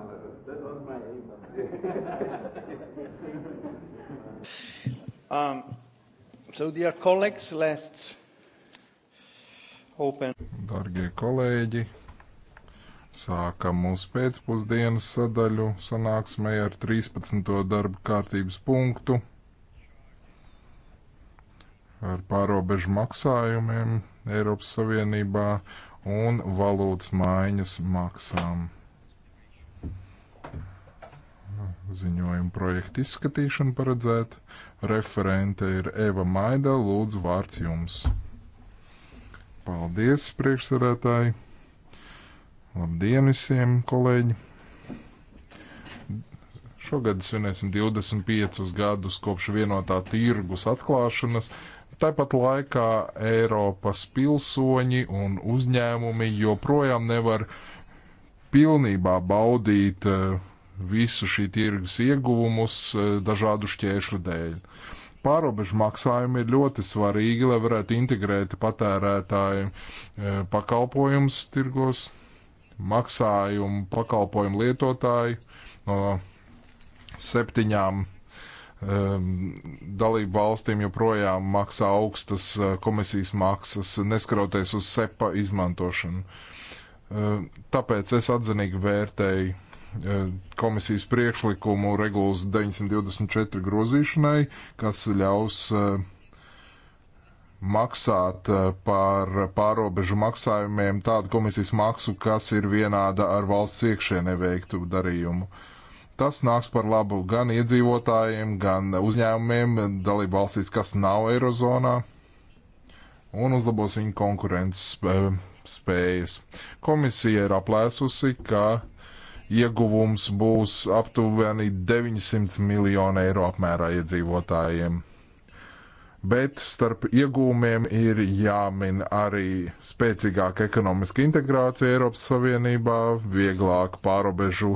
um, so, dear colleagues, let's open. Dargie kolēģi, sākam mūsu pēcpusdienas sadaļu sanāksmē ar 13. darba kārtības punktu ar pārobežu maksājumiem Eiropas Savienībā un valūtas maiņas maksām. ziņojumu projektu izskatīšanu paredzēt. Referente ir Eva Maida, lūdzu vārds jums. Paldies, priekšsarētāji! Labdien visiem, kolēģi! Šogad svinēsim 25 gadus kopš vienotā tirgus atklāšanas. Tāpat laikā Eiropas pilsoņi un uzņēmumi joprojām nevar pilnībā baudīt uh, visu šī tirgus ieguvumus e, dažādu šķēršļu dēļ. Pārobežu maksājumi ir ļoti svarīgi, lai varētu integrēt patērētāju e, pakalpojumus tirgos, maksājumu pakalpojumu lietotāju no septiņām e, dalību valstīm joprojām maksā augstas komisijas maksas, neskroties uz sepa izmantošanu. Tāpēc es atzinīgi vērtēju Eh, komisijas priekšlikumu regulas 924 grozīšanai, kas ļaus eh, maksāt eh, par pārobežu maksājumiem tādu komisijas maksu, kas ir vienāda ar valsts iekšēnē veiktu darījumu. Tas nāks par labu gan iedzīvotājiem, gan uzņēmumiem dalību valstīs, kas nav Eirozonā, un uzlabos viņu konkurences spējas. Komisija ir aplēsusi, ka ieguvums būs aptuveni 900 miljonu eiro apmērā iedzīvotājiem. Bet starp iegūmiem ir jāmin arī spēcīgāka ekonomiska integrācija Eiropas Savienībā, vieglāka pārobežu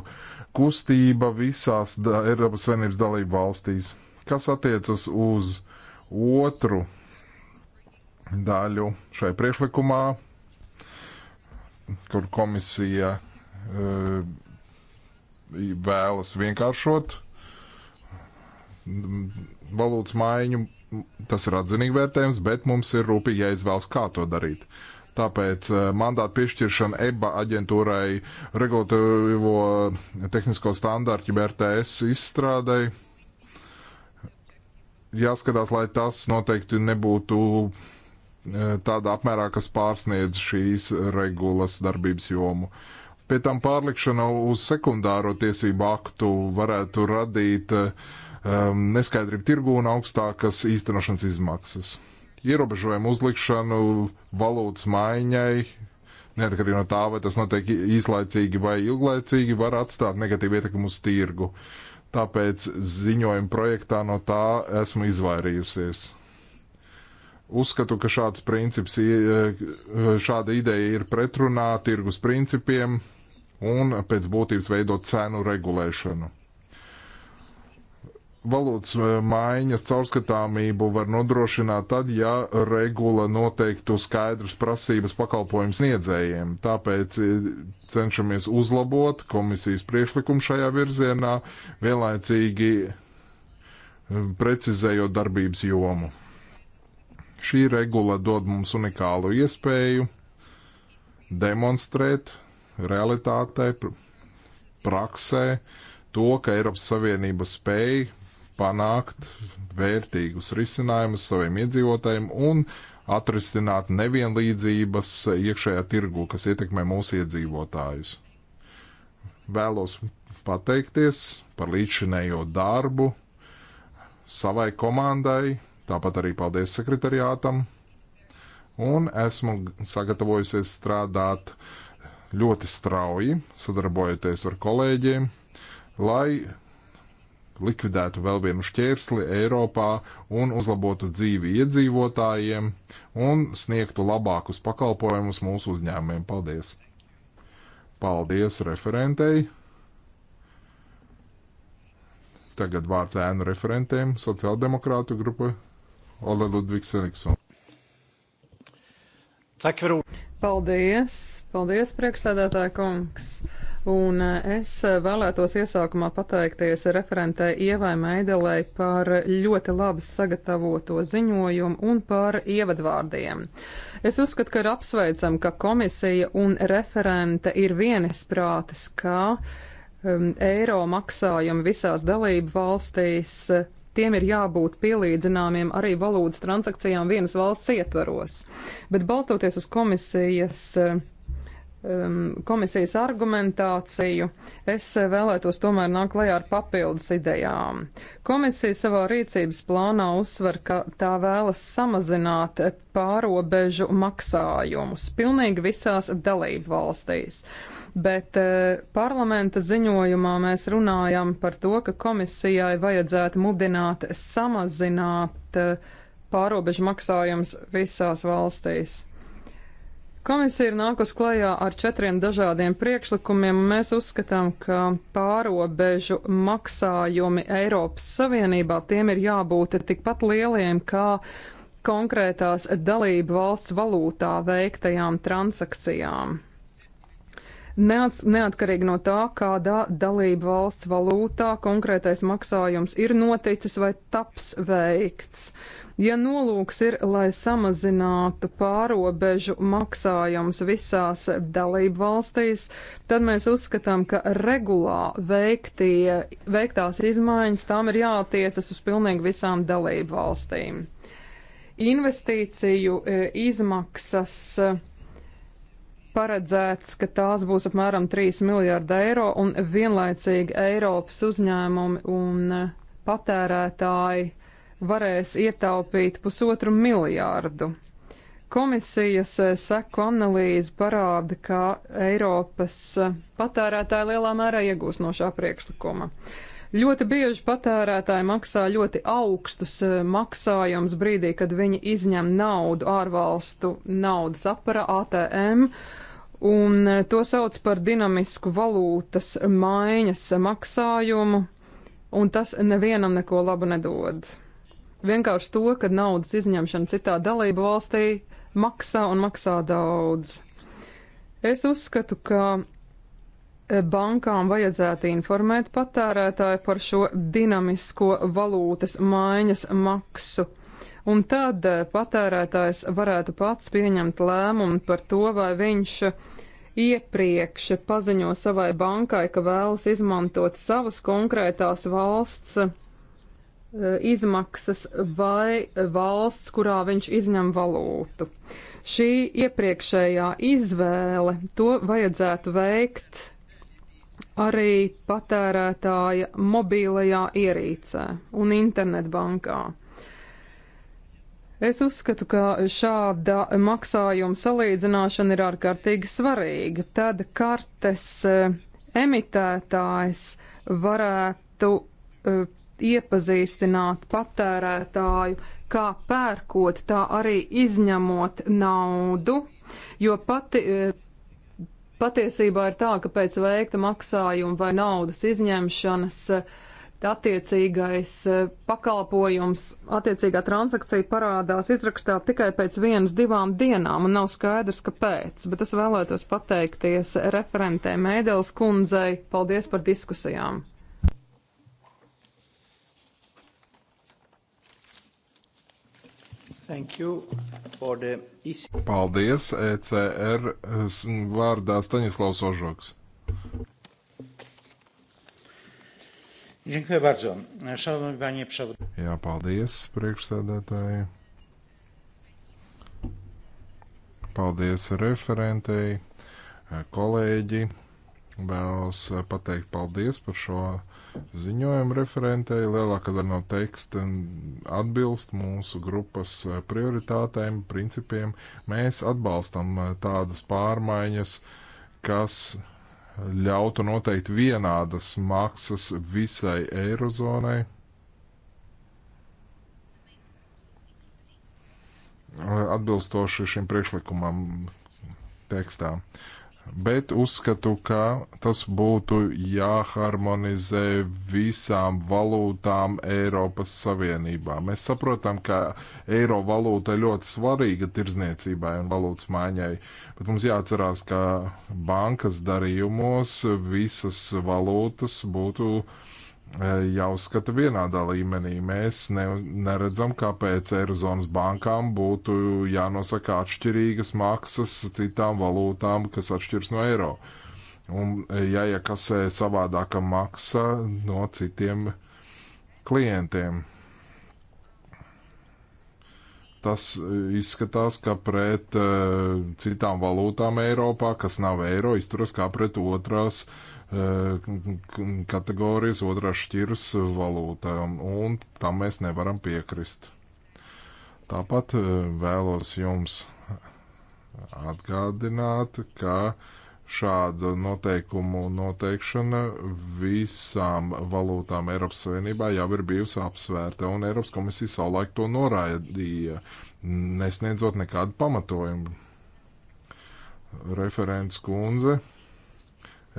kustība visās da Eiropas Savienības dalību valstīs. Kas attiecas uz otru daļu šai priekšlikumā, kur komisija uh, vēlas vienkāršot valūtas maiņu. Tas ir atzinīgi vērtējums, bet mums ir rūpīgi jāizvēlas, kā to darīt. Tāpēc eh, mandāta piešķiršana EBA aģentūrai regulatīvo tehnisko standārtu BRTS izstrādai jāskatās, lai tas noteikti nebūtu eh, tādā apmērā, kas pārsniedz šīs regulas darbības jomu. Uh, Pie tam pārlikšana uz sekundāro tiesību aktu varētu radīt um, neskaidrību tirgū un augstākas īstenošanas izmaksas. Ierobežojumu uzlikšanu valūtas maiņai, neatkarīgi no tā, vai tas notiek īslaicīgi vai ilglaicīgi, var atstāt negatīvu ietekmi uz tirgu. Tāpēc ziņojuma projektā no tā esmu izvairījusies. Uzskatu, ka šāds princips, šāda ideja ir pretrunā tirgus principiem, un pēc būtības veidot cenu regulēšanu. Valūtas e, maiņas caurskatāmību var nodrošināt tad, ja regula noteiktu skaidrs prasības pakalpojums niedzējiem. Tāpēc e, cenšamies uzlabot komisijas priekšlikumu šajā virzienā, vienlaicīgi e, precizējot darbības jomu. Šī regula dod mums unikālu iespēju demonstrēt realitātē, praksē to, ka Eiropas Savienība spēj panākt vērtīgus risinājumus saviem iedzīvotājiem un atrisināt nevienlīdzības iekšējā tirgu, kas ietekmē mūsu iedzīvotājus. Vēlos pateikties par līdzinējo darbu savai komandai, tāpat arī paldies sekretariātam, un esmu sagatavojusies strādāt uh, ļoti strauji, sadarbojoties ar kolēģiem, lai likvidētu vēl vienu šķērsli Eiropā un uzlabotu dzīvi iedzīvotājiem un sniegtu labākus pakalpojumus mūsu uzņēmumiem. Paldies! Paldies referentei! Tagad vārds ēnu referentiem - sociāldemokrātu grupa Ole Ludvigs Eriksson. Paldies! Paldies, priekšsēdētāja kungs! Un eh, es eh, vēlētos iesākumā pateikties referentē Ievai Meidelei par ļoti labi sagatavoto ziņojumu un par ievadvārdiem. Es uzskatu, ka ir apsveicam, ka komisija un referente ir vienisprātis, ka um, eiro maksājumi visās dalību valstīs tiem ir jābūt pielīdzināmiem arī valūtas transakcijām vienas valsts ietvaros. Bet balstoties uz komisijas eh, um, komisijas argumentāciju, es vēlētos tomēr nākt klajā ar papildus idejām. Komisija savā rīcības plānā uzsver, ka tā vēlas samazināt pārobežu maksājumus pilnīgi visās dalību valstīs. Bet eh, parlamenta ziņojumā mēs runājam par to, ka komisijai vajadzētu mudināt samazināt eh, pārobežu maksājumus visās valstīs. Komisija ir nākus klajā ar četriem dažādiem priekšlikumiem, un mēs uzskatām, ka pārobežu maksājumi Eiropas Savienībā tiem ir jābūt tikpat lieliem kā konkrētās dalību valsts valūtā veiktajām transakcijām. Neats, neatkarīgi no tā, kādā dalību valsts valūtā konkrētais maksājums ir noticis vai taps veikts. Uh, Ja nolūks ir, lai samazinātu pārobežu maksājums visās dalību valstīs, tad mēs uzskatām, ka regulā veiktie, veiktās izmaiņas tām ir jātiecas uz pilnīgi visām dalību valstīm. Investīciju e, izmaksas e, paredzēts, ka tās būs apmēram 3 miljārdi eiro un vienlaicīgi Eiropas uzņēmumi un e, patērētāji varēs ietaupīt pusotru miljārdu. Komisijas eh, seku analīze parāda, ka Eiropas eh, patērētāji lielā mērā iegūs no šā priekšlikuma. Ļoti bieži patērētāji maksā ļoti augstus eh, maksājumus brīdī, kad viņi izņem naudu ārvalstu naudas apara ATM, un to sauc par dinamisku valūtas maiņas maksājumu, un tas nevienam neko labu nedod vienkārši to, ka naudas izņemšana citā dalība valstī maksā un maksā daudz. Es uzskatu, ka e, bankām vajadzētu informēt patērētāju par šo dinamisko valūtas maiņas maksu. Un tad e, patērētājs varētu pats pieņemt lēmumu par to, vai viņš iepriekš paziņo savai bankai, ka vēlas izmantot savas konkrētās valsts Eh, izmaksas vai valsts, kurā viņš izņem valūtu. Šī iepriekšējā izvēle to vajadzētu veikt arī patērētāja mobīlajā ierīcē un internetbankā. Es uzskatu, ka šāda maksājuma salīdzināšana ir ārkārtīgi svarīga. Tad kartes eh, emitētājs varētu eh, iepazīstināt patērētāju, kā pērkot, tā arī izņemot naudu, jo pati, e, patiesībā ir tā, ka pēc veikta maksājuma vai naudas izņemšanas e, attiecīgais e, pakalpojums, attiecīgā transakcija parādās izrakstā tikai pēc vienas, divām dienām, un nav skaidrs, kāpēc. Bet es vēlētos pateikties referentē Mēdeles kundzei. Paldies par diskusijām! Thank you for the Paldies, ECR vārdā Staņislavs Ožoks. Dziękuję bardzo. Szanowny panie przewodniczący. Jā, paldies, priekšsēdētāji. Paldies referentei, kolēģi. Vēlos pateikt paldies par šo ziņojuma referentei. Lielākā daļa no teksta atbilst mūsu grupas prioritātēm, principiem. Mēs atbalstam eh, tādas pārmaiņas, kas ļautu noteikt vienādas maksas visai Eirozonai. Atbilstoši šim priekšlikumam tekstā. Uh, bet uzskatu, ka tas būtu jāharmonizē visām valūtām Eiropas Savienībā. Mēs saprotam, ka eiro valūta ir ļoti svarīga tirzniecībai un valūtas maiņai, bet mums jāatcerās, ka bankas darījumos visas valūtas būtu uh, Eh, jāuzskata vienādā līmenī. Mēs ne, neredzam, kāpēc Eirozonas bankām būtu jānosaka atšķirīgas maksas citām valūtām, kas atšķirs no eiro. Un eh, jāiekasē savādāka maksa no citiem klientiem tas e, izskatās, ka pret uh, citām valūtām Eiropā, kas nav eiro, izturas kā pret otrās uh, kategorijas, otrās šķiras valūtām, un tam mēs nevaram piekrist. Tāpat uh, vēlos jums atgādināt, ka uh, šādu noteikumu noteikšana visām valūtām Eiropas Savienībā jau ir bijusi apsvērta, un Eiropas komisija savulaik to noraidīja, nesniedzot nekādu pamatojumu. Referents kundze,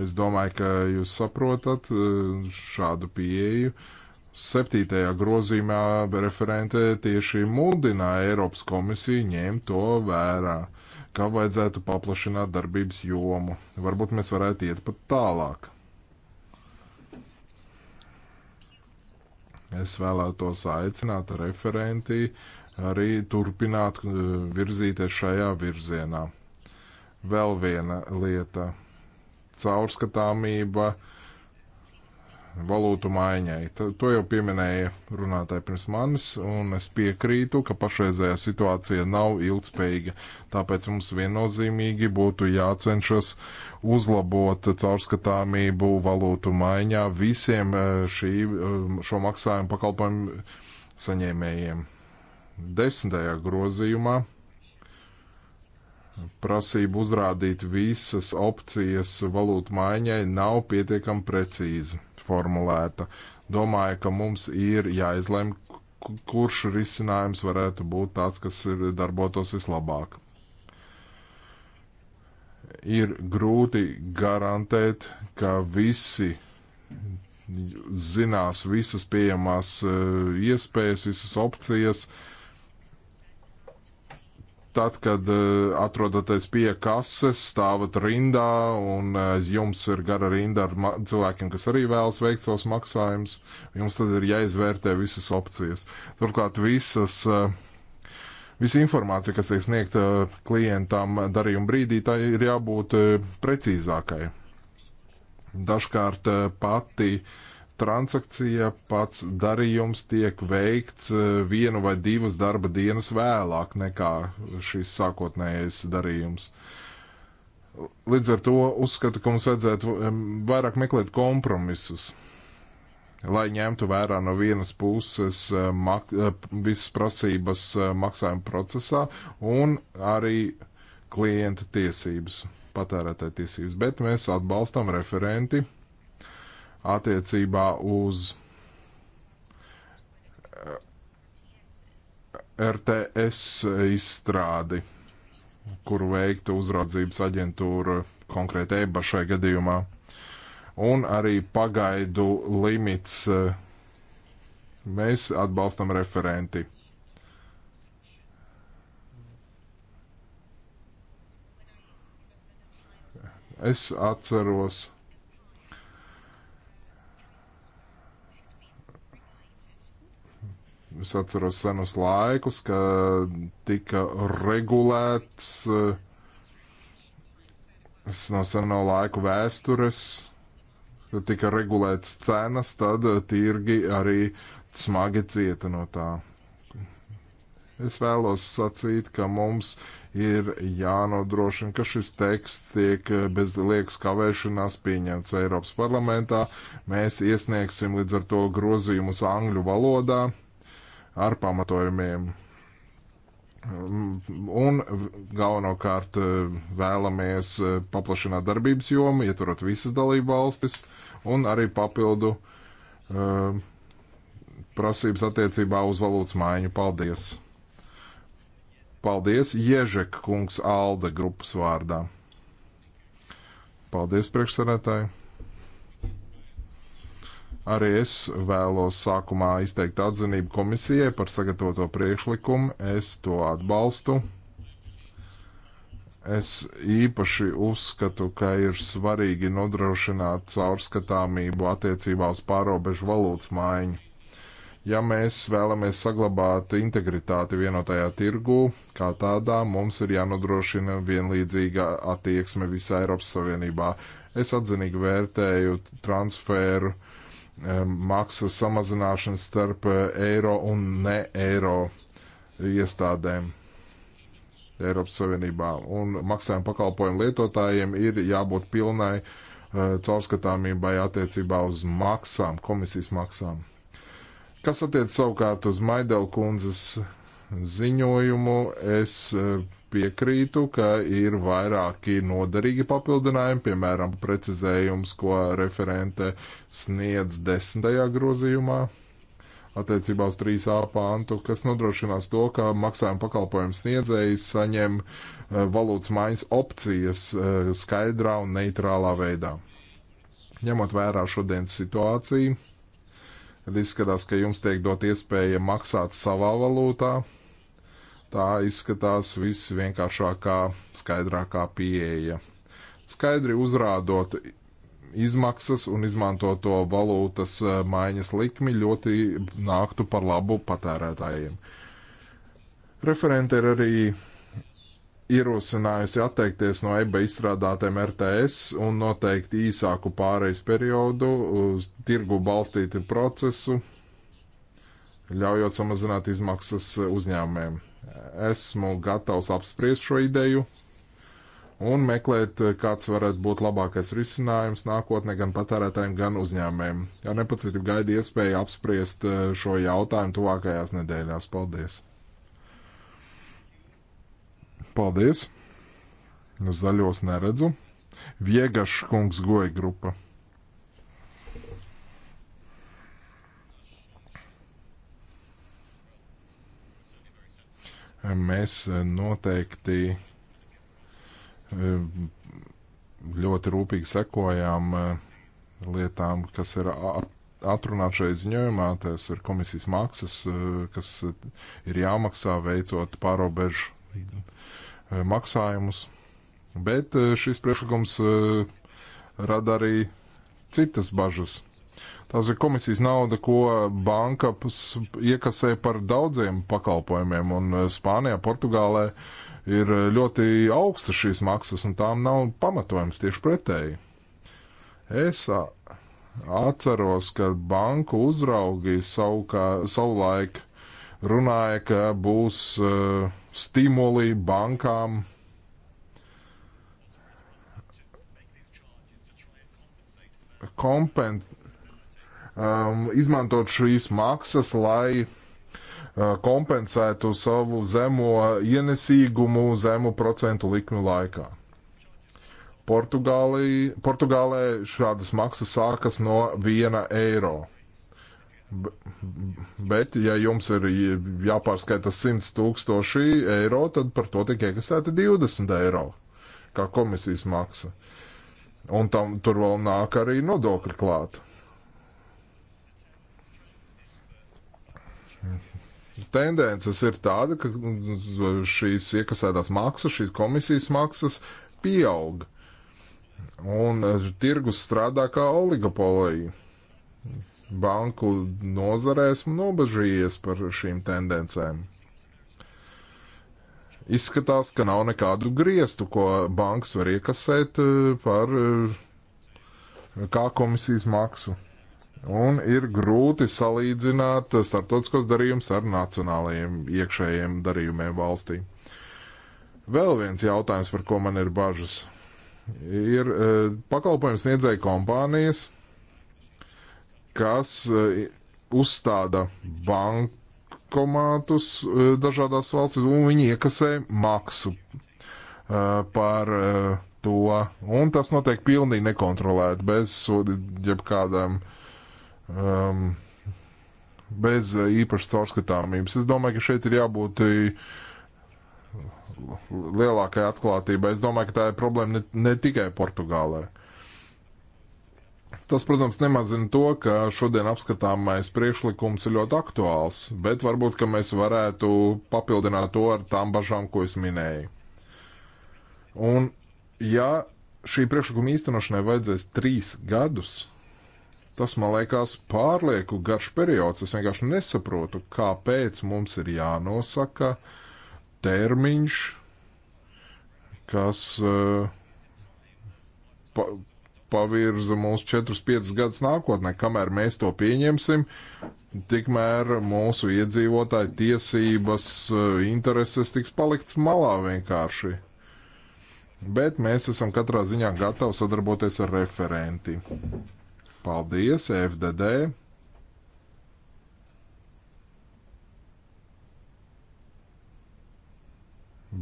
es domāju, ka jūs saprotat eh, šādu pieeju. Septītajā grozīmā referente tieši mudināja Eiropas komisiju ņemt to vērā ka vajadzētu paplašināt darbības jomu. Varbūt mēs varētu iet pat tālāk. Es vēlētos aicināt referentī arī turpināt eh, virzīties šajā virzienā. Vēl viena lieta - caurskatāmība, uh, valūtu maiņai. To jau pieminēja runātāji pirms manis, un es piekrītu, ka pašreizējā situācija nav ilgspējīga. Tāpēc mums viennozīmīgi būtu jācenšas uzlabot caurskatāmību valūtu maiņā visiem eh, šī, eh, šo maksājumu pakalpojumu saņēmējiem. Desmitajā grozījumā prasība uzrādīt visas opcijas valūtu maiņai nav pietiekami precīzi formulēta. Domāju, ka mums ir jāizlem, kurš risinājums varētu būt tāds, kas ir darbotos vislabāk. Ir grūti garantēt, ka visi zinās visas pieejamās e, iespējas, visas opcijas, uh, tad, kad eh, atrodaties pie kases, stāvat rindā un eh, aiz jums ir gara rinda ar cilvēkiem, kas arī vēlas veikt savus maksājumus, jums tad ir jāizvērtē visas opcijas. Turklāt visas. Eh, visa informācija, kas tiek sniegta klientam darījuma brīdī, tā ir jābūt precīzākai. Dažkārt pati uh, transakcija, pats darījums tiek veikts eh, vienu vai divas darba dienas vēlāk nekā šis sākotnējais darījums. Līdz ar to uzskatu, ka mums vajadzētu vairāk meklēt kompromisus, lai ņemtu vērā no vienas puses eh, mak eh, visas prasības maksājuma procesā un arī klienta tiesības, patērētāja tiesības, bet mēs atbalstam referenti attiecībā uz eh, RTS izstrādi, kuru veiktu uzraudzības aģentūra konkrēti EBA šai gadījumā, un arī pagaidu limits. Eh, mēs atbalstam referenti. Es atceros Es atceros senus laikus, ka tika regulēts es no seno laiku vēstures, kad tika regulēts cenas, tad tirgi arī smagi cieta no tā. Es vēlos sacīt, ka mums ir jānodrošina, ka šis teksts tiek bez liekas kavēšanās pieņemts Eiropas parlamentā. Mēs iesniegsim līdz ar to grozījumus angļu valodā ar pamatojumiem. Un galvenokārt eh, vēlamies eh, paplašināt darbības jomu, ietverot visas dalību valstis un arī papildu uh, prasības attiecībā uz valūtas maiņu. Paldies! Paldies, Ježek kungs Alde grupas vārdā. Paldies, priekšsarētāji! Arī es vēlos sākumā izteikt atzinību komisijai par sagatavoto priekšlikumu. Es to atbalstu. Es īpaši uzskatu, ka ir svarīgi nodrošināt caurskatāmību attiecībā uz pārobežu valūtas maiņu. Ja mēs vēlamies saglabāt integritāti vienotajā tirgū, kā tādā mums ir jānodrošina vienlīdzīga attieksme visā Eiropas Savienībā. Es atzinīgi vērtēju transferu Eh, maksas samazināšanas starp eh, eiro un ne eiro iestādēm Eiropas Savienībā. Un maksājuma pakalpojumu lietotājiem ir jābūt pilnai eh, caurskatāmībai attiecībā uz maksām, komisijas maksām. Kas attiec savukārt uz Maidela kundzes ziņojumu, es piekrītu, ka ir vairāki noderīgi papildinājumi, piemēram, precizējums, ko referente sniedz desmitajā grozījumā attiecībā uz 3A pāntu, kas nodrošinās to, ka maksājuma pakalpojumu sniedzējs saņem eh, valūtas maiņas opcijas eh, skaidrā un neitrālā veidā. Ņemot vērā šodienas situāciju, izskatās, ka jums tiek dot iespēja maksāt savā valūtā, Tā izskatās viss vienkāršākā, skaidrākā pieeja. Skaidri uzrādot izmaksas un izmantoto valūtas eh, maiņas likmi ļoti nāktu par labu patērētājiem. Referente ir arī ierosinājusi atteikties no EBA izstrādātiem RTS un noteikti īsāku pārejas periodu uz tirgu balstītu procesu, ļaujot samazināt izmaksas uzņēmumiem esmu gatavs apspriest šo ideju un meklēt, kāds varētu būt labākais risinājums nākotnē gan patērētājiem, gan uzņēmējiem. Ar nepacietību gaidu iespēju apspriest eh, šo jautājumu tuvākajās nedēļās. Paldies! Paldies! Zaļos neredzu. Viegašs kungs goja grupa. mēs noteikti eh, ļoti rūpīgi sekojām eh, lietām, kas ir atrunāts šajā ziņojumā. Tas ir komisijas maksas, eh, kas ir jāmaksā veicot pārobežu maksājumus. Bet šis priekšlikums rada arī citas bažas. Tās ir komisijas nauda, ko banka iekasē par daudziem pakalpojumiem, un eh, Spānijā, Portugālē ir eh, ļoti augsta šīs maksas, un tām nav pamatojums tieši pretēji. Es atceros, ka banku uzraugi savulaik runāja, ka būs uh, stimuli bankām kompensēt um, izmantot šīs maksas, lai uh, kompensētu savu zemo ienesīgumu zemu procentu likmi laikā. Portugālī, Portugālē šādas maksas sākas no 1 eiro. Bet, ja jums ir jāpārskaita 100 tūkstoši eiro, tad par to tiek iekasēta 20 eiro kā komisijas maksa. Un tam tur vēl nāk arī nodokļi klāt. Tendences ir tāda, ka nu, šīs iekasētās maksas, šīs komisijas maksas pieaug. Un eh, tirgus strādā kā oligopolija. Banku nozarē esmu nobežījies par šīm tendencēm. Izskatās, ka nav nekādu griestu, ko bankas var iekasēt eh, par eh, kā komisijas maksu un ir grūti salīdzināt starptautiskos darījumus ar nacionālajiem iekšējiem darījumiem valstī. Vēl viens jautājums, par ko man ir bažas, ir e, pakalpojums sniedzēja kompānijas, kas e, uzstāda bankomātus e, dažādās valstīs, un viņi iekasē maksu par to, un tas notiek pilnīgi nekontrolēti, bez jebkādām uh, um, bez uh, īpašas caurskatāmības. Es domāju, ka šeit ir jābūt lielākai atklātībai. Es domāju, ka tā ir problēma ne, ne tikai Portugālē. Tas, protams, nemazina to, ka šodien apskatāmais priekšlikums ir ļoti aktuāls, bet varbūt, ka mēs varētu papildināt to ar tām bažām, ko es minēju. Un, ja šī priekšlikuma īstenošanai vajadzēs trīs gadus, Tas man liekas pārlieku garš periods. Es vienkārši nesaprotu, kāpēc mums ir jānosaka termiņš, kas eh, pa, pavirza mūs 4-5 gadus nākotnē. Kamēr mēs to pieņemsim, tikmēr mūsu iedzīvotāju tiesības, eh, intereses tiks palikts malā vienkārši. Bet mēs esam katrā ziņā gatavi sadarboties ar referenti. Paldies, FDD.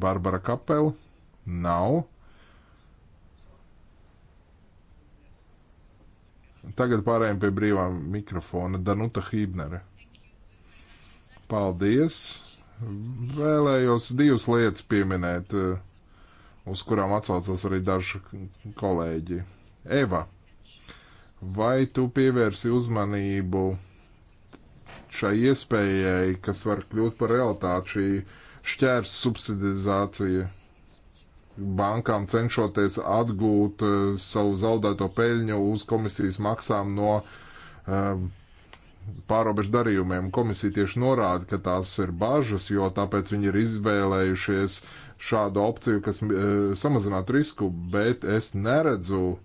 Barbara Kapela nav. Tagad pārējām pie brīvā mikrofona Danuta Hībnere. Paldies! Vēlējos divas lietas pieminēt, eh, uz kurām atsaucas arī daži kolēģi. Eva, Vai tu pievērsi uzmanību šai iespējai, kas var kļūt par realitāti, šī šķērs subsidizācija bankām cenšoties atgūt uh, savu zaudēto peļņu uz komisijas maksām no uh, pārobežu darījumiem. Komisija tieši norāda, ka tās ir bažas, jo tāpēc viņi ir izvēlējušies šādu opciju, kas uh, eh, samazinātu risku, bet es neredzu uh,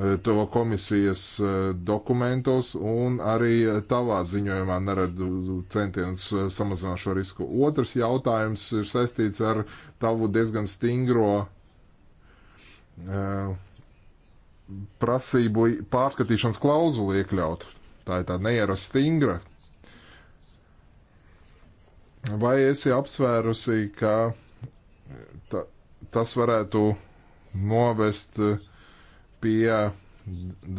Eh, to komisijas eh, dokumentos un arī tavā ziņojumā neradu centienus eh, samazināt šo risku. Otrs jautājums ir saistīts ar tavu diezgan stingro prasību pārskatīšanas klauzulu iekļaut. Tā ir tāda neierasta stingra. Vai esi apsvērusi, ka ta, tas varētu novest uh, pie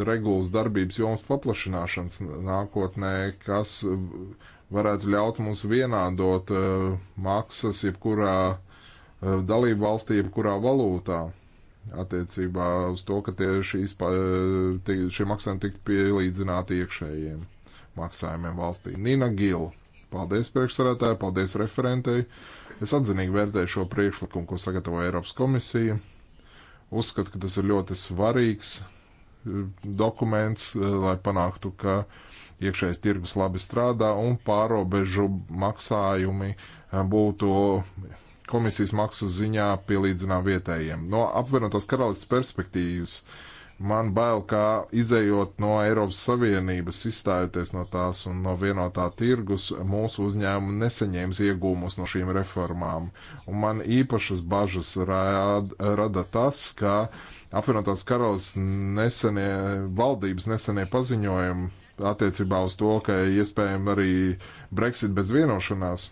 regulas darbības jomas paplašināšanas nākotnē, kas varētu ļaut mums vienādot uh, maksas jebkurā uh, dalību valstī, jebkurā valūtā attiecībā uz to, ka tie šīs, tie, šie maksājumi tiktu pielīdzināti iekšējiem maksājumiem valstī. Nina Gila, paldies priekšsarētāji, paldies referentei. Es atzinīgi vērtēju šo priekšlikumu, ko sagatavoja Eiropas komisija Uzskatu, ka tas ir ļoti svarīgs eh, dokuments, eh, lai panāktu, ka iekšējais tirgus labi strādā un pārobežu maksājumi eh, būtu komisijas maksu ziņā pielīdzinām vietējiem. No apvienotās karalistas perspektīvas uh, Man bail, kā izējot no Eiropas Savienības, izstājoties no tās un no vienotā tirgus, mūsu uzņēmumi nesaņēmis iegūmus no šīm reformām. Un man īpašas bažas rāda, rada tas, ka apvienotās karalas nesenie, valdības nesenie paziņojumi attiecībā uz to, ka iespējami arī Brexit bez vienošanās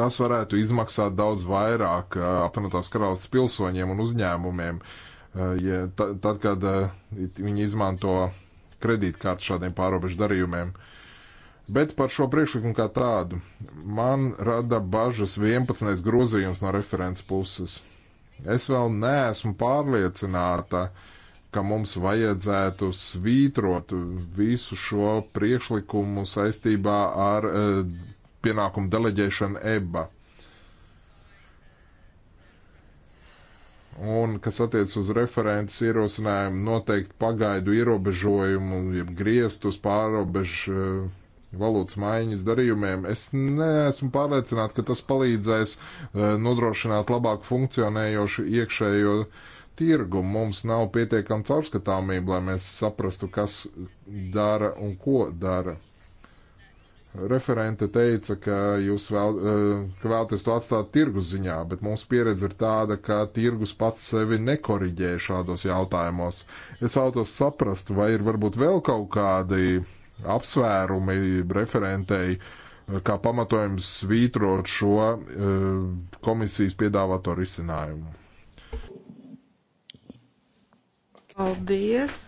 tas varētu izmaksāt daudz vairāk uh, apvienotās karalists pilsoņiem un uzņēmumiem, Eh, ja, tad, kad eh, viņi izmanto kredītkārtu šādiem pārobežu darījumiem. Bet par šo priekšlikumu kā tādu man rada bažas 11. grozījums no referents puses. Es vēl neesmu pārliecināta, ka mums vajadzētu svītrot visu šo priekšlikumu saistībā ar e, pienākumu deleģēšanu EBA. Un, kas attiec uz referents ierosinājumu, noteikti pagaidu ierobežojumu, jeb griestus pārobežu eh, valūtas maiņas darījumiem. Es neesmu pārliecināts, ka tas palīdzēs eh, nodrošināt labāk funkcionējošu iekšējo tirgu. Mums nav pietiekama caurskatāmība, lai mēs saprastu, kas dara un ko dara. Referente teica, ka jūs vēl, eh, ka vēlaties to atstāt tirgus ziņā, bet mūsu pieredze ir tāda, ka tirgus pats sevi nekoriģē šādos jautājumos. Es vēlos saprast, vai ir varbūt vēl kaut kādi apsvērumi referentei, eh, kā pamatojums svītrot šo eh, komisijas piedāvāto risinājumu. Paldies!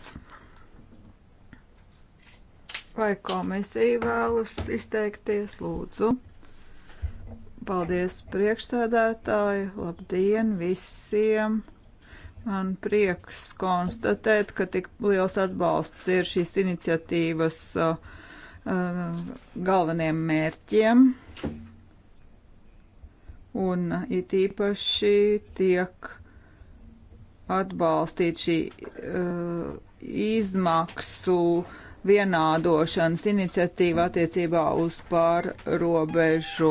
Vai komisija vēlas izteikties, lūdzu? Paldies priekšsēdētāji, labdien visiem! Man prieks konstatēt, ka tik liels atbalsts ir šīs iniciatīvas uh, uh galveniem mērķiem. Un it īpaši tiek atbalstīt šī uh, izmaksu uh, vienādošanas iniciatīva attiecībā uz pārrobežu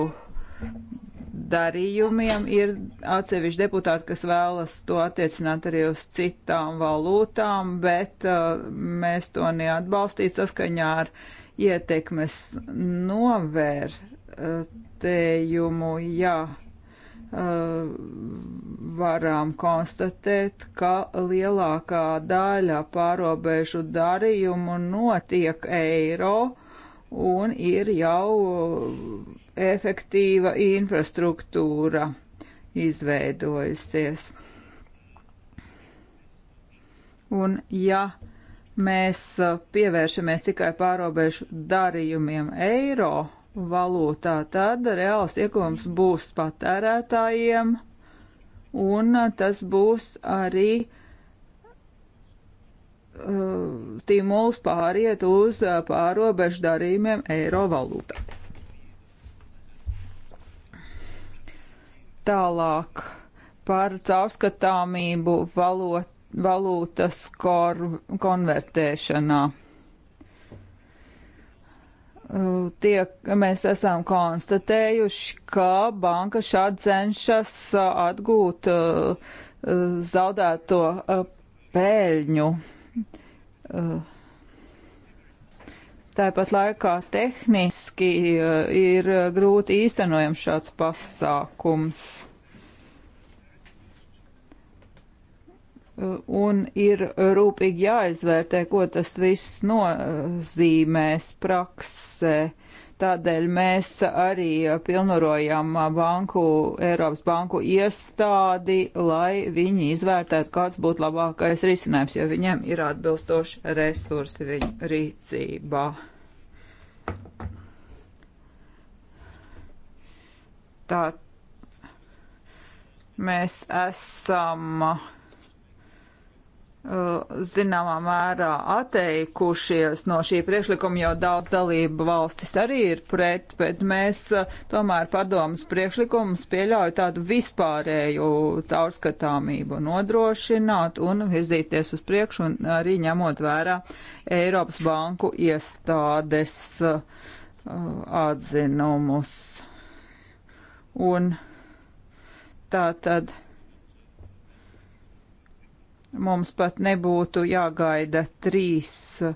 darījumiem. Ir atsevišķi deputāti, kas vēlas to attiecināt arī uz citām valūtām, bet uh, mēs to neatbalstīt saskaņā ar ietekmes novērtējumu. Uh, Jā. Ja Uh, varam konstatēt, ka lielākā daļa pārobežu darījumu notiek eiro un ir jau efektīva infrastruktūra izveidojusies. Un ja mēs pievēršamies tikai pārobežu darījumiem eiro, valūtā, tad reāls ieguvums būs patērētājiem, un tas būs arī uh, stimuls pāriet uz pārobežu darījumiem eiro valūtā. Tālāk par caurskatāmību valot, valūtas kor, konvertēšanā tiek, mēs esam konstatējuši, ka banka šādi cenšas uh, atgūt uh, zaudēto uh, pēļņu. Tāpat laikā tehniski ir grūti īstenojams šāds pasākums. un ir rūpīgi jāizvērtē, ko tas viss nozīmēs praksē. Tādēļ mēs arī pilnvarojam banku, Eiropas banku iestādi, lai viņi izvērtētu, kāds būtu labākais risinājums, jo viņiem ir atbilstoši resursi viņu rīcībā. Tā mēs esam. Uh, Uh, zināmā mērā atteikušies no šī priekšlikuma, jo daudz dalību valstis arī ir pret, bet mēs uh, tomēr padomas priekšlikumus pieļauj tādu vispārēju caurskatāmību nodrošināt un virzīties uz priekšu un arī ņemot vērā Eiropas banku iestādes uh, atzinumus. Un tā tad. Mums pat nebūtu jāgaida trīs uh,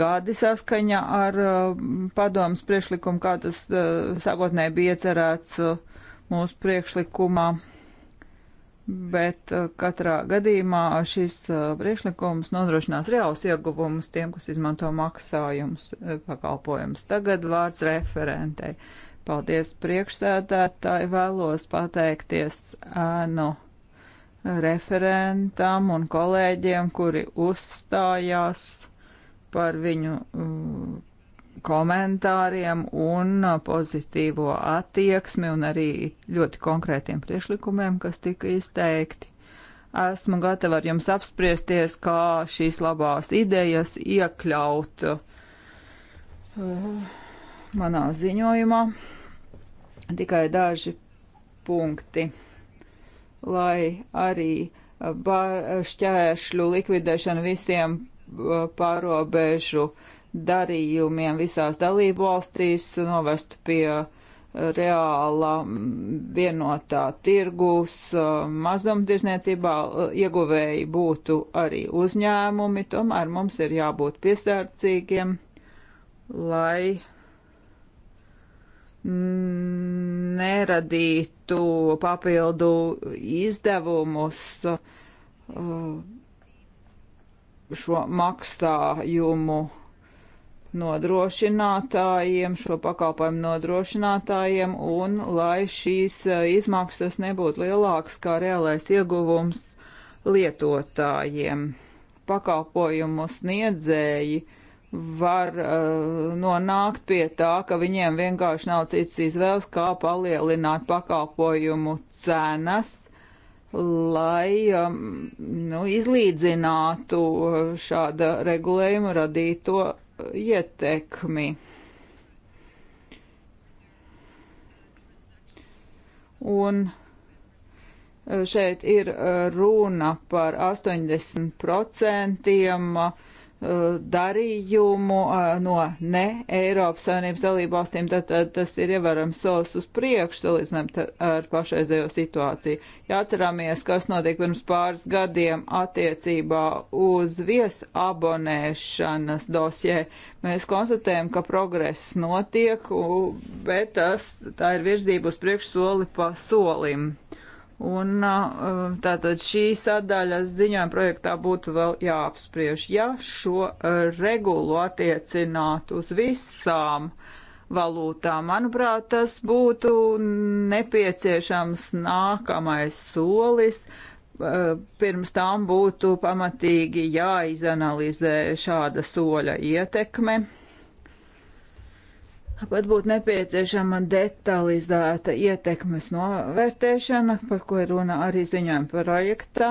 gadi saskaņā ar uh, padomas priekšlikumu, kā tas uh, sākotnēji bija iecerēts mūsu priekšlikumā. Bet katrā gadījumā šis priekšlikums nodrošinās reāls ieguvumus tiem, kas izmanto maksājumus pakalpojumus. Tagad vārds referentei. Paldies priekšsēdētāji, vēlos pateikties ēnu. No referentam un kolēģiem, kuri uzstājās par viņu uh, komentāriem un uh, pozitīvo attieksmi un arī ļoti konkrētiem priešlikumiem, kas tika izteikti. Esmu gatava ar jums apspriesties, kā šīs labās idejas iekļaut uh, manā ziņojumā. Tikai daži punkti lai arī eh, šķēršļu likvidēšana visiem eh, pārobežu darījumiem visās dalību valstīs novestu pie eh, reāla vienotā tirgus mazumtirdzniecībā ieguvēji būtu arī uzņēmumi, tomēr mums ir jābūt piesardzīgiem, lai neradītu papildu izdevumus uh, šo maksājumu nodrošinātājiem, šo pakalpojumu nodrošinātājiem, un lai šīs uh, izmaksas nebūtu lielākas kā reālais ieguvums lietotājiem. Pakalpojumu sniedzēji var uh, nonākt pie tā, ka viņiem vienkārši nav cits izvēles, kā palielināt pakalpojumu cenas, lai um, nu, izlīdzinātu šāda regulējuma radīto ietekmi. Un uh, šeit ir uh, runa par 80% Uh, darījumu uh, no ne Eiropas Savienības dalībvalstīm, tad, tad tas ir ievērams solis uz priekšu salīdzinājumā ar pašreizējo situāciju. Jāatcerāmies, kas notiek pirms pāris gadiem attiecībā uz viesabonēšanas dosjē. Mēs konstatējam, ka progress notiek, bet tas, tā ir virzība uz priekšu soli pa solim. Un uh, um, tātad šī sadaļa ziņojuma projektā būtu vēl jāapspriež. Ja šo uh, regulu attiecinātu uz visām valūtām, manuprāt, tas būtu nepieciešams nākamais solis. Uh, pirms tam būtu pamatīgi jāizanalizē šāda soļa ietekme Tāpat būtu nepieciešama detalizēta ietekmes novērtēšana, par ko ir runa arī ziņojuma projektā.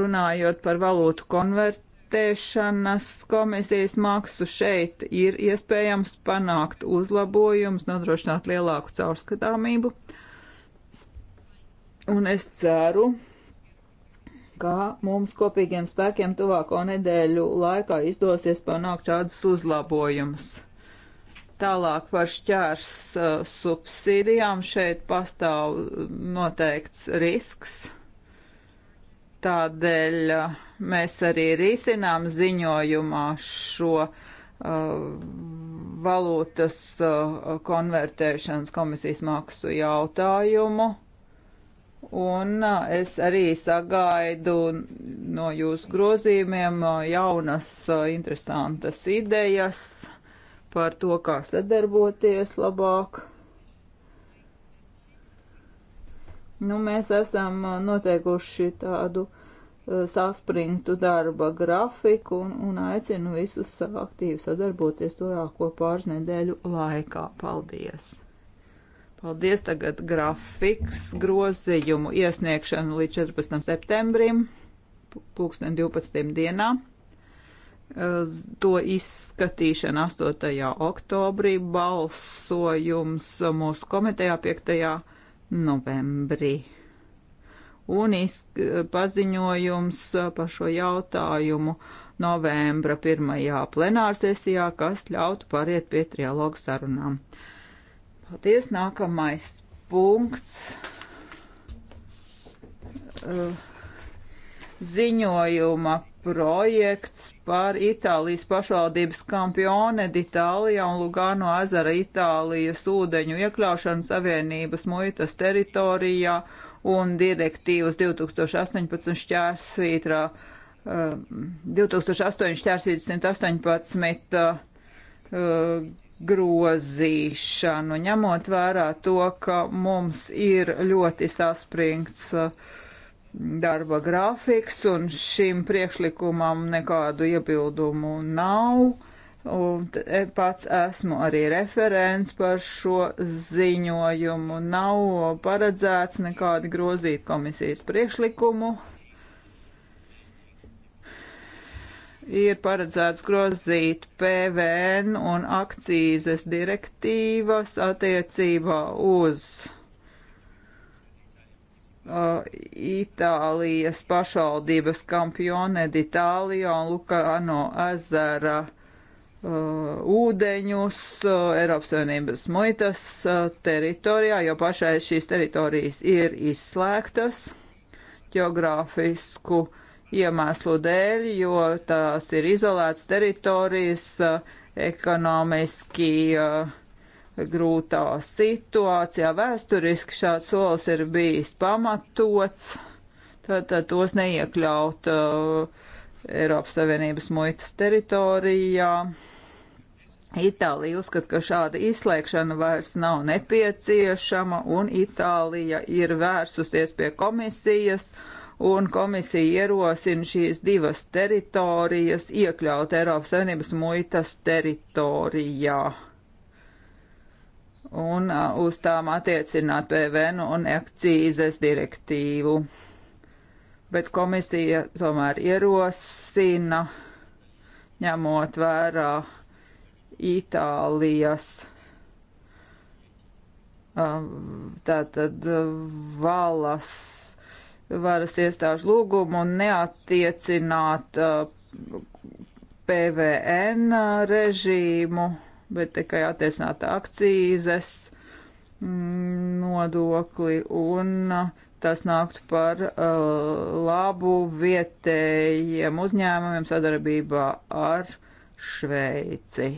Runājot par valūtu konvertēšanas komisijas maksu, šeit ir iespējams panākt uzlabojumus, nodrošināt lielāku caurskatāmību. Un es ceru, ka mums kopīgiem spēkiem tuvāko nedēļu laikā izdosies panākt šādus uzlabojumus. Tālāk par šķērs uh, subsīdijām šeit pastāv noteikts risks. Tādēļ uh, mēs arī risinām ziņojumā šo uh, valūtas uh, konvertēšanas komisijas maksu jautājumu. Un uh, es arī sagaidu no jūsu grozījumiem uh, jaunas, interesantas idejas par to, kā sadarboties labāk. Nu, mēs esam uh, noteikuši tādu uh, saspringtu darba grafiku un, un aicinu visus aktīvi sadarboties turāko pāris nedēļu laikā. Paldies! Paldies! Tagad grafiks grozījumu iesniegšanu līdz 14. septembrim, pulksten 12. dienā to izskatīšana 8. oktobrī, balsojums mūsu komitejā 5. novembrī. Un paziņojums par šo jautājumu novembra pirmajā plenārsesijā, kas ļautu pāriet pie trialogu sarunām. Paldies, nākamais punkts. Uh ziņojuma projekts par Itālijas pašvaldības kampione d'Itālija un Lugano ezera Itālijas ūdeņu iekļaušanu Savienības muitas teritorijā un direktīvas 2018 šķērsvītrā 2008 šķērsvītras 118 grozīšanu, ņemot vērā to, ka mums ir ļoti saspringts uh, darba grafiks, un šim priekšlikumam nekādu iebildumu nav. Un e, pats esmu arī referents par šo ziņojumu. Nav paredzēts nekādi grozīt komisijas priekšlikumu. Ir paredzēts grozīt PVN un akcīzes direktīvas attiecībā uz Uh, Itālijas pašvaldības kampione d'Itālija un Lukāno ezera uh, ūdeņus uh, Eiropas Savienības muitas uh, teritorijā, jo pašais šīs teritorijas ir izslēgtas geogrāfisku iemeslu dēļ, jo tās ir izolētas teritorijas uh, ekonomiski uh, grūtā situācijā. Vēsturiski šāds solis ir bijis pamatots, tātad tos neiekļaut uh, Eiropas Savienības muitas teritorijā. Itālija uzskata, ka šāda izslēgšana vairs nav nepieciešama, un Itālija ir vērsusies pie komisijas, un komisija ierosina šīs divas teritorijas iekļaut Eiropas Savienības muitas teritorijā un uz tām attiecināt PVN un akcīzes direktīvu. Bet komisija tomēr ierosina, ņemot vērā Itālijas tātad valas varas iestāžu lūgumu un neattiecināt PVN režīmu bet tikai attiecināt akcīzes mm, nodokli un uh, tas nāktu par uh, labu vietējiem uzņēmumiem sadarbībā ar Šveici.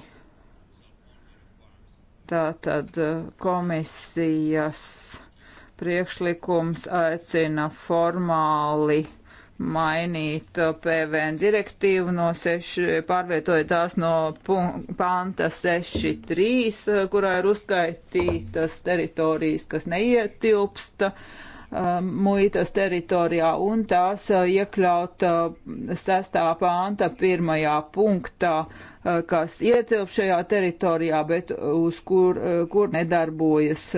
Tātad uh, komisijas priekšlikums aicina formāli uh, mainīt uh, PVN direktīvu no 6, pārvietojot tās no panta 6.3, uh, kurā ir uzskaitītas teritorijas, kas neietilpsta um, muitas teritorijā, un tās uh, iekļaut sestā panta pirmajā punktā, kas ietilp šajā teritorijā, bet uz kur, kur nedarbojas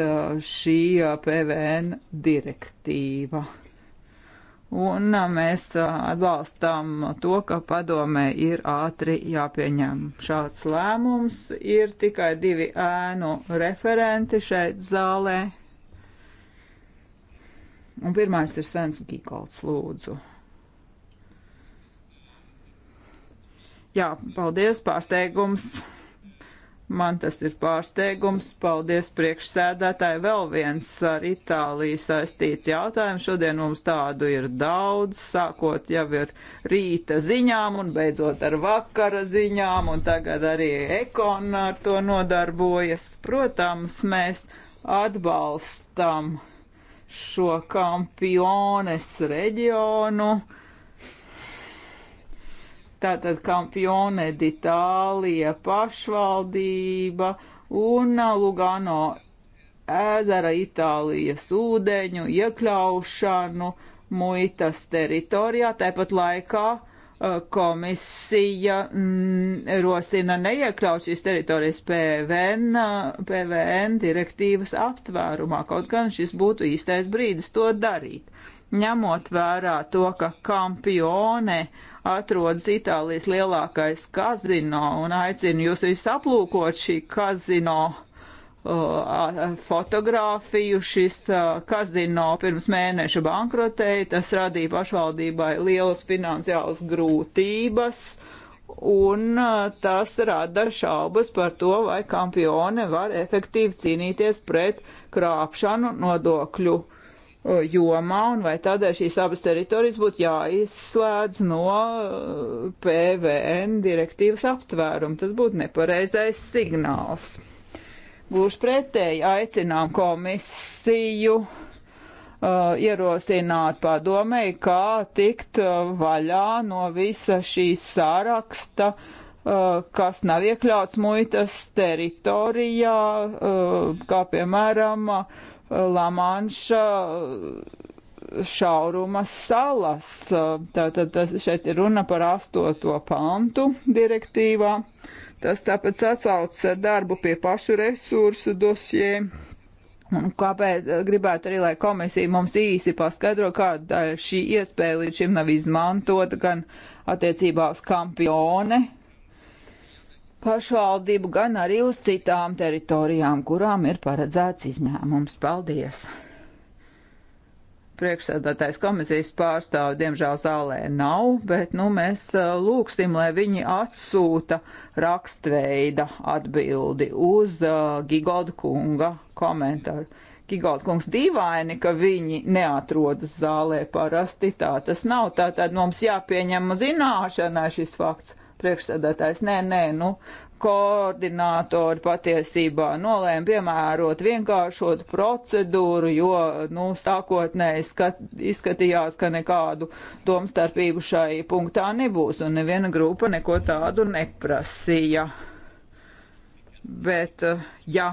šī PVN direktīva un mēs atbalstām to, ka padomē ir ātri jāpieņem šāds lēmums. Ir tikai divi ēnu referenti šeit zālē. Un pirmais ir Sens Gikolds, lūdzu. Jā, paldies, pārsteigums Man tas ir pārsteigums. Paldies priekšsēdētāji. Vēl viens ar Itāliju saistīts jautājums. Šodien mums tādu ir daudz, sākot jau ar rīta ziņām un beidzot ar vakara ziņām, un tagad arī ekona ar to nodarbojas. Protams, mēs atbalstam šo kampiones reģionu Tātad Kampione d'Itālija pašvaldība un Lugano ezera Itālijas ūdeņu iekļaušanu muitas teritorijā. Tāpat laikā uh, komisija mm, rosina neiekļaut šīs teritorijas PVN, uh, PVN direktīvas aptvērumā, kaut gan šis būtu īstais brīdis to darīt ņemot vērā to, ka kampione atrodas Itālijas lielākais kazino un aicinu jūs visus aplūkot šī kazino uh, fotografiju. Šis uh, kazino pirms mēneša bankrotēja, tas radīja pašvaldībai lielas finansiālas grūtības, un uh, tas rada šaubas par to, vai kampione var efektīvi cīnīties pret krāpšanu nodokļu jomā, un vai tādēļ šīs abas teritorijas būtu jāizslēdz no eh, PVN direktīvas aptvērumu. Tas būtu nepareizais signāls. Gluži pretēji aicinām komisiju uh, ierosināt padomēji, kā tikt uh, vaļā no visa šī sāraksta, uh, kas nav iekļauts muitas teritorijā, kā piemēram Lamanša šauruma salas. Tātad tas šeit ir runa par astoto pantu direktīvā. Tas tāpēc atsaucas ar darbu pie pašu resursu dosjē. Un kāpēc gribētu arī, lai komisija mums īsi paskaidro, kāda šī iespēja līdz šim nav izmantota gan attiecībā uz kampione pašvaldību, gan arī uz citām teritorijām, kurām ir paredzēts izņēmums. Paldies! Priekšsēdētājs komisijas pārstāvi, diemžēl, zālē nav, bet nu, mēs eh, lūgsim, lai viņi atsūta rakstveida atbildi uz uh, Gigolda kunga komentāru. Gigolda kungs dīvaini, ka viņi neatrodas zālē parasti. Tā tas nav. Tātad mums jāpieņem zināšanai šis fakts. Priekšsēdētājs, nē, nē, nu, koordinātori patiesībā nolēma piemērot vienkāršotu procedūru, jo, nu, sākotnēji skat, izskatījās, ka nekādu domstarpību šai punktā nebūs, un neviena grupa neko tādu neprasīja. Bet, eh, ja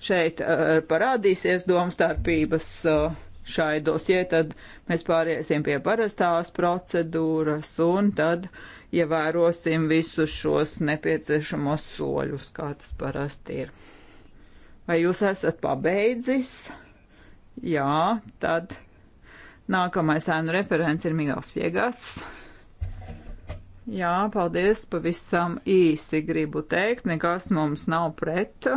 šeit eh, parādīsies domstarpības eh, šai dosie, tad mēs pāriesim pie parastās procedūras, un tad uh, ievērosim visus šos nepieciešamos soļus, kā tas parasti ir. Vai jūs esat pabeidzis? Jā, tad nākamais ēnu referents ir Migals Viegas. Jā, paldies, pavisam īsi gribu teikt, nekas mums nav pret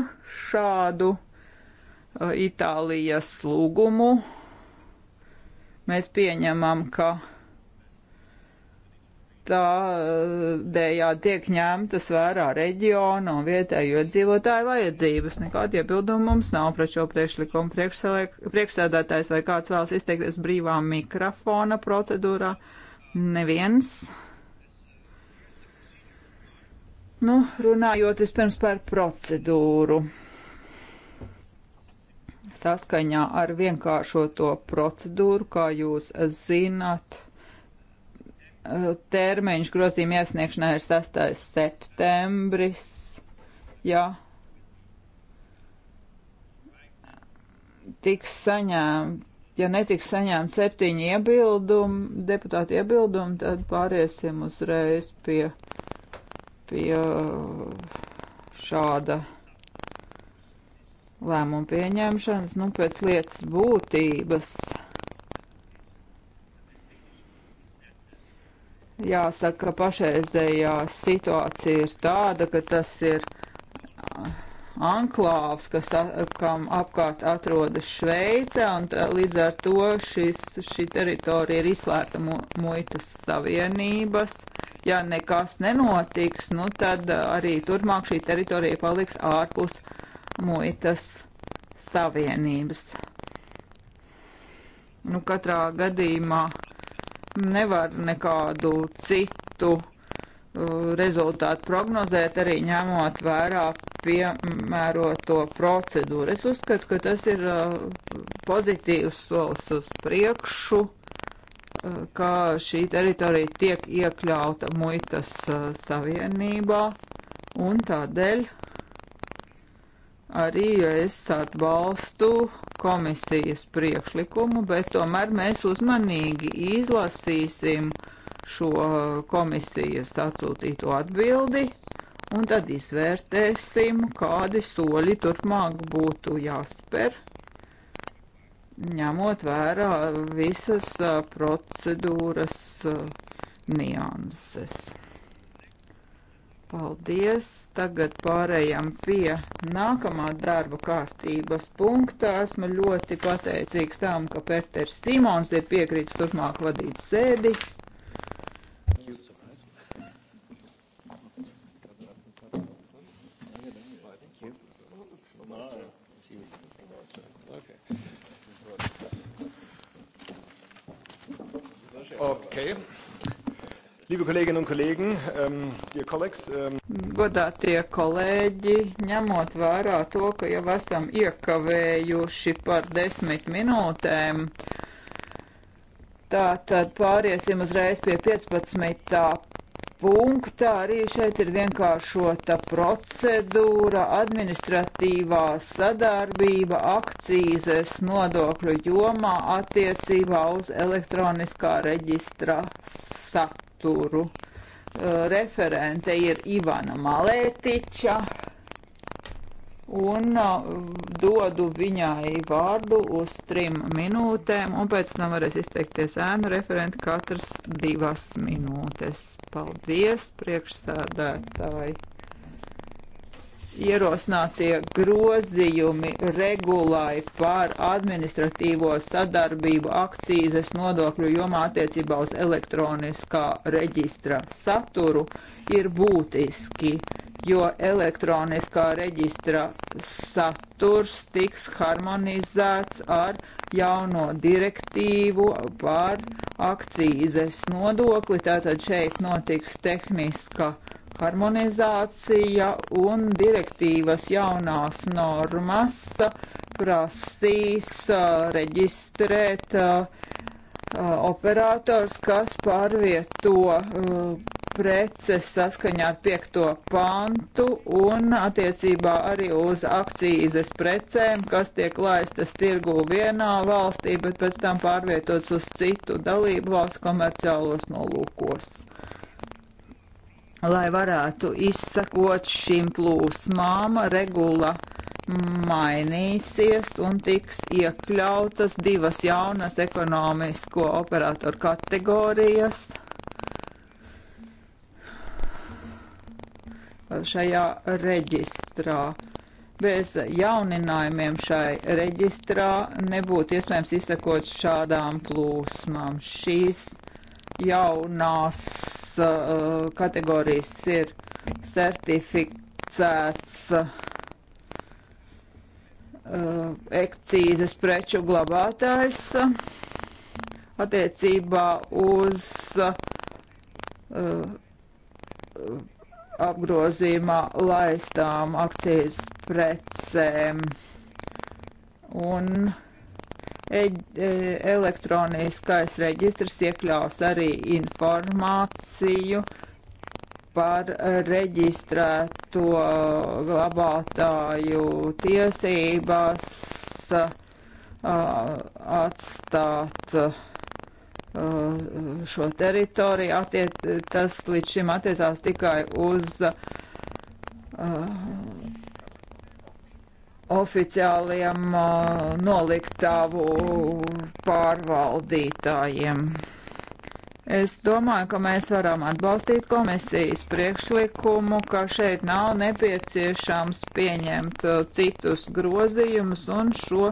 šādu uh, Itālijas lūgumu. Mēs pieņemam, ka tādējādi eh, tiek ņemtas vērā reģiona un vietējo dzīvotāju vajadzības. Nekāda iebilduma mums nav pret šo priekšlikumu. Priekšsēdētājs vai kāds vēlas izteikties brīvā mikrofona procedūrā? Neviens. Nu, runājot vispirms par procedūru. Saskaņā ar vienkāršoto procedūru, kā jūs zināt, Eh, termiņš grozījuma iesniegšanai ir 6. septembris. Jā. Tiks saņēmt, ja netiks saņēmt septiņi iebildumi, deputāti iebildumi, tad pāriesim uzreiz pie, pie eh, šāda lēmuma pieņemšanas, nu, pēc lietas būtības. Jāsaka, pašreizējā situācija ir tāda, ka tas ir uh, anklāvs, kas, kam apkārt atrodas Šveice, un tā, uh, līdz ar to šis, šī teritorija ir izslēgta mu, muitas savienības. Ja nekas nenotiks, nu tad uh, arī turpmāk šī teritorija paliks ārpus muitas savienības. Nu, katrā gadījumā uh, nevar nekādu citu uh, rezultātu prognozēt, arī ņemot vērā piemēroto procedūru. Es uzskatu, ka tas ir uh, pozitīvs solis uz priekšu, uh, ka šī teritorija tiek iekļauta muitas savienībā un tādēļ Arī es atbalstu komisijas priekšlikumu, bet tomēr mēs uzmanīgi izlasīsim šo komisijas atsūtīto atbildi un tad izvērtēsim, kādi soļi turpmāk būtu jāspēr, ņemot vērā visas procedūras nianses. Paldies! Tagad pārējām pie nākamā darba kārtības punkta. Esmu ļoti pateicīgs tam, ka Pērters Simons ir piekrītis turpmāk vadīt sēdi. Okay. Liebe Kolleginnen und Kollegen, um, dear colleagues, um... Godātie kolēģi, ņemot vērā to, ka jau esam iekavējuši par desmit minūtēm, tā tad pāriesim uzreiz pie 15. punkta. Arī šeit ir vienkāršota procedūra, administratīvā sadarbība, akcīzes nodokļu jomā attiecībā uz elektroniskā reģistra saka saturu. Eh, referente ir Ivana Malētiča, un eh, dodu viņai vārdu uz trim minūtēm, un pēc tam varēs izteikties ēnu referenti katrs divas minūtes. Paldies, priekšsēdētāji! ierosinātie grozījumi regulai par administratīvo sadarbību akcīzes nodokļu jomā attiecībā uz elektroniskā reģistra saturu ir būtiski, jo elektroniskā reģistra saturs tiks harmonizēts ar jauno direktīvu par akcīzes nodokli. Tātad šeit notiks tehniska harmonizācija un direktīvas jaunās normas prasīs uh, reģistrēt uh, uh, operators, kas pārvieto preces saskaņā ar 5. pantu un attiecībā arī uz akcijas precēm, kas tiek laistas tirgū vienā valstī, bet pēc tam pārvietotas uz citu dalību valstu komerciālos nolūkos lai varētu izsakot šīm plūsmām, regula mainīsies un tiks iekļautas divas jaunas ekonomisko operatoru kategorijas šajā reģistrā. Bez jauninājumiem šai reģistrā nebūtu iespējams izsakot šādām plūsmām. Šīs jaunās uh, kategorijas ir certificēts uh, ekcīzes preču glabātājs uh, attiecībā uz uh, apgrozījumā laistām akcijas precēm. Un E, elektroniskais reģistrs iekļaus arī informāciju par reģistrēto glabātāju tiesībās atstāt šo teritoriju. Attiec, tas līdz šim attiecās tikai uz oficiāliem noliktavu pārvaldītājiem. Es domāju, ka mēs varam atbalstīt komisijas priekšlikumu, ka šeit nav nepieciešams pieņemt citus grozījumus un šo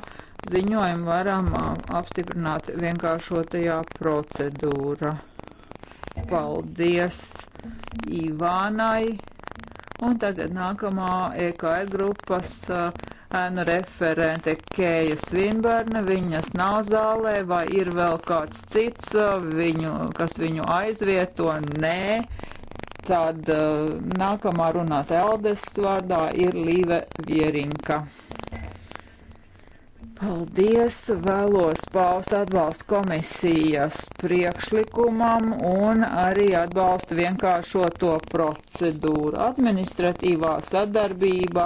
ziņojumu varam apstiprināt vienkāršotajā procedūrā. Paldies Ivānai! Un tagad nākamā EKR e grupas uh, ēnu referente Kēja Svinbērna. Viņas nav zālē, vai ir vēl kāds cits, uh, viņu, kas viņu aizvieto? Nē. Tad uh, nākamā runāta Eldes vārdā ir Līve Vierinka. Paldies! Vēlos paust atbalstu komisijas priekšlikumam un arī atbalstu vienkāršoto procedūru. Administratīvā sadarbība,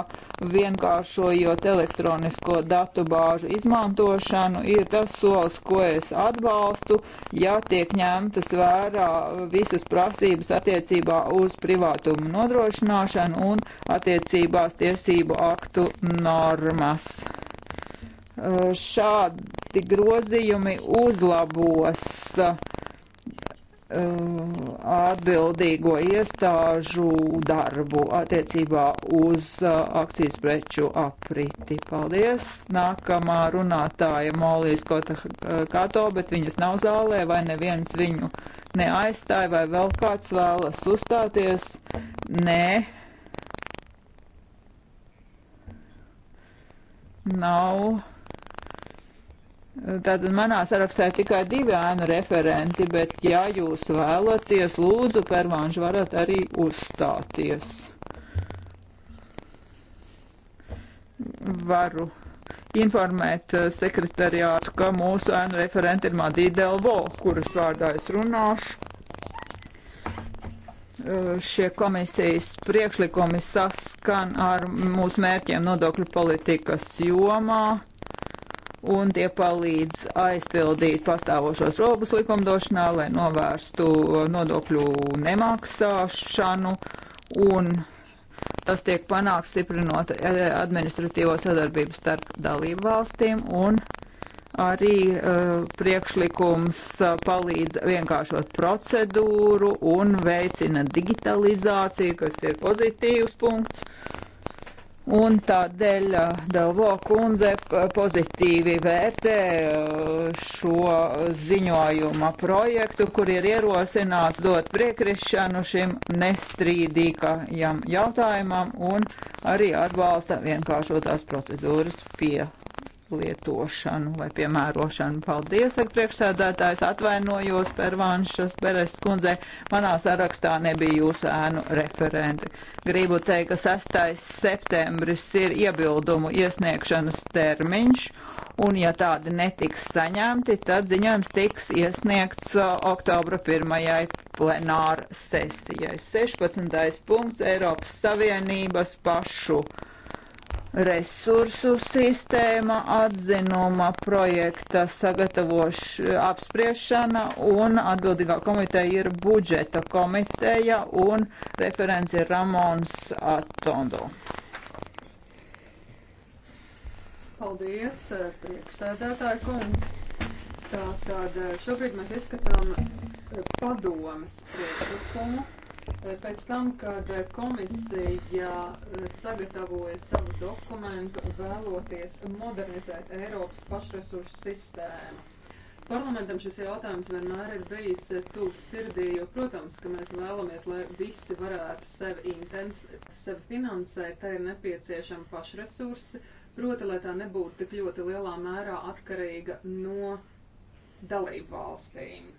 vienkāršojot elektronisko datu bāžu izmantošanu, ir tas solis, ko es atbalstu, ja tiek ņemtas vērā visas prasības attiecībā uz privātumu nodrošināšanu un attiecībās tiesību aktu normas. Eh, šādi grozījumi uzlabos eh, atbildīgo iestāžu darbu attiecībā uz eh, akcijas preču apriti. Paldies! Nākamā runātāja Molijas Kota Kato, bet viņas nav zālē, vai neviens viņu neaizstāja, vai vēl kāds vēlas uzstāties? Nē. Nav Tātad manā sarakstā ir tikai divi ēnu referenti, bet ja jūs vēlaties, lūdzu, pervāņš varat arī uzstāties. Varu informēt eh, sekretariātu, ka mūsu ēnu referenti ir Madija Delvo, kuras vārdā es runāšu. Eh, šie komisijas priekšlikumi saskan ar mūsu mērķiem nodokļu politikas jomā un tie palīdz aizpildīt pastāvošos robus likumdošanā, lai novērstu nodokļu nemaksāšanu, un tas tiek panāks stiprinot e, administratīvo sadarbību starp dalību valstīm, un arī uh, priekšlikums e, palīdz vienkāršot procedūru un veicina digitalizāciju, kas ir pozitīvs punkts Un tādēļ eh, Delvo kundze eh, pozitīvi vērtē eh, šo ziņojuma projektu, kur ir ierosināts dot priekrišanu šim nestrīdīgajam jautājumam un arī atbalsta vienkāršotās procedūras pie lietošanu vai piemērošanu. Paldies, saka priekšsēdētājs, atvainojos pervānšas Beres kundzē. Manā sarakstā nebija jūsu ēnu referenti. Gribu teikt, ka 6. septembris ir iebildumu iesniegšanas termiņš, un ja tādi netiks saņemti, tad ziņojums tiks iesniegts uh, oktobra pirmajai plenāra sesijai. 16. punkts Eiropas Savienības pašu resursu sistēma, atzinuma projekta sagatavošana, apspriešana un atbildīgā komiteja ir budžeta komiteja un referents ir Ramons Atondo. Paldies, eh, priekšsēdētāja kungs. Tātad eh, šobrīd mēs izskatām eh, padomas priekšlikumu Pēc tam, kad eh, komisija eh, sagatavoja savu dokumentu vēloties modernizēt Eiropas pašresursu sistēmu, parlamentam šis jautājums vienmēr ir bijis eh, tūs sirdī, jo, protams, ka mēs vēlamies, lai visi varētu sevi intens, sevi finansēt, tai ir nepieciešama pašresursi, proti, lai tā nebūtu tik ļoti lielā mērā atkarīga no dalību valstīm.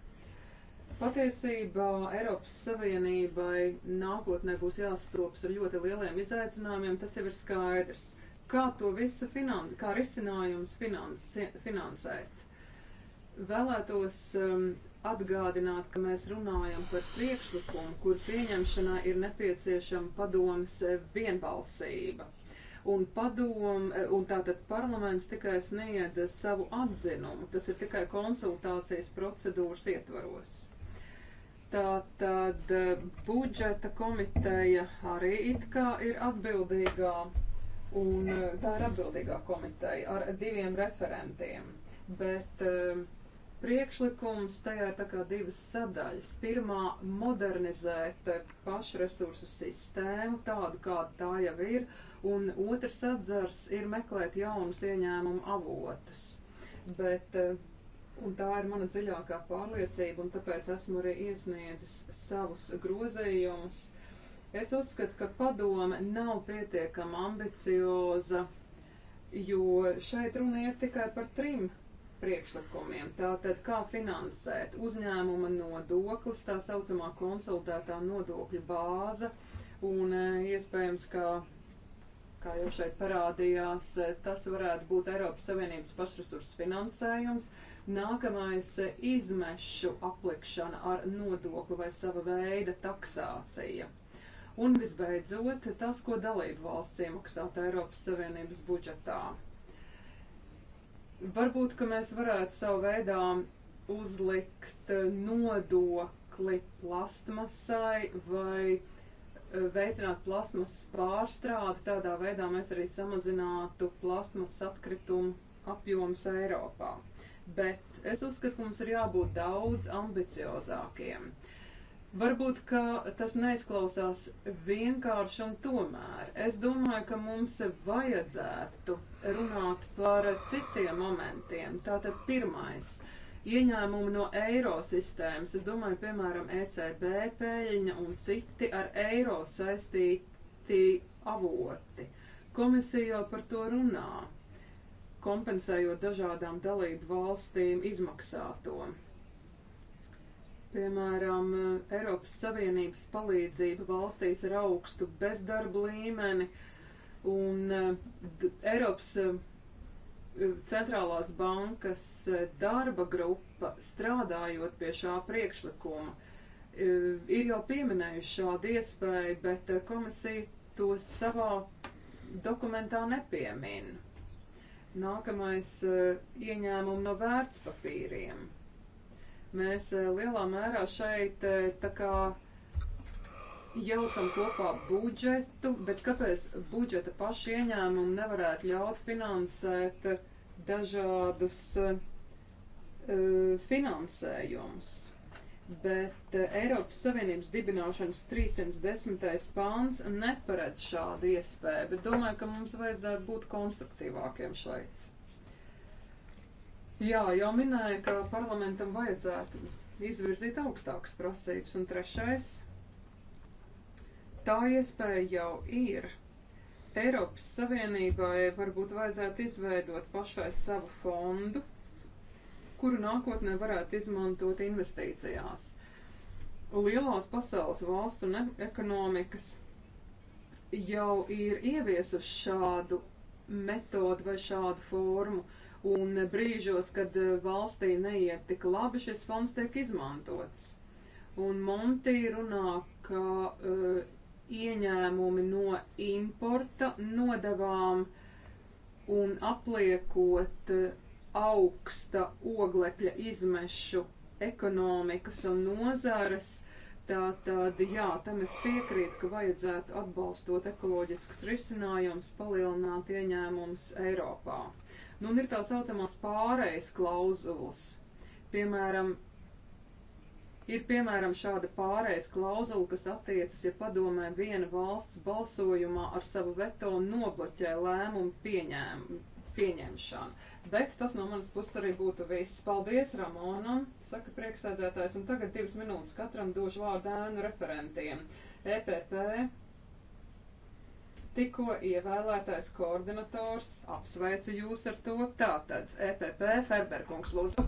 Patiesībā Eiropas Savienībai nākotnē būs jāstops ar ļoti lieliem izaicinājumiem, tas jau ir skaidrs. Kā to visu finan kā risinājums finans finansēt? Vēlētos um, atgādināt, ka mēs runājam par priekšlikumu, kur pieņemšanā ir nepieciešama padomas eh, vienbalsība un padom, eh, un tātad parlaments tikai sniedz savu atzinumu. Tas ir tikai konsultācijas procedūras ietvaros. Tā tad eh, budžeta komiteja arī it kā ir atbildīgā, un eh, tā ir atbildīgā komiteja ar diviem referentiem. Bet uh, priekšlikums tajā ir tā kā divas sadaļas. Pirmā - modernizēt pašresursu sistēmu, tādu kāda tā jau ir, un otrs atzars ir meklēt jaunus ieņēmumu avotus. Bet uh, Un tā ir mana dziļākā pārliecība, un tāpēc esmu arī iesniedzis savus grozējumus. Es uzskatu, ka padome nav pietiekama ambicioza, jo šeit runa ir tikai par trim priekšlikumiem. Tātad, kā finansēt uzņēmuma nodoklis, tā saucamā konsultētā nodokļu bāza, un e, iespējams, ka, kā jau šeit parādījās, e, tas varētu būt Eiropas Savienības pašresursu finansējums. Nākamais eh, - izmešu aplikšana ar nodokli vai sava veida taksācija. Un visbeidzot, tas, ko dalību valsts iemaksāta Eiropas Savienības budžetā. Varbūt, ka mēs varētu savu veidā uzlikt eh, nodokli plastmasai vai eh, veicināt plasmasas pārstrādi. Tādā veidā mēs arī samazinātu plasmasas atkritumu apjomus Eiropā bet es uzskatu, ka mums ir jābūt daudz ambiciozākiem. Varbūt, ka tas neizklausās vienkārši un tomēr. Es domāju, ka mums vajadzētu runāt par citiem momentiem. Tātad pirmais - ieņēmumi no eiro sistēmas. Es domāju, piemēram, ECB peļņa un citi ar eiro saistīti avoti. Komisija jau par to runā kompensējot dažādām dalību valstīm izmaksāto. Piemēram, Eiropas Savienības palīdzība valstīs ar augstu bezdarba līmeni un Eiropas eh, centrālās bankas eh, darba grupa strādājot pie šā priekšlikuma eh, ir jau pieminējuši šādu iespēju, bet komisija to savā dokumentā nepiemina. Nākamais eh, ieņēmumi no vērtspapīriem. Mēs eh, lielā mērā šeit eh, tā kā jaucam kopā budžetu, bet kāpēc budžeta paši ieņēmumi nevarētu ļaut finansēt dažādus uh, finansējumus? bet eh, Eiropas Savienības dibināšanas 310. pāns neparedz šādu iespēju, bet domāju, ka mums vajadzētu būt konstruktīvākiem šeit. Jā, jau minēju, ka parlamentam vajadzētu izvirzīt augstākas prasības, un trešais - tā iespēja jau ir. Eiropas Savienībai varbūt vajadzētu izveidot pašai savu fondu, kuru nākotnē varētu izmantot investīcijās. Lielās pasaules valsts un ekonomikas jau ir ieviesuši šādu metodu vai šādu formu, un brīžos, kad e, valstī neiet tik labi, šis fonds tiek izmantots. Un Monti runā, ka uh, ieņēmumi no importa nodavām un apliekot uh, augsta oglekļa izmešu ekonomikas un nozares. Tātad, jā, tam es piekrītu, ka vajadzētu atbalstot ekoloģiskus risinājumus, palielināt ieņēmumus Eiropā. Nu, un ir tā saucamās pārējas klauzulas. Piemēram, Ir piemēram šāda pārējais klauzula, kas attiecas, ja padomē viena valsts balsojumā ar savu veto nobloķē lēmumu pieņēmumu pieņemšanu. Bet tas no manas puses arī būtu viss. Paldies Ramonam, saka priekšsēdētājs, un tagad divas minūtes katram došu vārdu ēnu referentiem. EPP tikko ievēlētais koordinators. Apsveicu jūs ar to. Tātad EPP Ferberkungs lūdzu.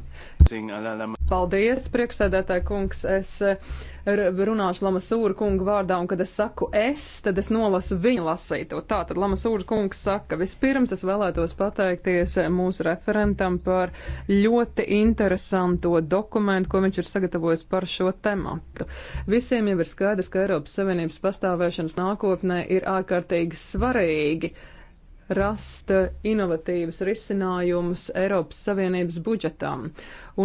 Paldies, priekšsēdētāji kungs. Es eh, runāšu Lama Sūra kunga vārdā, un kad es saku es, tad es nolasu viņa lasīto. Tā tad Lama Sūra kungs saka, vispirms es vēlētos pateikties eh, mūsu referentam par ļoti interesanto dokumentu, ko viņš ir sagatavojis par šo tematu. Visiem jau ir skaidrs, ka Eiropas Savienības pastāvēšanas nākotnē ir ārkārtīgi svarīgi. Uh, rast inovatīvus risinājumus Eiropas Savienības budžetam.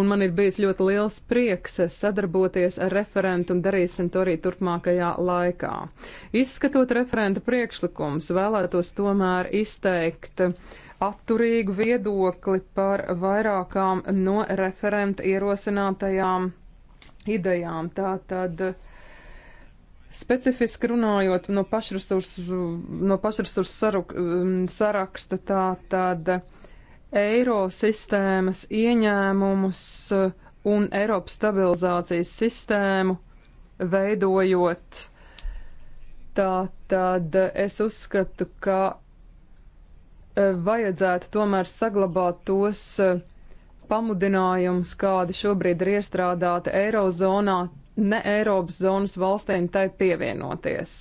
Un man ir bijis ļoti liels prieks sadarboties ar referentu un darīsim to arī turpmākajā laikā. Izskatot referenta priekšlikums, vēlētos tomēr izteikt atturīgu viedokli par vairākām no referenta ierosinātajām idejām. Tātad Specifiski runājot no pašresursu, no pašresursu saruk, um, saraksta, tā tad eiro sistēmas ieņēmumus uh, un Eiropas stabilizācijas sistēmu veidojot. Tā tad es uzskatu, ka uh, vajadzētu tomēr saglabāt tos uh, pamudinājumus, kādi šobrīd ir iestrādāti Eirozonā, ne Eiropas zonas valstīm tai pievienoties.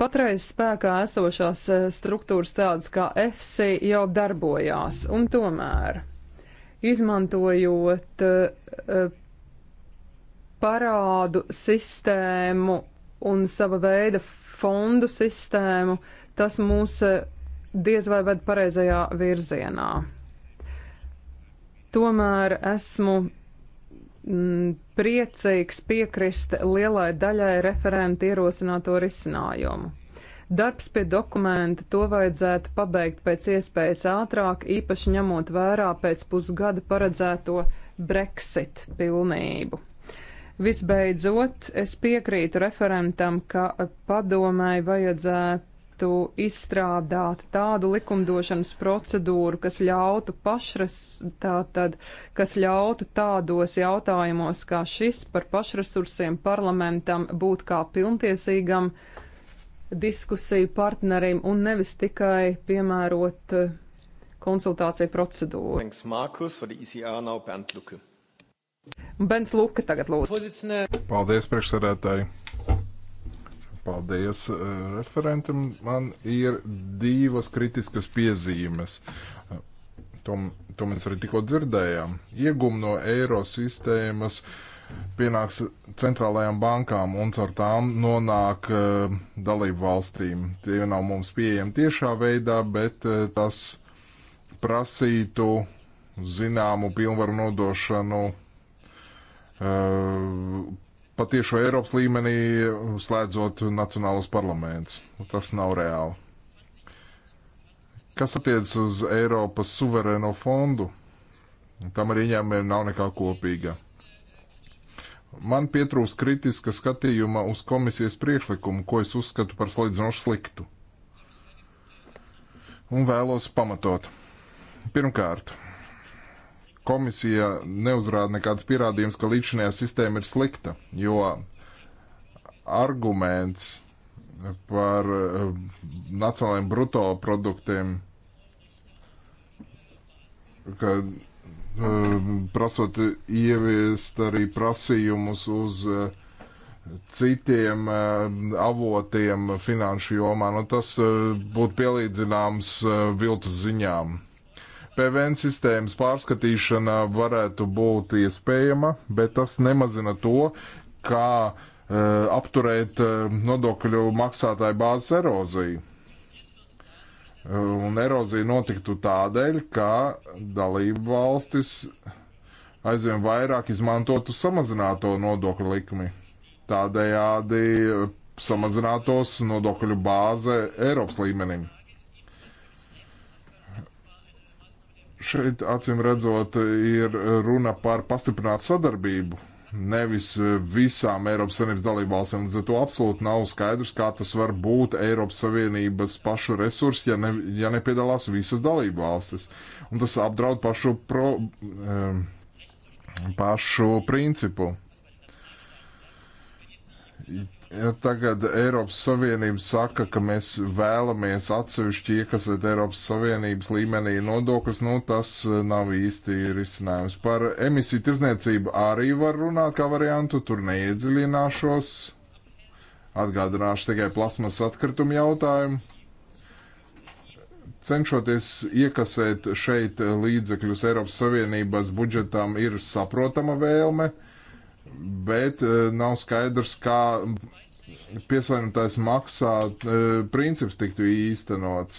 Patreiz spēkā esošās eh, struktūras tādas kā FC jau darbojās, un tomēr izmantojot uh, parādu sistēmu un sava veida fondu sistēmu, tas mūs eh, diez vai ved pareizajā virzienā. Tomēr esmu mm, priecīgs piekrist lielai daļai referenta ierosināto risinājumu. Darbs pie dokumenta to vajadzētu pabeigt pēc iespējas ātrāk, īpaši ņemot vērā pēc pusgada paredzēto Brexit pilnību. Visbeidzot, es piekrītu referentam, ka padomai vajadzētu varētu izstrādāt tādu likumdošanas procedūru, kas ļautu pašres, tātad, kas ļautu tādos jautājumos kā šis par pašresursiem parlamentam būt kā pilntiesīgam diskusiju partnerim un nevis tikai piemērot eh, konsultāciju procedūru. Thanks, Markus, for the ECR now, Bernd Luke. Bens Luka tagad lūdzu. Paldies, priekšsēdētāji. Paldies eh, referentam. Man ir divas kritiskas piezīmes. To, to mēs arī tikko dzirdējām. Iegum no eiro sistēmas pienāks centrālajām bankām un caur tām nonāk uh, dalību valstīm. Tie nav mums pieejami tiešā veidā, bet uh, tas prasītu zināmu pilnvaru nodošanu uh, patiešo Eiropas līmenī, slēdzot nacionālos parlamentus. Nu, tas nav reāli. Kas attiecas uz Eiropas suverēno fondu, tam arī ņēmumiem nav nekā kopīga. Man pietrūkst kritiska skatījuma uz komisijas priekšlikumu, ko es uzskatu par slīdzinoši sliktu. Un vēlos pamatot. Pirmkārt, komisija neuzrāda nekādas pierādījumas, ka līdzinājā sistēma ir slikta, jo arguments par eh, nacionālajiem bruto produktiem, ka eh, prasot ieviest arī prasījumus uz eh, citiem avotiem finanšu jomā, nu tas būtu pielīdzināms viltus ziņām PVN sistēmas pārskatīšana varētu būt iespējama, bet tas nemazina to, kā uh, apturēt uh, nodokļu maksātāju bāzes eroziju. Uh, un erozija notiktu tādēļ, ka dalību valstis aizvien vairāk izmantotu samazināto nodokļu likmi. Tādējādi samazinātos nodokļu bāze Eiropas līmenim. Šeit acīm redzot ir runa par pastiprinātu sadarbību, nevis visām Eiropas Savienības dalībvalstīm. Līdz ar to absolūti nav skaidrs, kā tas var būt Eiropas Savienības pašu resursi, ja, ne, ja nepiedalās visas dalībvalstis. Un tas apdraud pašu, pro, um, pašu principu Ja tagad Eiropas Savienība saka, ka mēs vēlamies atsevišķi iekasēt Eiropas Savienības līmenī nodokļus, nu tas eh, nav īsti risinājums. Par emisiju tirzniecību arī var runāt kā variantu, tur neiedziļināšos. Atgādināšu tikai plasmas atkritumu jautājumu. Cenšoties iekasēt šeit līdzekļus Eiropas Savienības budžetām ir saprotama vēlme. Uh, bet eh, nav skaidrs, kā piesaistītājs maksā eh, princips tiktu īstenots.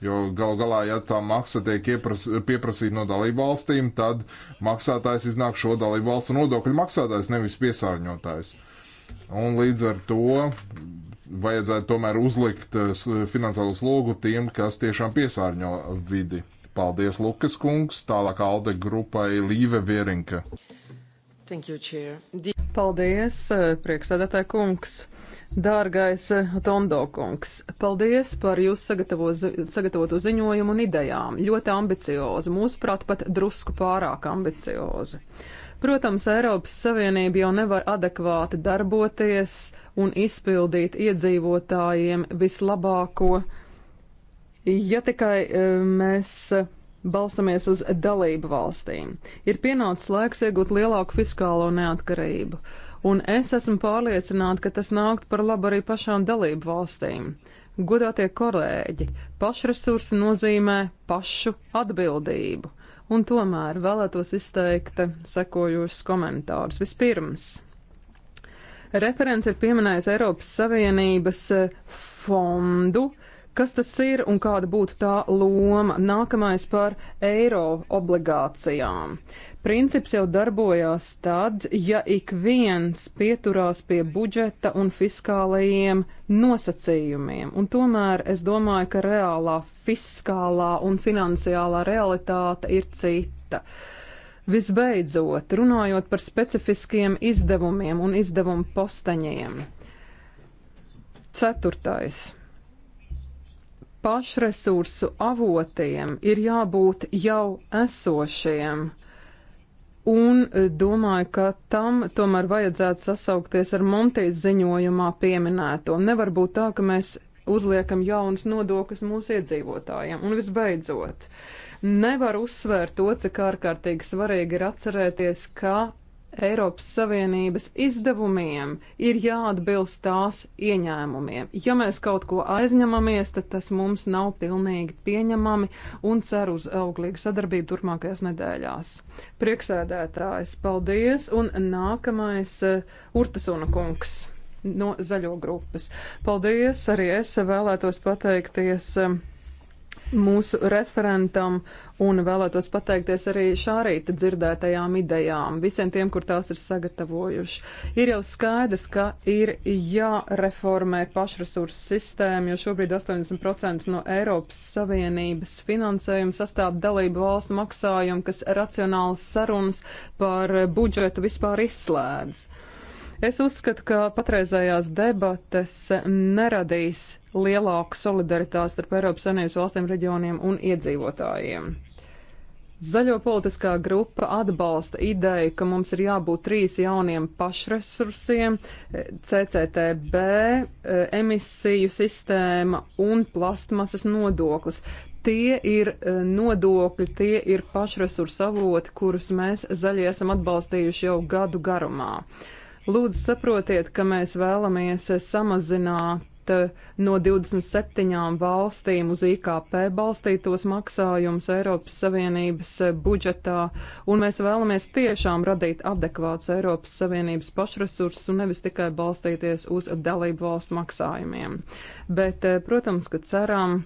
Jo gal galā, ja tā maksa tiek iepras, pieprasīta no dalībvalstīm, tad maksātājs iznāk šo dalībvalstu nodokļu maksātājs, nevis piesārņotājs. Un līdz ar to vajadzētu tomēr uzlikt eh, finansiālu slogu tiem, kas tiešām piesārņo vidi. Paldies, Lukas kungs, tālāk Alde grupai Līve Vierinka. Thank you, Chair. The... Paldies, eh, priekšsēdētāja kungs. Dārgais eh, Tondo kungs, paldies par jūsu sagatavo, sagatavotu ziņojumu un idejām. Ļoti ambiciozi, mūsuprāt, pat drusku pārāk ambiciozi. Protams, Eiropas Savienība jau nevar adekvāti darboties un izpildīt iedzīvotājiem vislabāko, ja tikai eh, mēs balstamies uz dalību valstīm. Ir pienācis laiks iegūt lielāku fiskālo neatkarību, un es esmu pārliecināta, ka tas nākt par labu arī pašām dalību valstīm. Godātie kolēģi, pašresursi nozīmē pašu atbildību, un tomēr vēlētos izteikt sekojošus komentārus. Vispirms, referents ir pieminējis Eiropas Savienības fondu, uh, Kas tas ir un kāda būtu tā loma? Nākamais par eiro obligācijām. Princips jau darbojās tad, ja ik viens pieturās pie budžeta un fiskālajiem nosacījumiem, un tomēr es domāju, ka reālā fiskālā un finansiālā realitāte ir cita. Visbeidzot, runājot par specifiskiem izdevumiem un izdevumu postaņiem. Ceturtais pašresursu avotiem ir jābūt jau esošiem. Un e, domāju, ka tam tomēr vajadzētu sasaukties ar Montijas ziņojumā pieminēto. Nevar būt tā, ka mēs uzliekam jaunas nodokļus mūsu iedzīvotājiem. Un visbeidzot, nevar uzsvērt to, cik ārkārtīgi svarīgi ir atcerēties, ka Eiropas Savienības izdevumiem ir jāatbilst tās ieņēmumiem. Ja mēs kaut ko aizņemamies, tad tas mums nav pilnīgi pieņemami un ceru uz auglīgu sadarbību turpmākajās nedēļās. Prieksēdētājs, paldies! Un nākamais uh, Urtasuna kungs no Zaļo grupas. Paldies! Arī es vēlētos pateikties. Uh, mūsu referentam un vēlētos pateikties arī šā rīta dzirdētajām idejām, visiem tiem, kur tās ir sagatavojuši. Ir jau skaidrs, ka ir jāreformē pašresursu sistēma, jo šobrīd 80% no Eiropas Savienības finansējuma sastāv dalību valstu maksājumu, kas racionāls sarunas par budžetu vispār izslēdz. Es uzskatu, ka patreizējās debates neradīs lielāku solidaritāti starp Eiropas Savienības valstīm, reģioniem un iedzīvotājiem. Zaļo politiskā grupa atbalsta ideju, ka mums ir jābūt trīs jauniem pašresursiem - CCTB, e, emisiju sistēma un plastmasas nodoklis. Tie ir e, nodokļi, tie ir pašresursu avoti, kurus mēs zaļie esam atbalstījuši jau gadu garumā. Uh, Lūdzu, saprotiet, ka mēs vēlamies samazināt eh, no 27 valstīm uz IKP balstītos maksājumus Eiropas Savienības eh, budžetā, un mēs vēlamies tiešām radīt adekvātus Eiropas Savienības pašresursus un nevis tikai balstīties uz dalību valstu maksājumiem. Bet, eh, protams, ka ceram,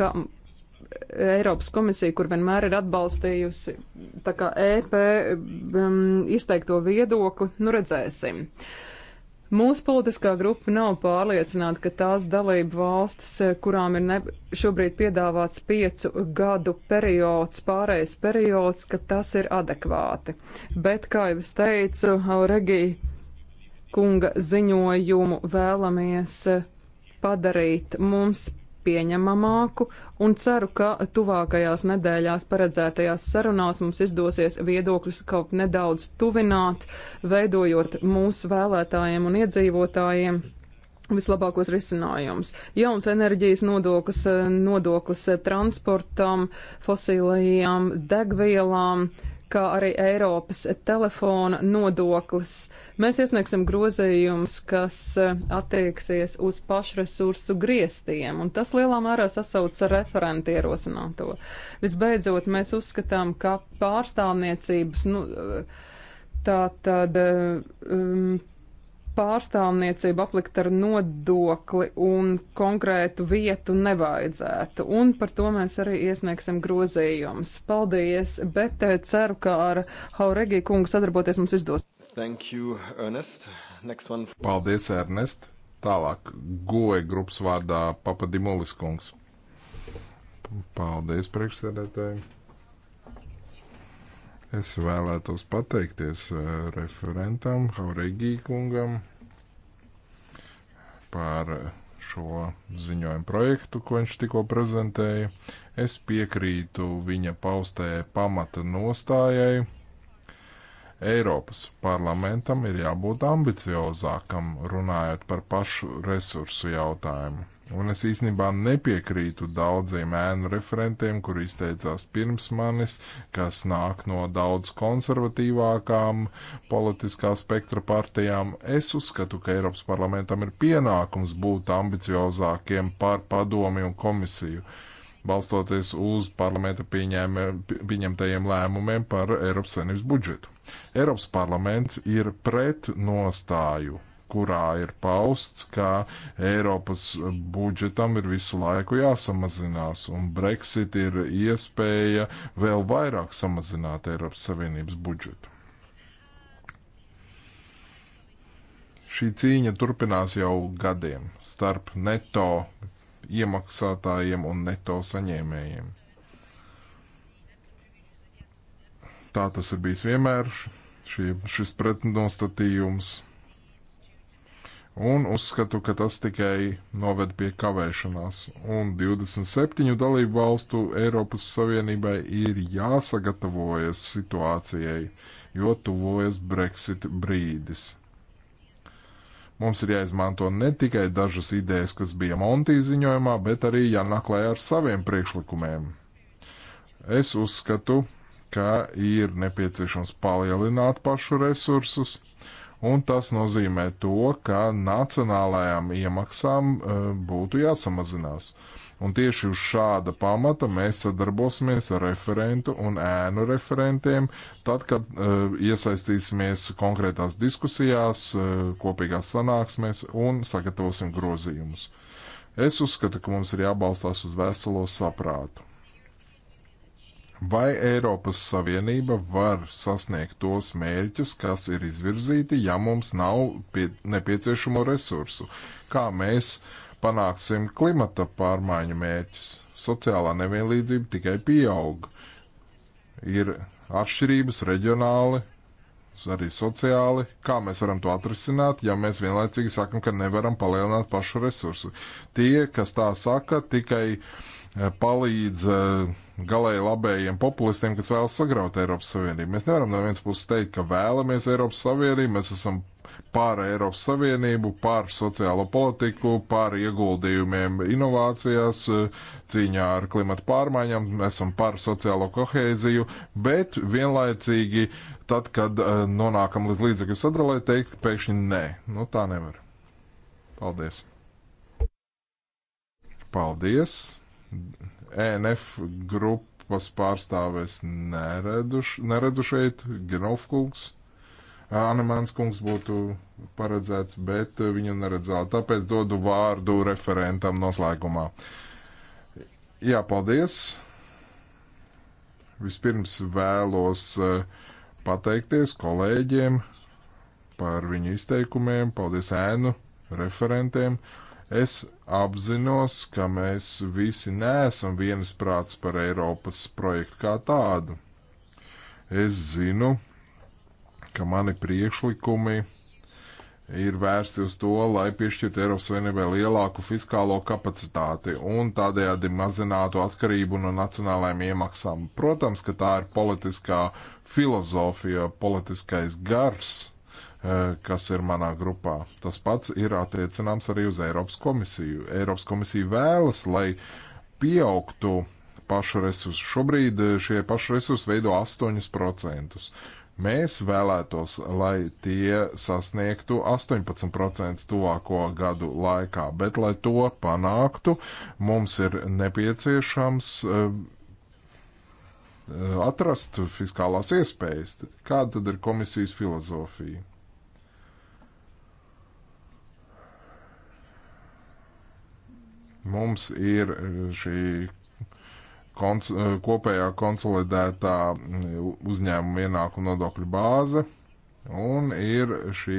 ka Eiropas komisija, kur vienmēr ir atbalstījusi tā kā EP um, izteikto viedokli, nu redzēsim. Mūsu politiskā grupa nav pārliecināta, ka tās dalība valstis, kurām ir ne, šobrīd piedāvāts piecu gadu periods, pārējais periods, ka tas ir adekvāti. Bet, kā jau es teicu, Regī kunga ziņojumu vēlamies padarīt mums pieņemamāku un ceru, ka tuvākajās nedēļās paredzētajās sarunās mums izdosies viedokļus kaut nedaudz tuvināt, veidojot mūsu vēlētājiem un iedzīvotājiem vislabākos risinājumus. Jauns enerģijas eh, nodoklis, nodoklis eh, transportam, fosilajām degvielām, kā arī Eiropas telefona nodoklis. Mēs iesniegsim grozījumus, kas eh, attieksies uz pašresursu griestiem, un tas lielā mērā sasauc ar referentu ierosināto. Visbeidzot, mēs uzskatām, ka pārstāvniecības, nu, eh, tā tad. Eh, um, pārstāvniecību aplikt ar nodokli un konkrētu vietu nevajadzētu. Un par to mēs arī iesniegsim grozījumus. Paldies, bet eh, ceru, ka ar Hauregī kungu sadarboties mums izdos. Thank you, Ernest. Next one. Paldies, Ernest. Tālāk, goja grupas vārdā Papadimulis kungs. Paldies, priekšsēdētāji. Es vēlētos pateikties eh, referentam Haurēgī kungam par šo ziņojumu projektu, ko viņš tikko prezentēja. Es piekrītu viņa paustējai pamata nostājai. Eiropas parlamentam ir jābūt ambiciozākam runājot par pašu resursu jautājumu. Un es īstenībā nepiekrītu daudziem ēnu referentiem, kur izteicās pirms manis, kas nāk no daudz konservatīvākām politiskā spektra partijām. Es uzskatu, ka Eiropas parlamentam ir pienākums būt ambiciozākiem par padomi un komisiju, balstoties uz parlamenta pieņēm, pieņemtajiem lēmumiem par Eiropas saimnības budžetu. Eiropas parlaments ir pret nostāju kurā ir pausts, ka Eiropas budžetam ir visu laiku jāsamazinās, un Brexit ir iespēja vēl vairāk samazināt Eiropas Savienības budžetu. Šī cīņa turpinās jau gadiem starp neto iemaksātājiem un neto saņēmējiem. Tā tas ir bijis vienmēr, šī, šis pretnostatījums un uzskatu, ka tas tikai noved pie kavēšanās. Un 27 dalību valstu Eiropas Savienībai ir jāsagatavojas situācijai, jo tuvojas Brexit brīdis. Mums ir jāizmanto ne tikai dažas idejas, kas bija Montī ziņojumā, bet arī jānaklē ar saviem priekšlikumiem. Es uzskatu, ka ir nepieciešams palielināt pašu resursus – un tas nozīmē to, ka nacionālajām iemaksām e, būtu jāsamazinās. Un tieši uz šāda pamata mēs sadarbosimies ar referentu un ēnu referentiem, tad, kad uh, iesaistīsimies konkrētās diskusijās, uh, kopīgās sanāksmēs un sagatavosim grozījumus. Es uzskatu, ka mums ir jābalstās uz veselo saprātu. Vai Eiropas Savienība var sasniegt tos mērķus, kas ir izvirzīti, ja mums nav pie, nepieciešamo resursu? Kā mēs panāksim klimata pārmaiņu mērķus? Sociālā nevienlīdzība tikai pieaug. Ir atšķirības reģionāli, arī sociāli. Kā mēs varam to atrisināt, ja mēs vienlaicīgi sakam, ka nevaram palielināt pašu resursu? Tie, kas tā saka, tikai eh, palīdz uh, galēji labējiem populistiem, kas vēlas sagraut Eiropas Savienību. Mēs nevaram no vienas puses teikt, ka vēlamies Eiropas Savienību, mēs esam pār Eiropas Savienību, pār sociālo politiku, pār ieguldījumiem inovācijās, cīņā ar klimatu pārmaiņām, esam pār sociālo kohēziju, bet vienlaicīgi tad, kad eh, nonākam līdz līdzekļu sadalē, teikt pēkšņi nē. Nu tā nevar. Paldies! Paldies! ENF grupas pārstāvēs nereduš, neredzu šeit, Genovkungs. Anemāns kungs būtu paredzēts, bet e, viņu neredzētu. Tāpēc dodu vārdu referentam noslēgumā. Jā, paldies. Vispirms vēlos e, pateikties kolēģiem par viņu izteikumiem. Paldies ēnu referentiem. Uh, Es apzinos, ka mēs visi neesam viensprāts par Eiropas projektu kā tādu. Es zinu, ka mani priekšlikumi ir vērsti uz to, lai piešķirtu Eiropas Savienībai lielāku fiskālo kapacitāti un tādējādi mazinātu atkarību no nacionālajām iemaksām. Protams, ka tā ir politiskā filozofija, politiskais gars, Eh, kas ir manā grupā. Tas pats ir attiecināms arī uz Eiropas komisiju. Eiropas komisija vēlas, lai pieaugtu pašu resursu. Šobrīd eh, šie paši resursi veido 8%. Mēs vēlētos, lai tie sasniegtu 18% tuvāko gadu laikā, bet, lai to panāktu, mums ir nepieciešams eh, atrast fiskālās iespējas. Kāda tad ir komisijas filozofija? Mums ir eh, šī konc eh, kopējā konsolidētā mm, uzņēmuma ienākuma nodokļu bāze un ir šī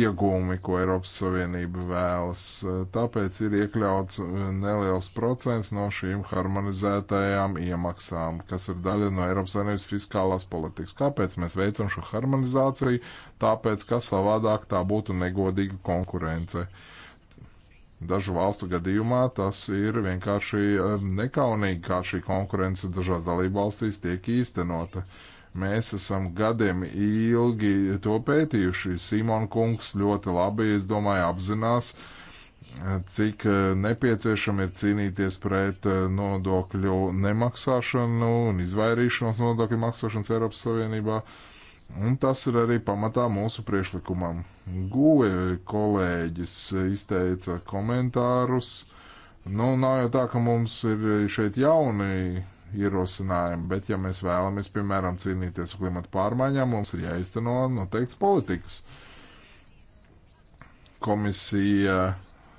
iegūmi, ko Eiropas Savienība vēlas. Eh, tāpēc ir iekļauts neliels procents no šīm harmonizētajām iemaksām, kas ir daļa no Eiropas Savienības fiskālās politikas. Kāpēc mēs veicam šo harmonizāciju? Tāpēc, ka savādāk tā būtu negodīga konkurence. Uh, Dažu valstu gadījumā tas ir vienkārši eh, nekaunīgi, kā šī konkurence dažās dalību valstīs tiek īstenota. Mēs esam gadiem ilgi to pētījuši. Simon Kungs ļoti labi, es domāju, apzinās, eh, cik eh, nepieciešami ir cīnīties pret nodokļu nemaksāšanu un izvairīšanos nodokļu maksāšanas Eiropas Savienībā. Uh, Un tas ir arī pamatā mūsu priekšlikumam. Guve kolēģis izteica komentārus. Nu, nav jau tā, ka mums ir šeit jauni ierosinājumi, bet ja mēs vēlamies, piemēram, cīnīties ar klimatu pārmaiņām, mums ir jāizteno noteikts politikas. Komisija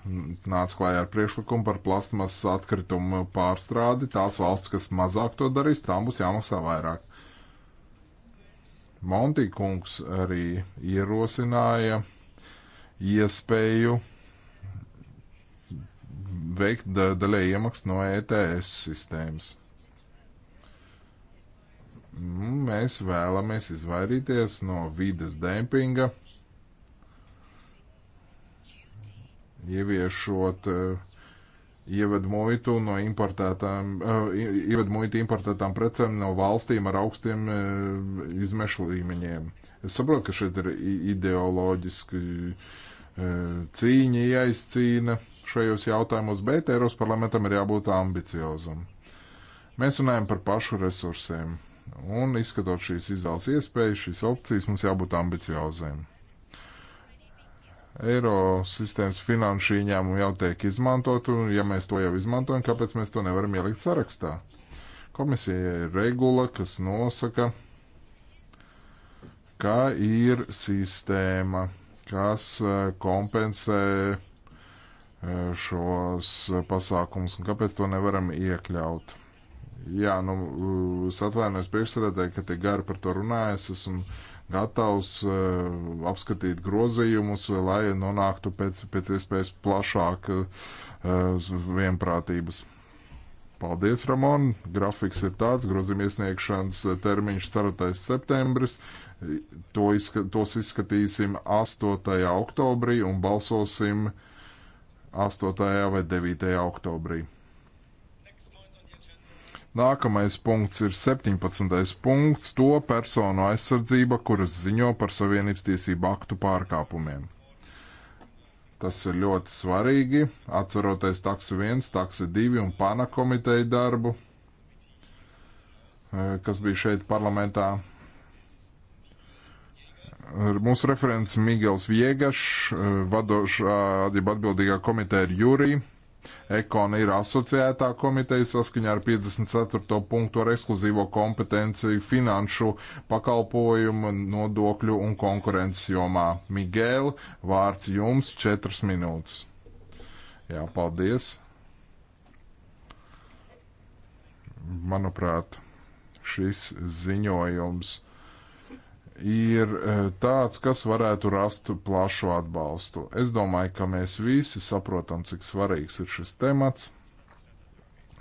nāca klājā ar priekšlikumu par plasmasas atkritumu pārstrādi. Tās valsts, kas mazāk to darīs, tām būs jāmaksā vairāk. Montīkungs arī ierosināja iespēju veikt da daļai iemaksas no ETS sistēmas. Mēs vēlamies izvairīties no vides dempinga, ieviešot uh, ieved muitu no importētām, eh, ieved muitu importētām precēm no valstīm ar augstiem eh, izmešu līmeņiem. Es saprotu, ka šeit ir ideoloģiski eh, cīņa jāizcīna šajos jautājumos, bet Eiropas parlamentam ir jābūt ambiciozam. Mēs runājam par pašu resursiem, un izskatot šīs izvēles iespējas, šīs opcijas, mums jābūt ambiciozēm eiro sistēmas finanšu ieņēmumu jau tiek izmantot, un ja mēs to jau izmantojam, kāpēc mēs to nevaram ielikt sarakstā? Komisija ir regula, kas nosaka, ka ir sistēma, kas e, kompensē e, šos pasākumus, un kāpēc to nevaram iekļaut. Jā, nu, es atvainojos priekšsēdētāji, ka tik gari par to runājas, esmu gatavs eh, apskatīt grozījumus, lai nonāktu pēc, pēc iespējas plašāk eh, vienprātības. Paldies, Ramon! Grafiks ir tāds, grozījuma iesniegšanas eh, termiņš 4. septembris. To izska tos izskatīsim 8. oktobrī un balsosim 8. vai 9. oktobrī. Nākamais punkts ir 17. punkts - to personu aizsardzība, kuras ziņo par Savienības tiesību aktu pārkāpumiem. Tas ir ļoti svarīgi, atceroties taksi 1, taksi 2 un pana komiteju darbu, eh, kas bija šeit parlamentā. Mūsu referents Migels Viegašs, eh, vadošā atbildīgā komiteja ir Jurija Ekona ir asociētā komiteja saskaņā ar 54. punktu ar ekskluzīvo kompetenci finanšu pakalpojumu, nodokļu un konkurences jomā. Migēl, vārds jums četras minūtes. Jā, paldies. Manuprāt, šis ziņojums ir e, tāds, kas varētu rast plašu atbalstu. Es domāju, ka mēs visi saprotam, cik svarīgs ir šis temats.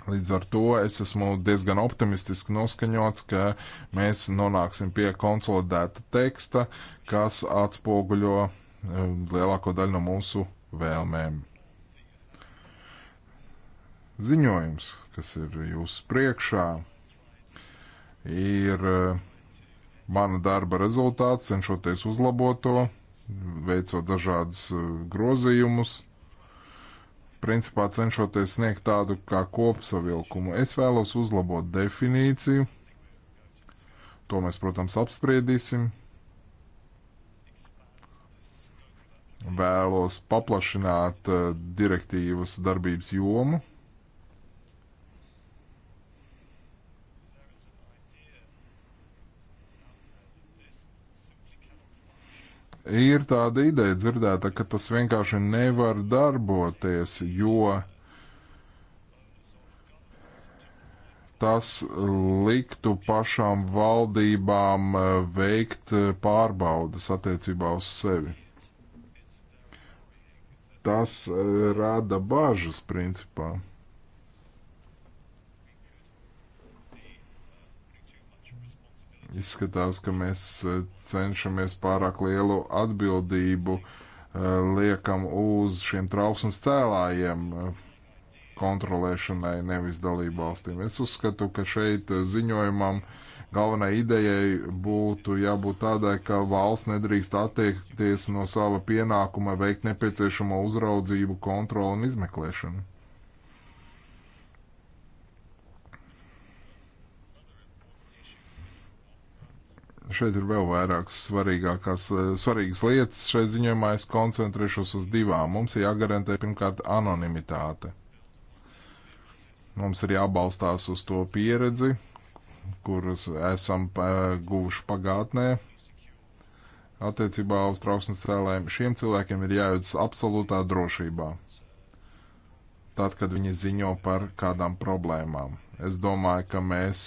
Līdz ar to es esmu diezgan optimistiski noskaņots, ka mēs nonāksim pie konsolidēta teksta, kas atspoguļo e, lielāko daļu no mūsu vēlmēm. Ziņojums, kas ir jūsu priekšā, ir uh, mana darba rezultāts, cenšoties uzlabot to, veicot dažādus e, grozījumus, principā cenšoties sniegt tādu kā kopsavilkumu. Es vēlos uzlabot definīciju, to mēs, protams, apspriedīsim. Vēlos paplašināt e, direktīvas darbības jomu ir tāda ideja dzirdēta, ka tas vienkārši nevar darboties, jo tas liktu pašām valdībām eh, veikt eh, pārbaudas attiecībā uz sevi. Tas eh, rada bažas principā. Izskatās, ka mēs e, cenšamies pārāk lielu atbildību e, liekam uz šiem trauksmes cēlājiem e, kontrolēšanai, nevis dalību valstīm. Es uzskatu, ka šeit ziņojumam galvenai idejai būtu jābūt tādai, ka valsts nedrīkst attiekties no sava pienākuma veikt nepieciešamo uzraudzību, kontroli un izmeklēšanu. Šeit ir vēl vairākas svarīgākās, eh, svarīgas lietas. Šai ziņojumā es koncentrēšos uz divām. Mums ir jāgarantē pirmkārt anonimitāte. Mums ir jābalstās uz to pieredzi, kuras esam eh, guvuši pagātnē, attiecībā uz trauksmes cēlējiem, šiem cilvēkiem ir jājūtas absolūtā drošībā. Tad, kad viņi ziņo par kādām problēmām, es domāju, ka mēs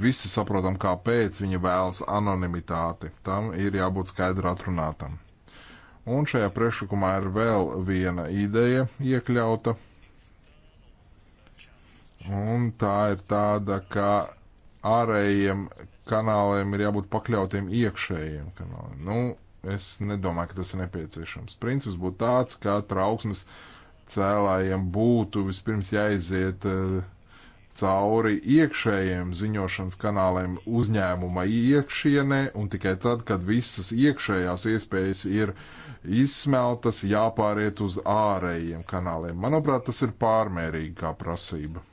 Visi saprotam, kāpēc viņi vēlas anonimitāti. Tam ir jābūt skaidri atrunātam. Un šajā priekšlikumā ir vēl viena ideja iekļauta. Un tā ir tāda, ka ārējiem kanāliem ir jābūt pakļautiem iekšējiem kanāliem. Nu, es nedomāju, ka tas ir nepieciešams. Princips būtu tāds, ka trauksmes cēlājiem būtu vispirms jāiziet uh, cauri iekšējiem ziņošanas kanāliem uzņēmuma iekšienē, un tikai tad, kad visas iekšējās iespējas ir izsmeltas, jāpāriet uz ārējiem kanāliem. Manuprāt, tas ir pārmērīgi kā prasība.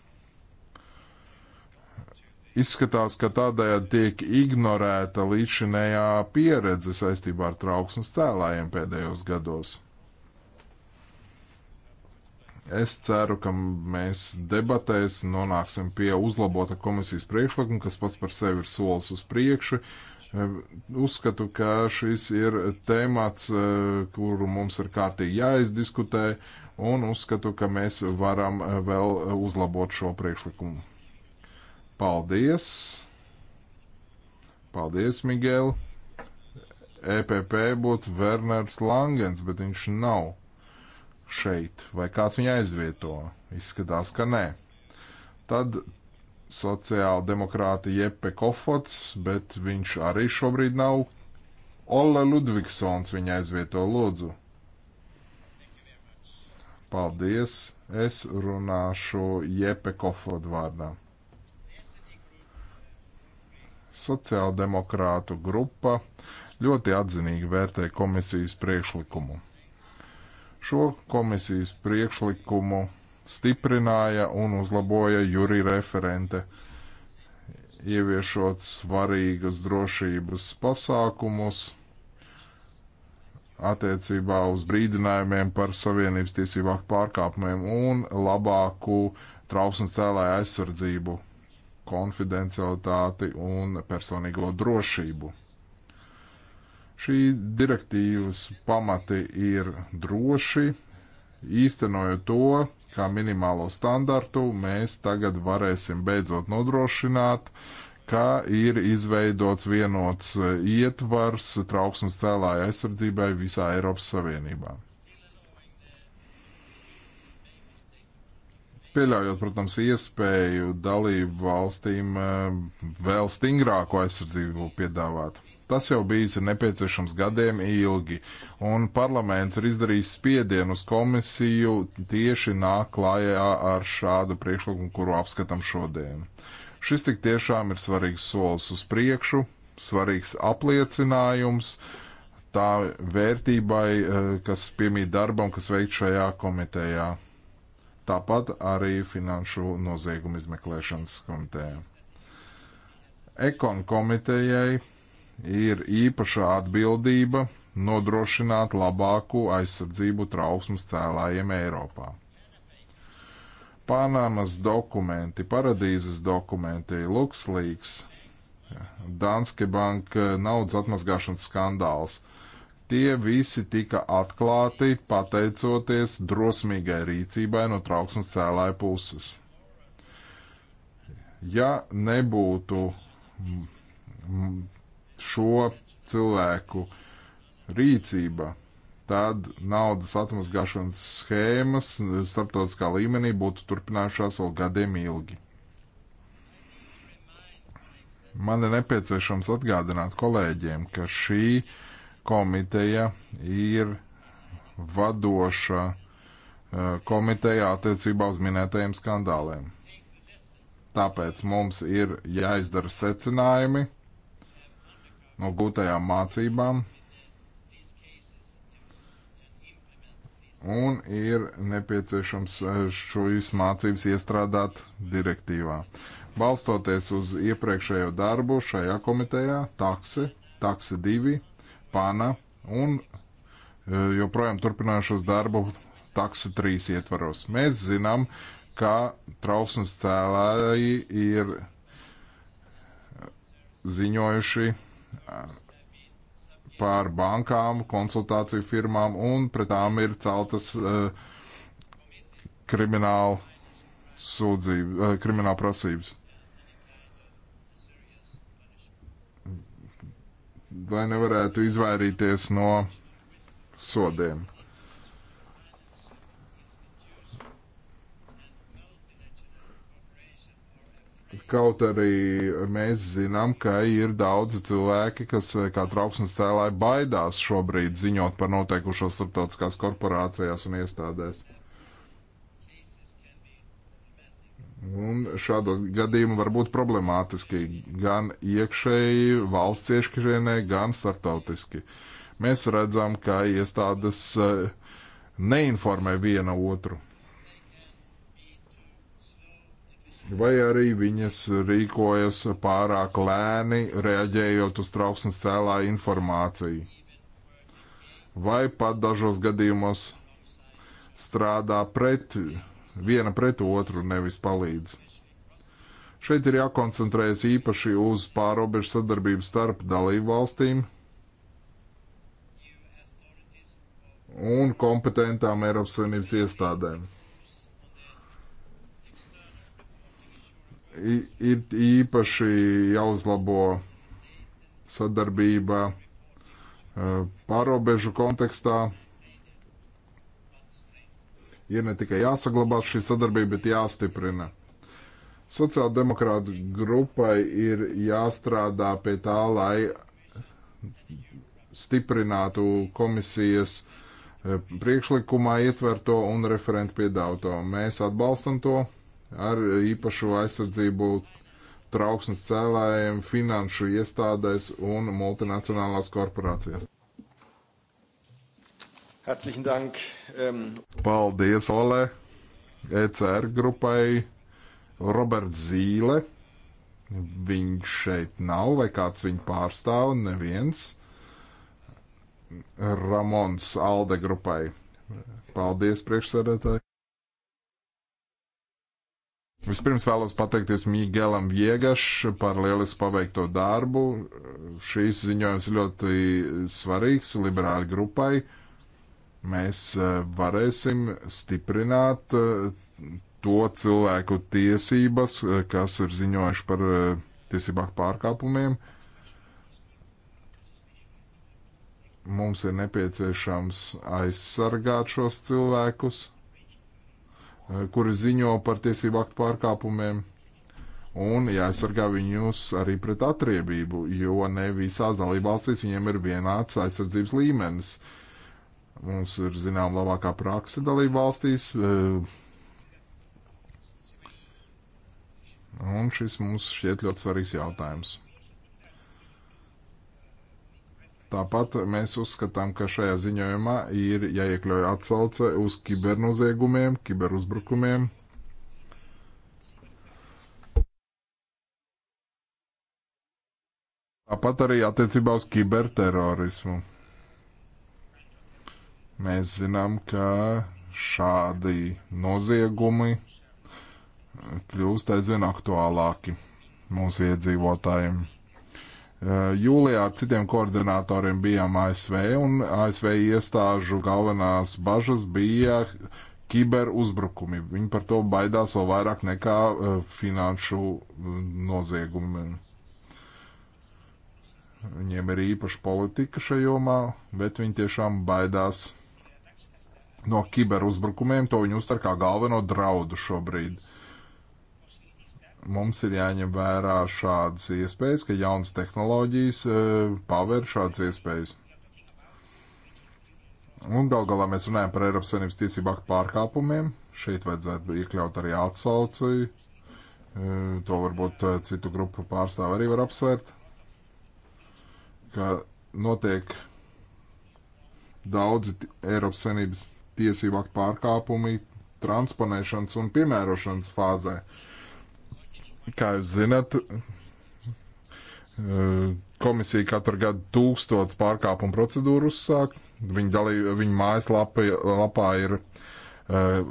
Izskatās, ka tādējādi tiek ignorēta līdzinējā pieredze saistībā ar trauksmes cēlājiem pēdējos gados. Es ceru, ka mēs debatēs nonāksim pie uzlabota komisijas priekšlikuma, kas pats par sevi ir solis uz priekšu. E, uzskatu, ka šis ir temats, e, kuru mums ir kārtīgi jāizdiskutē, un uzskatu, ka mēs varam e, vēl uzlabot šo priekšlikumu. Paldies! Paldies, Miguel! EPP būtu Werners Langens, bet viņš nav šeit, vai kāds viņu aizvieto. Izskatās, ka nē. Tad sociāla demokrāta Jeppe Kofots, bet viņš arī šobrīd nav. Olle Ludvigsons viņa aizvieto lūdzu. Paldies, es runāšu Jeppe Kofotu vārdā. Sociāldemokrātu grupa ļoti atzinīgi vērtē komisijas priekšlikumu. Šo komisijas priekšlikumu stiprināja un uzlaboja Juri referente, ieviešot svarīgas drošības pasākumus attiecībā uz brīdinājumiem par Savienības tiesību aktu pārkāpumiem un labāku trauksmes cēlāju aizsardzību, konfidencialitāti un personīgo drošību. Šī direktīvas pamati ir droši. Īstenojot to, kā minimālo standartu, mēs tagad varēsim beidzot nodrošināt, ka ir izveidots vienots e, ietvars trauksmes cēlāja aizsardzībai visā Eiropas Savienībā. Pieļaujot, protams, iespēju dalību valstīm e, vēl stingrāko aizsardzību piedāvāt. Tas jau bijis nepieciešams gadiem ilgi, un parlaments ir izdarījis spiedienu uz komisiju tieši nāk klājā ar šādu priekšlikumu, kuru apskatam šodien. Šis tik tiešām ir svarīgs solis uz priekšu, svarīgs apliecinājums tā vērtībai, eh, kas piemīt darbam, kas veikt šajā komitejā. Tāpat arī Finanšu noziegumu izmeklēšanas komitejā. Ekon komitejai ir īpašā atbildība nodrošināt labāku aizsardzību trauksmes cēlājiem Eiropā. Panamas dokumenti, paradīzes dokumenti, Luxlīks, Danske Banka naudas atmazgāšanas skandāls. Tie visi tika atklāti pateicoties drosmīgai rīcībai no trauksmes cēlāja puses. Ja nebūtu šo cilvēku rīcība, tad naudas atmazgāšanas schēmas starptautiskā līmenī būtu turpinājušās vēl gadiem ilgi. Man ir nepieciešams atgādināt kolēģiem, ka šī komiteja ir vadoša eh, komiteja attiecībā uz minētajiem skandāliem. Tāpēc mums ir jāizdara secinājumi no gūtajām mācībām un ir nepieciešams eh, šīs mācības iestrādāt direktīvā. Balstoties uz iepriekšējo darbu šajā komitejā, taksi, taksi divi, pana un eh, joprojām turpinājušos darbu taksi trīs ietvaros. Mēs zinām, ka trauksmes cēlēji ir eh, ziņojuši pār bankām, konsultāciju firmām, un pret tām ir celtas uh, krimināla sūdzība, uh, krimināla prasības. Vai nevarētu izvairīties no sodiem? Kaut arī mēs zinām, ka ir daudzi cilvēki, kas eh, kā trauksmes cēlāji baidās šobrīd ziņot par notiekušo starptautiskās korporācijās un iestādēs. Un šādos gadījumos var būt problemātiski gan iekšēji valsts ieškišienē, gan starptautiski. Mēs redzam, ka iestādes eh, neinformē viena otru vai arī viņas rīkojas pārāk lēni, reaģējot uz trauksmes cēlāju informāciju. Vai pat dažos gadījumos strādā pret, viena pret otru, nevis palīdz. Šeit ir jākoncentrējas īpaši uz pārobežu sadarbību starp dalību valstīm un kompetentām Eiropas Savienības iestādēm. ir īpaši jāuzlabo sadarbība eh, pārobežu kontekstā. Ir ne tikai jāsaglabā šī sadarbība, bet jāstiprina. Sociāldemokrāta grupai ir jāstrādā pie tā, lai stiprinātu komisijas eh, priekšlikumā ietverto un referentu piedāvāto. Mēs atbalstam to ar īpašu aizsardzību trauksmes cēlājiem, finanšu iestādēs un multinacionālās korporācijās. Herzlichen Dank. Um... Paldies, Ole, ECR grupai, Roberts Zīle. Viņš šeit nav, vai kāds viņu pārstāv, neviens. Ramons Alde grupai. Paldies, priekšsēdētāji. Vispirms vēlos pateikties Miguelam Viegaš par lielisku paveikto darbu. Šīs ziņojums ļoti svarīgs liberāļu grupai. Mēs e, varēsim stiprināt e, to cilvēku tiesības, e, kas ir ziņojuši par tiesībāk pārkāpumiem. Mums ir nepieciešams aizsargāt šos cilvēkus Eh, kuri ziņo par tiesību aktu pārkāpumiem. Un jāaizsargā viņus arī pret atriebību, jo ne visās dalībvalstīs viņiem ir vienāds aizsardzības līmenis. Mums ir zinām labākā praksa dalībvalstīs. Eh, un šis mums šķiet ļoti svarīgs jautājums. Tāpat mēs uzskatām, ka šajā ziņojumā ir jāiekļauj atsauce uz kibernoziegumiem, kiberuzbrukumiem. Tāpat arī attiecībā uz kiberterorismu. Mēs zinām, ka šādi noziegumi kļūst aizvien aktuālāki mūsu iedzīvotājiem. Eh, Jūlijā ar citiem koordinatoriem bijām ASV, un ASV iestāžu galvenās bažas bija kiberuzbrukumi. Viņi par to baidās vēl vairāk nekā eh, finanšu eh, noziegumi. Viņiem ir īpaša politika šajā jomā, bet viņi tiešām baidās no kiberuzbrukumiem. To viņi uztver kā galveno draudu šobrīd. Uh, mums ir jāņem vērā šādas iespējas, ka jaunas tehnoloģijas e, paver šādas iespējas. Un gal galā mēs runājam par Eiropas Savienības tiesību aktu pārkāpumiem. Šeit vajadzētu iekļaut arī atsauci. E, to varbūt e, citu grupu pārstāvi arī var apsvērt. Ka notiek daudzi Eiropas Savienības tiesību aktu pārkāpumi transponēšanas un piemērošanas fāzē. Uh, Kā jūs zinat, eh, komisija katru gadu tūkstots pārkāpumu procedūru uzsāk. Viņa, dalī, viņa mājaslapā lapā ir uh,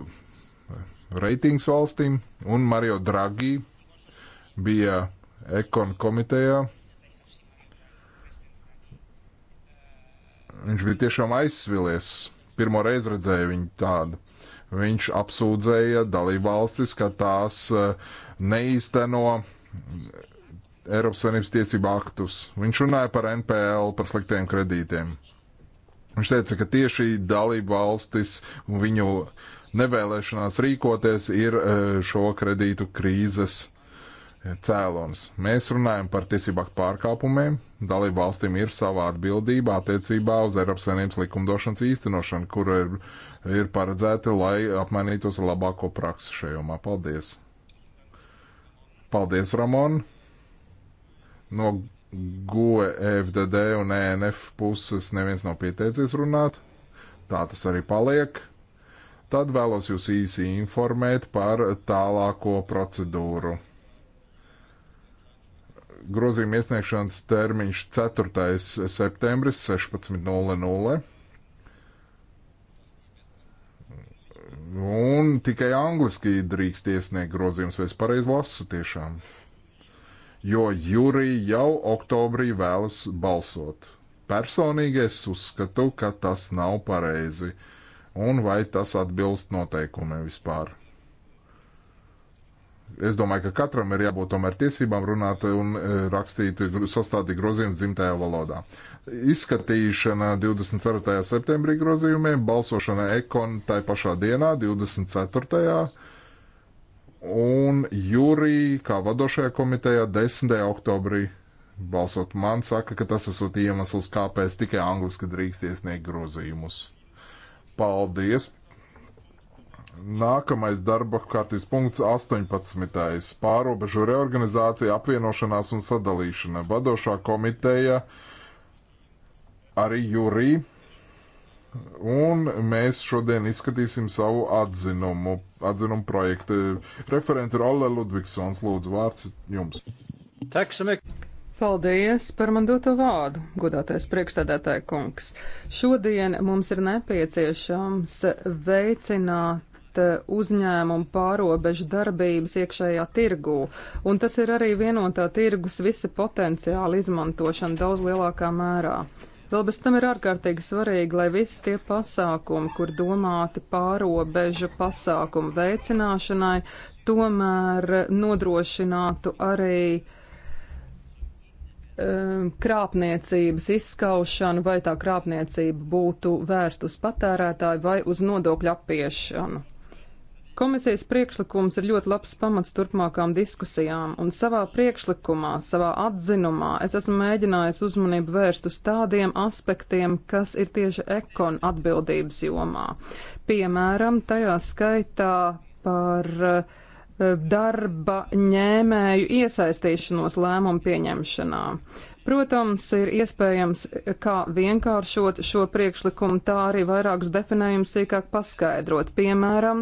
reitings valstīm, un Mario Draghi bija ekon komitejā. Viņš bija tiešām aizsvilies. Pirmo reizi redzēju viņu tādu. Viņš apsūdzēja dalībvalstis, ka tās uh, neīsteno Eiropas Savienības tiesību aktus. Viņš runāja par NPL, par sliktiem kredītiem. Viņš teica, ka tieši dalību valstis un viņu nevēlēšanās rīkoties ir e, šo kredītu krīzes e, cēlons. Mēs runājam par tiesību aktu pārkāpumiem. Dalību valstīm ir savā atbildībā attiecībā uz Eiropas Savienības likumdošanas īstenošanu, kur ir, ir paredzēti, lai apmainītos ar labāko praksi šajomā. Paldies! Paldies, Ramon! No GOE, e, FDD un ENF puses neviens nav pieteicies runāt. Tā tas arī paliek. Tad vēlos jūs īsi informēt par tālāko procedūru. Grozījuma iesniegšanas termiņš 4. septembris 16.00 Un tikai angliski drīkst iesniegt grozījums, vai es pareizi lasu tiešām. Jo jūrija jau oktobrī vēlas balsot. Personīgi es uzskatu, ka tas nav pareizi, un vai tas atbilst noteikumiem vispār. Es domāju, ka katram ir jābūt tomēr tiesībām runāt un e, rakstīt, sastādīt grozījumus dzimtajā valodā izskatīšana 24. septembrī grozījumiem, balsošana ekon tai pašā dienā, 24. un jūrī, kā vadošajā komitejā, 10. oktobrī balsot. Man saka, ka tas esot iemesls, kāpēc tikai angliski drīkst iesniegt grozījumus. Paldies! Nākamais darba kārtības punkts 18. Pārobežu reorganizācija, apvienošanās un sadalīšana. Vadošā komiteja uh, arī Jurī. Un mēs šodien izskatīsim savu atzinumu, atzinumu projektu. Referents ir Olle Ludvigsons. Lūdzu, vārds jums. Teksamik. Paldies par man doto vārdu, godātais priekšsēdētāja kungs. Šodien mums ir nepieciešams veicināt eh, uzņēmumu pārobežu darbības iekšējā tirgū, un tas ir arī vienotā tirgus visa potenciāla izmantošana daudz lielākā mērā. Vēl bez tam ir ārkārtīgi svarīgi, lai visi tie pasākumi, kur domāti pārobežu pasākumu veicināšanai, tomēr nodrošinātu arī um, krāpniecības izskaušanu, vai tā krāpniecība būtu vērst uz patērētāju vai uz nodokļu apiešanu. Komisijas priekšlikums ir ļoti labs pamats turpmākām diskusijām, un savā priekšlikumā, savā atzinumā es esmu mēģinājis uzmanību vērst uz tādiem aspektiem, kas ir tieši ekon atbildības jomā. Piemēram, tajā skaitā par eh, darba ņēmēju iesaistīšanos lēmumu pieņemšanā. Protams, ir iespējams kā vienkāršot šo priekšlikumu, tā arī vairākus definējumus sīkāk paskaidrot. Piemēram,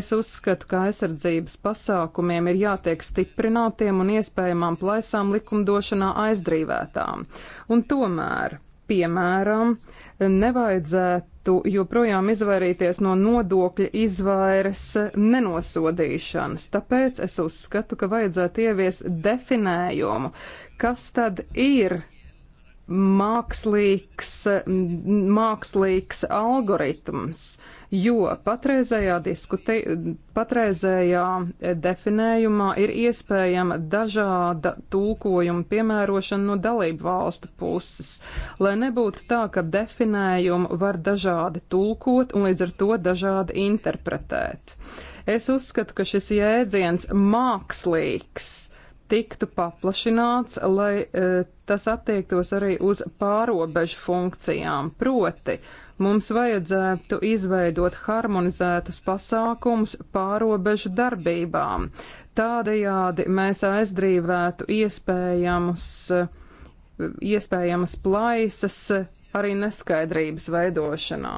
es uzskatu, ka aizsardzības pasākumiem ir jātiek stiprinātiem un iespējamām plaisām likumdošanā aizdrīvētām. Un tomēr, piemēram, nevajadzētu varētu joprojām izvairīties no nodokļa izvairas nenosodīšanas. Tāpēc es uzskatu, ka vajadzētu ievies definējumu, kas tad ir mākslīgs, mākslīgs algoritms jo patreizējā, diskute, patreizējā definējumā ir iespējama dažāda tulkojuma piemērošana no dalību valstu puses, lai nebūtu tā, ka definējumu var dažādi tulkot un līdz ar to dažādi interpretēt. Es uzskatu, ka šis jēdziens mākslīgs tiktu paplašināts, lai e, tas attiektos arī uz pārobežu funkcijām. Proti, Mums vajadzētu izveidot harmonizētus pasākumus pārobežu darbībām. Tādējādi mēs aizdrīvētu iespējamus, iespējamas plaisas arī neskaidrības veidošanā.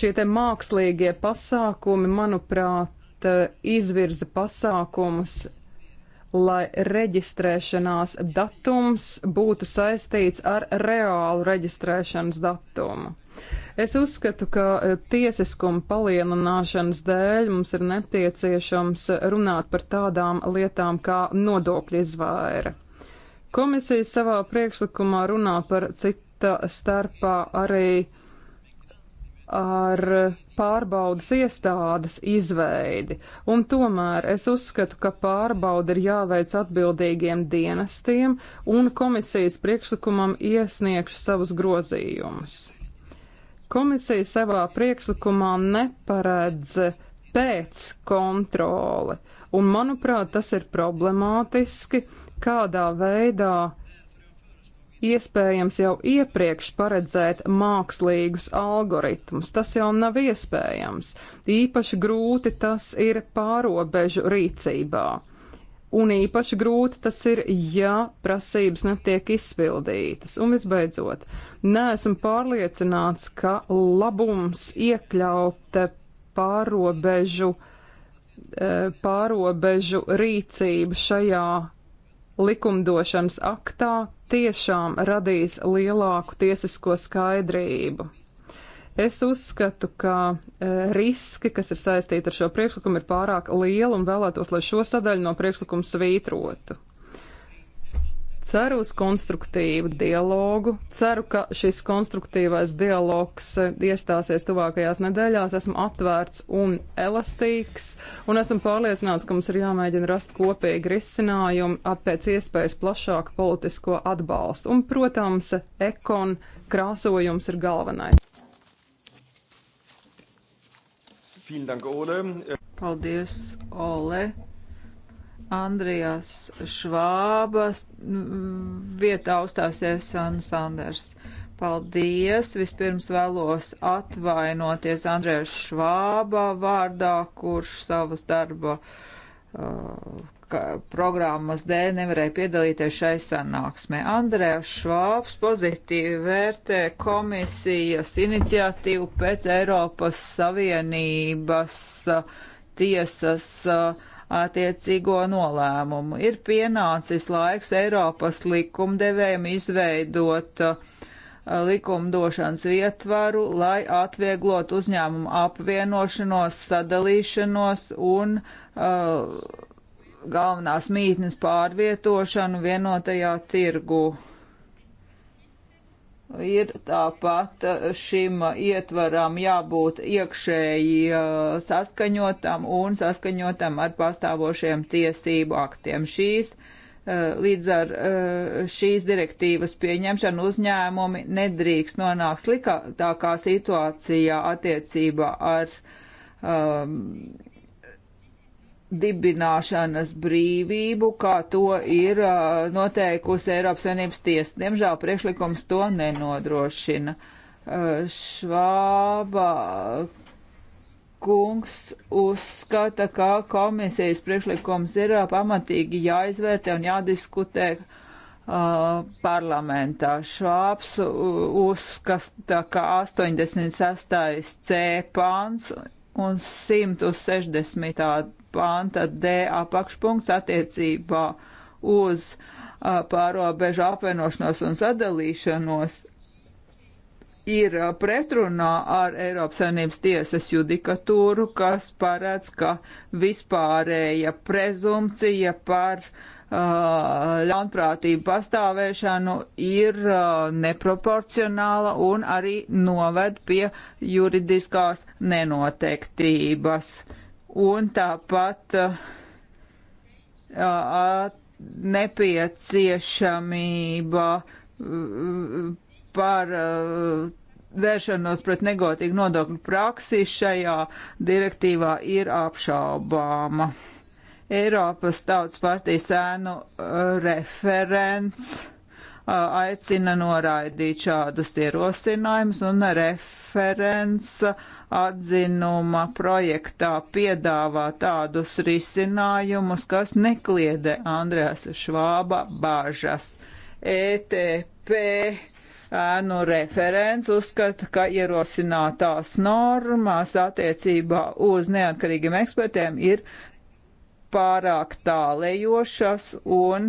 Šie te mākslīgie pasākumi, manuprāt, izvirza pasākumus lai reģistrēšanās datums būtu saistīts ar reālu reģistrēšanas datumu. Es uzskatu, ka e, tiesiskuma palielināšanas dēļ mums ir nepieciešams runāt par tādām lietām kā nodokļu izvēra. Komisija savā priekšlikumā runā par cita starpā arī uh, ar pārbaudas iestādes izveidi, un tomēr es uzskatu, ka pārbauda ir jāveic atbildīgiem dienestiem, un komisijas priekšlikumam iesniegšu savus grozījumus. Komisija savā priekšlikumā neparedz pēc kontroli, un manuprāt, tas ir problemātiski, kādā veidā iespējams jau iepriekš paredzēt mākslīgus algoritmus. Tas jau nav iespējams. Īpaši grūti tas ir pārobežu rīcībā. Un īpaši grūti tas ir, ja prasības netiek izpildītas. Un visbeidzot, neesmu pārliecināts, ka labums iekļaut pārobežu, eh, pārobežu rīcību šajā likumdošanas aktā tiešām radīs lielāku tiesisko skaidrību. Es uzskatu, ka e, riski, kas ir saistīti ar šo priekšlikumu, ir pārāk lieli un vēlētos, lai šo sadaļu no priekšlikuma svītrotu. Ceru uz konstruktīvu dialogu, ceru, ka šis konstruktīvais dialogs eh, iestāsies tuvākajās nedēļās. Esmu atvērts un elastīgs, un esmu pārliecināts, ka mums ir jāmēģina rast kopīgi risinājumu ap pēc iespējas plašāku politisko atbalstu. Un, protams, ekon krāsojums ir galvenais. Paldies, Ole! Andrijas Švābas vietā uzstāsies Anna Sanders. Paldies! Vispirms vēlos atvainoties Andrēs Švāba vārdā, kurš savas darba uh, programmas dēļ nevarēja piedalīties šai sanāksmē. Andrēs Švābs pozitīvi vērtē komisijas iniciatīvu pēc Eiropas Savienības uh, tiesas uh, attiecīgo nolēmumu. Ir pienācis laiks Eiropas likumdevējiem izveidot uh, likumdošanas ietvaru, lai atvieglot uzņēmumu apvienošanos, sadalīšanos un uh, galvenās mītnes pārvietošanu vienotajā tirgu. Ir tāpat eh, šim ietvaram jābūt iekšēji eh, saskaņotam un saskaņotam ar pastāvošiem tiesību aktiem. Šīs, eh, līdz ar šīs direktīvas pieņemšanu uzņēmumi nedrīkst nonākt sliktākā situācijā attiecībā ar um, dibināšanas brīvību, kā to ir noteikusi Eiropas Savienības tiesa. Diemžēl priekšlikums to nenodrošina. Švāba kungs uzskata, ka komisijas priekšlikums ir pamatīgi jāizvērtē un jādiskutē parlamentā. Švāps uzskata, ka 86. C pāns un 160 panta D apakšpunkts attiecībā uz uh, pārobežu apvienošanos un sadalīšanos ir uh, pretrunā ar Eiropas Savienības tiesas judikatūru, kas paredz, ka vispārēja prezumcija par uh, ļaunprātību pastāvēšanu ir uh, neproporcionāla un arī noved pie juridiskās nenoteiktības. Uh, un tāpat uh, nepieciešamība uh, par uh, vēršanos pret negotīgu nodokļu praksi šajā direktīvā ir apšaubāma. Eiropas Tautas partijas ēnu referents aicina noraidīt šādus ierosinājumus un referents atzinuma projektā piedāvā tādus risinājumus, kas nekliedē Andrēs Švāba bāžas. ETP ēnu referents uzskata, ka ierosinātās normas attiecībā uz neatkarīgiem ekspertiem ir pārāk tālējošas un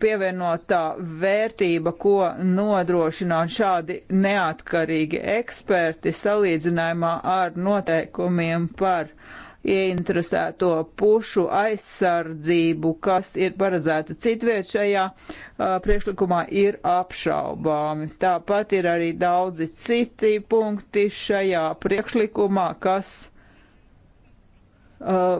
pievienotā vērtība, ko nodrošināt šādi neatkarīgi eksperti salīdzinājumā ar noteikumiem par ieinteresēto pušu aizsardzību, kas ir paredzēta citviet šajā a, priekšlikumā, ir apšaubāmi. Tāpat ir arī daudzi citi punkti šajā priekšlikumā, kas Uh,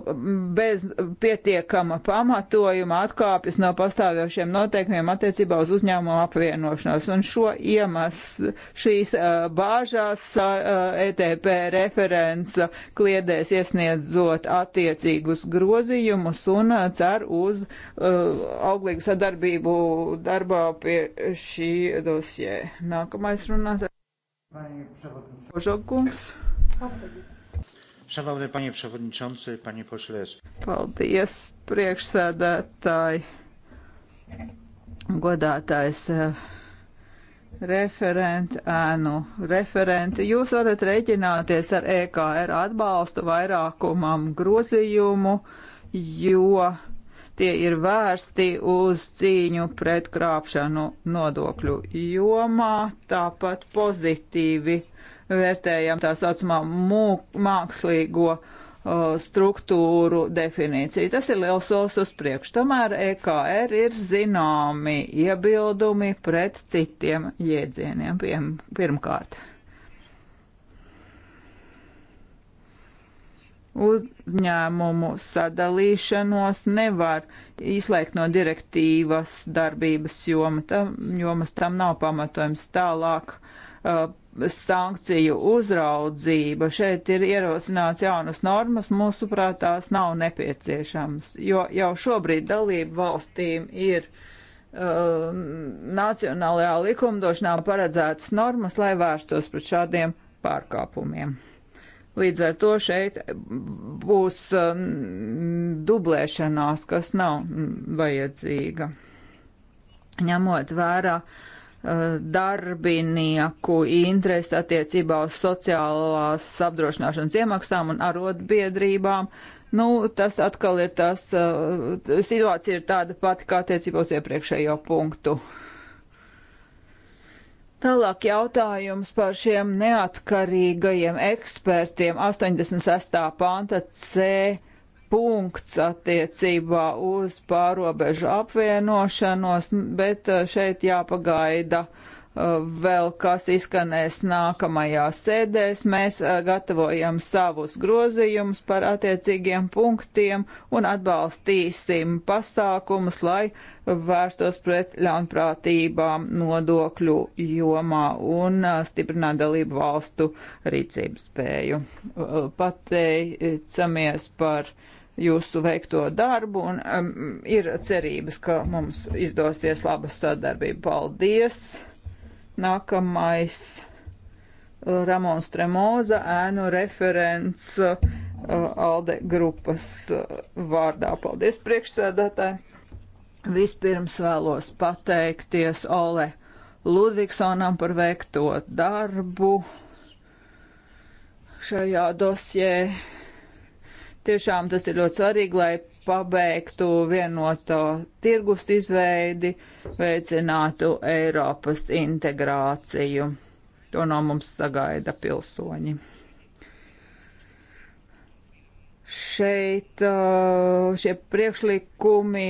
bez pietiekama pamatojuma atkāpjas no pastāvjošiem noteikumiem attiecībā uz uzņēmumu apvienošanos. Un šo iemeslu šīs uh, bāžās uh, ETP referents kliedēs iesniedzot attiecīgus grozījumus un cer uz auglīgu sadarbību darbā pie šī dosjē. Nākamais runātājs. Požokungs. Atpagīt. Šabaudē, paņie Šabaudničonce, paņie Pošlēs. Paldies, priekšsēdētāji, godātājs eh, referenti, ēnu referenti. Jūs varat rēķināties ar EKR atbalstu vairākumam grozījumu, jo tie ir vērsti uz cīņu pret krāpšanu nodokļu jomā, tāpat pozitīvi vērtējam tā saucamā mākslīgo uh, struktūru definīciju. Tas ir liels solis uz priekšu. Tomēr EKR ir zināmi iebildumi pret citiem jēdzieniem Piem, pirmkārt. Uzņēmumu sadalīšanos nevar izslēgt no direktīvas darbības joma, tam, jomas tam nav pamatojums tālāk. Uh, sankciju uzraudzība. Šeit ir ierosināts jaunas normas, mūsuprāt, tās nav nepieciešamas, jo jau šobrīd dalību valstīm ir uh, nacionālajā likumdošanā paredzētas normas, lai vērstos pret šādiem pārkāpumiem. Līdz ar to šeit būs um, dublēšanās, kas nav mm, vajadzīga. Ņemot vērā uh, Eh, darbinieku interesi attiecībā uz sociālās apdrošināšanas iemaksām un arotbiedrībām. Nu, tas atkal ir tas, eh, situācija ir tāda pati kā attiecībā uz iepriekšējo punktu. Tālāk jautājums par šiem neatkarīgajiem ekspertiem 86. panta C punkts attiecībā uz pārobežu apvienošanos, bet uh, šeit jāpagaida uh, vēl kas izskanēs nākamajā sēdēs. Mēs uh, gatavojam savus grozījumus par attiecīgiem punktiem un atbalstīsim pasākumus, lai vērstos pret ļaunprātībām nodokļu jomā un stiprināt dalību valstu rīcības spēju. Pateicamies par jūsu veikto darbu un um, ir cerības, ka mums izdosies laba sadarbība. Paldies! Nākamais uh, Ramons Tremoza ēnu referents uh, Alde grupas uh, vārdā. Paldies priekšsēdētāji! Vispirms vēlos pateikties Ole Ludvigsonam par veikto darbu šajā dosjē Tiešām tas ir ļoti svarīgi, lai pabeigtu vienoto tirgus izveidi, veicinātu Eiropas integrāciju. To no mums sagaida pilsoņi. Šeit uh, šie priekšlikumi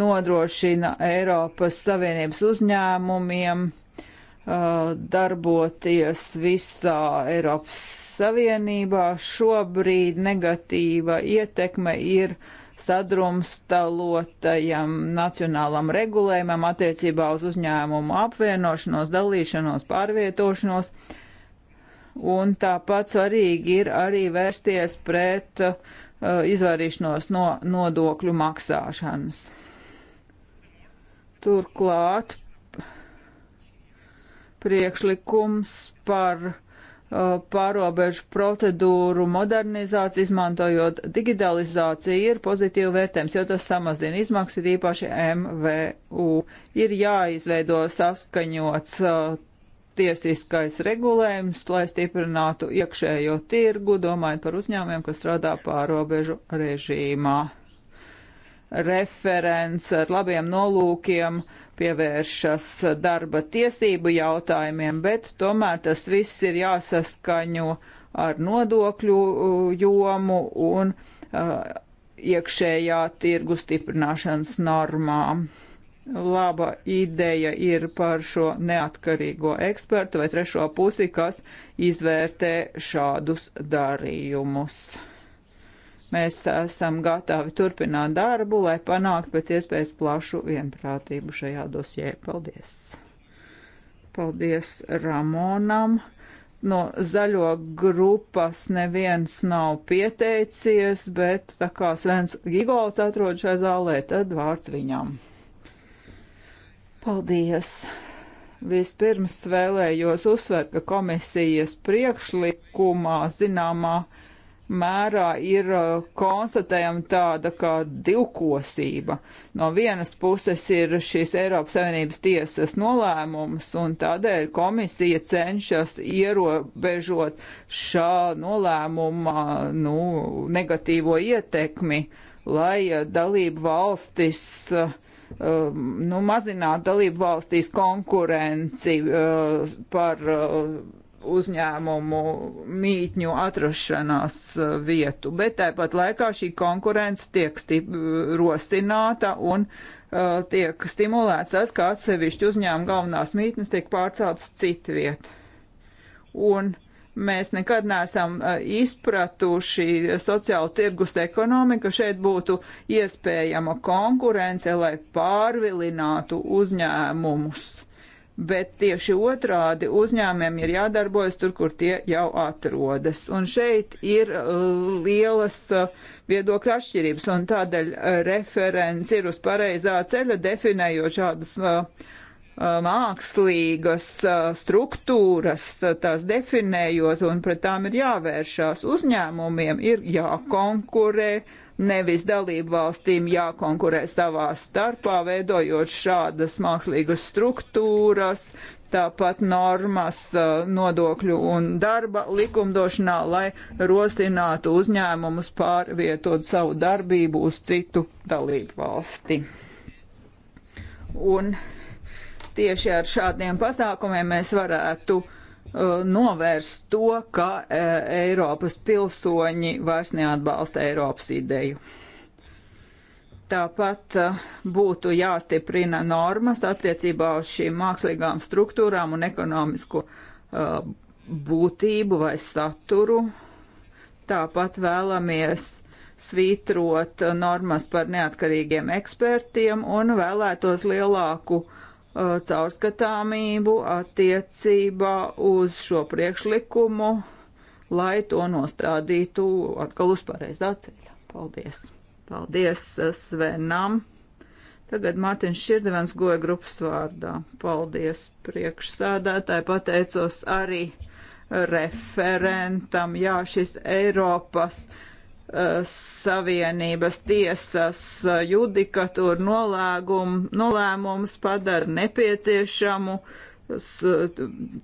nodrošina Eiropas Savienības uzņēmumiem uh, darboties visā Eiropas Savienībā šobrīd negatīva ietekme ir sadrumstalotajam nacionālam regulējumam attiecībā uz uzņēmumu apvienošanos, dalīšanos, pārvietošanos. Un tāpat svarīgi ir arī vērsties pret uh, izvairīšanos no nodokļu maksāšanas. Turklāt priekšlikums par Uh, pārobežu procedūru modernizācija, izmantojot digitalizāciju, ir pozitīvi vērtējums, jo tas samazina izmaksas, īpaši MVU. Ir jāizveido saskaņots uh, tiesiskais regulējums, lai stiprinātu iekšējo tirgu, domājot par uzņēmumiem, kas strādā pārobežu režīmā referents ar labiem nolūkiem pievēršas darba tiesību jautājumiem, bet tomēr tas viss ir jāsaskaņo ar nodokļu uh, jomu un uh, iekšējā tirgu stiprināšanas normām. Laba ideja ir par šo neatkarīgo ekspertu vai trešo pusi, kas izvērtē šādus darījumus. Mēs esam gatavi turpināt darbu, lai panāktu pēc iespējas plašu vienprātību šajā dosjē. Paldies! Paldies Ramonam! No zaļo grupas neviens nav pieteicies, bet tā kā Svens Gigolds atrod šai zālē, tad vārds viņam. Paldies! Vispirms vēlējos uzsvērt, ka komisijas priekšlikumā zināmā mērā ir uh, konstatējama tāda kā divkosība. No vienas puses ir šīs Eiropas Savienības tiesas nolēmums, un tādēļ komisija cenšas ierobežot šā nolēmuma nu, negatīvo ietekmi, lai uh, dalību valstis uh, um, nu, mazinātu dalību valstīs konkurenci par uzņēmumu mītņu atrašanās uh, vietu, bet tāpat laikā šī konkurence tiek rosināta un uh, tiek stimulēts tas, ka atsevišķi uzņēmumu galvenās mītnes tiek pārceltas citviet. Un mēs nekad neesam uh, izpratuši sociālu tirgus ekonomiku, šeit būtu iespējama konkurence, lai pārvilinātu uzņēmumus bet tieši otrādi uzņēmiem ir jādarbojas tur, kur tie jau atrodas. Un šeit ir uh, lielas uh, viedokļa atšķirības, un tādēļ uh, referents ir uz pareizā ceļa definējot šādas mākslīgas struktūras, tās definējot, un pret tām ir jāvēršās. Uzņēmumiem ir jākonkurē nevis dalību valstīm jākonkurē savā starpā, veidojot šādas mākslīgas struktūras, tāpat normas nodokļu un darba likumdošanā, lai rosinātu uzņēmumus pārvietot savu darbību uz citu dalību valsti. Un tieši ar šādiem pasākumiem mēs varētu uh, Uh, novērst to, ka uh, Eiropas pilsoņi vairs neatbalsta Eiropas ideju. Tāpat uh, būtu jāstiprina normas attiecībā uz šīm mākslīgām struktūrām un ekonomisko būtību vai saturu. Tāpat vēlamies svītrot normas par neatkarīgiem ekspertiem un vēlētos lielāku uh, Uh, caurskatāmību attiecībā uz šo priekšlikumu, lai to nostādītu atkal uz pareizā ceļa. Paldies! Paldies uh, Svenam! Tagad Mārtiņš Širdevens goja grupas vārdā. Paldies priekšsādātāji, pateicos arī referentam. Jā, šis Eiropas Eh, Savienības tiesas eh, judikatūra nolēgum, nolēmums padara nepieciešamu.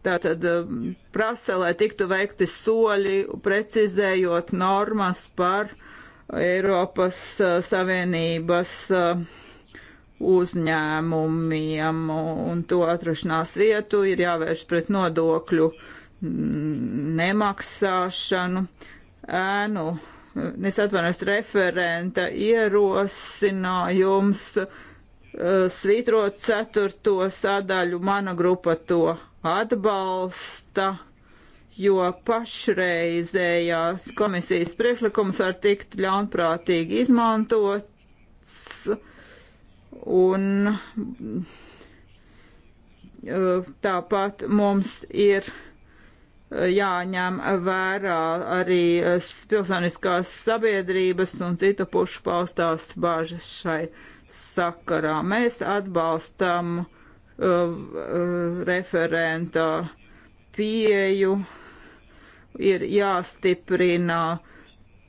Tātad eh, prasa, lai tiktu veikti soļi, precizējot normas par Eiropas Savienības uzņēmumiem un to atrašanās vietu ir jāvērš pret nodokļu mm, nemaksāšanu. Ēnu es atvainojos, referenta ierosinājums eh, svītrot ceturto sadaļu. Mana grupa to atbalsta, jo pašreizējās komisijas priekšlikums var tikt ļaunprātīgi izmantots un eh, tāpat mums ir jāņem vērā arī eh, pilsoniskās sabiedrības un citu pušu paustās bāžas šai sakarā. Mēs atbalstam uh, uh, referenta pieju, ir jāstiprina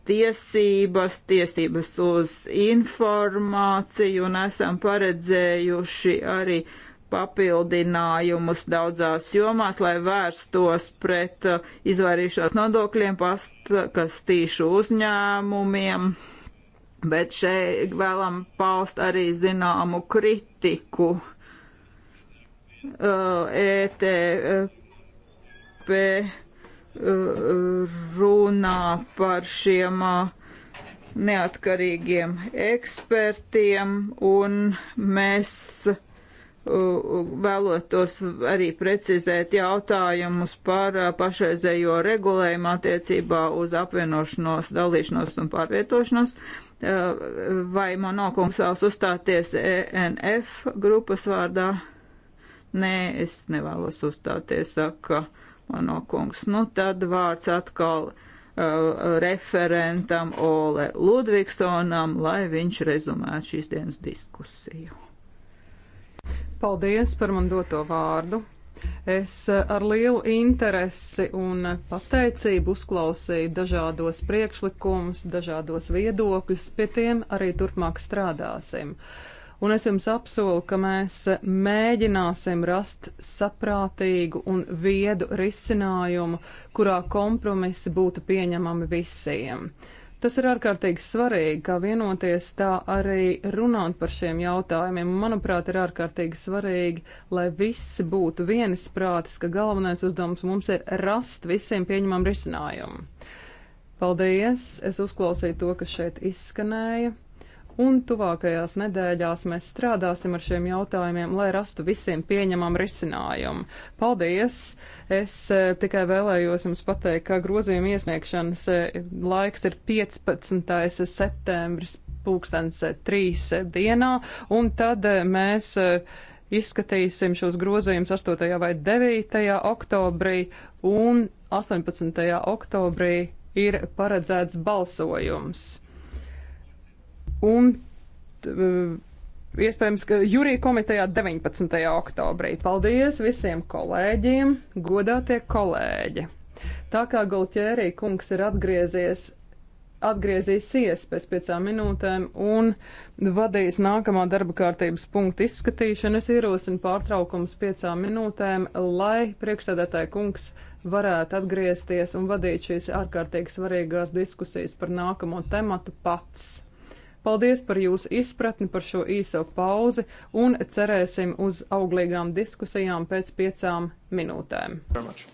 tiesības, tiesības uz informāciju un esam paredzējuši arī uh, papildinājumus daudzās jomās, lai vērstos pret uh, izvairīšanos nodokļiem, pastkastīšu uzņēmumiem, bet šeit vēlam paust arī zināmu kritiku. Uh, ETP uh, runā par šiem uh, neatkarīgiem ekspertiem, un mēs vēlētos arī precizēt jautājumus par uh, pašreizējo regulējumu attiecībā uz apvienošanos, dalīšanos un pārvietošanos. Uh, vai monokums vēlas uzstāties ENF grupas vārdā? Nē, es nevēlos uzstāties, saka monokungs. Nu, tad vārds atkal uh, referentam Ole Ludvigsonam, lai viņš rezumētu šīs dienas diskusiju. Paldies par man doto vārdu. Es eh, ar lielu interesi un pateicību uzklausīju dažādos priekšlikumus, dažādos viedokļus, pie tiem arī turpmāk strādāsim. Un es jums apsolu, ka mēs mēģināsim rast saprātīgu un viedu risinājumu, kurā kompromisi būtu pieņemami visiem. Tas ir ārkārtīgi svarīgi, kā vienoties, tā arī runāt par šiem jautājumiem. Manuprāt, ir ārkārtīgi svarīgi, lai visi būtu vienisprātis, ka galvenais uzdevums mums ir rast visiem pieņemam risinājumu. Paldies! Es uzklausīju to, kas šeit izskanēja un tuvākajās nedēļās mēs strādāsim ar šiem jautājumiem, lai rastu visiem pieņemam risinājumu. Paldies! Es e, tikai vēlējos jums pateikt, ka grozījuma iesniegšanas e, laiks ir 15. septembris pulkstens e, trīs dienā, un tad mēs izskatīsim šos grozījumus 8. vai 9. oktobrī, un 18. oktobrī ir paredzēts balsojums un e, iespējams, ka jūrija komitejā 19. oktobrī. Paldies visiem kolēģiem, godātie kolēģi! Tā kā Golķērī kungs ir atgriezies, atgriezīsies pēc piecām minūtēm un vadīs nākamā darba kārtības punktu izskatīšanu, es ierosinu pārtraukums piecām minūtēm, lai priekšsēdētāja kungs varētu atgriezties un vadīt šīs ārkārtīgi svarīgās diskusijas par nākamo tematu pats. Paldies par jūsu izpratni par šo īso pauzi un cerēsim uz auglīgām diskusijām pēc piecām minūtēm. Very much.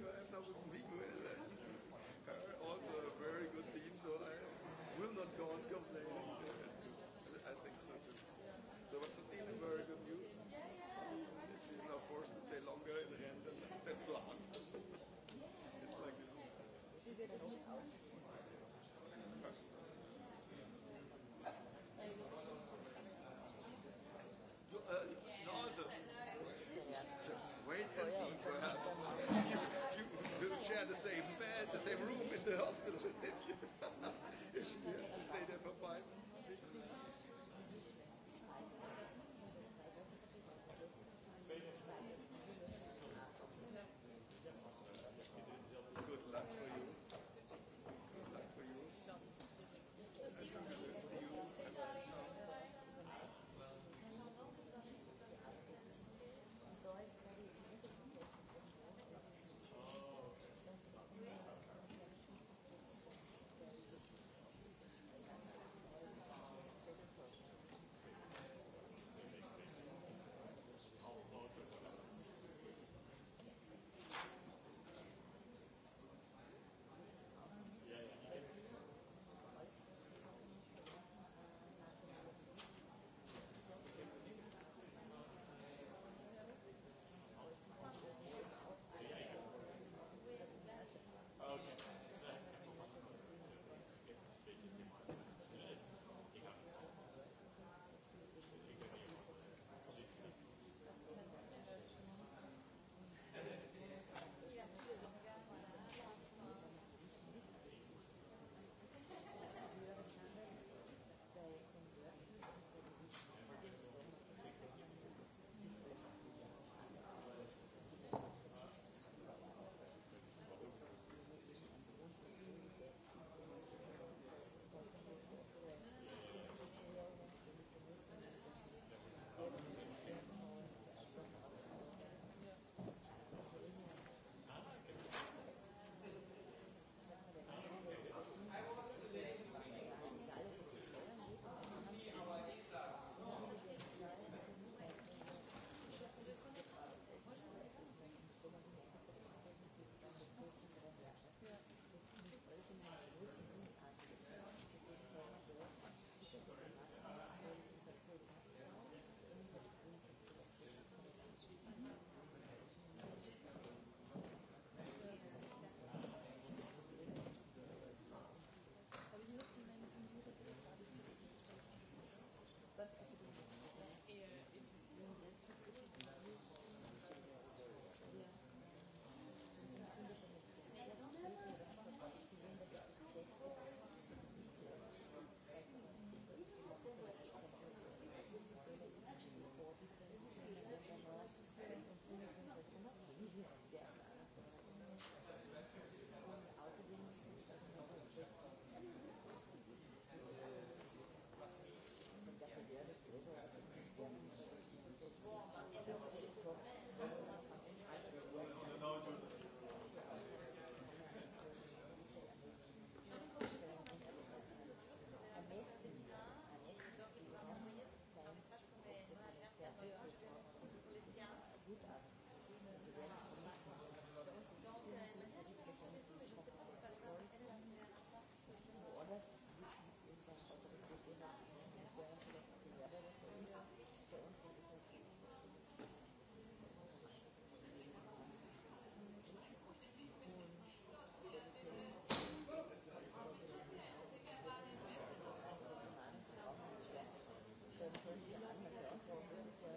right now with Miguel. Uh, also a very good team, so I will not go on complaining. I think so too. So, but the team is very good news. She's now forced to stay longer in Rennes than planned. it's like this.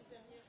servir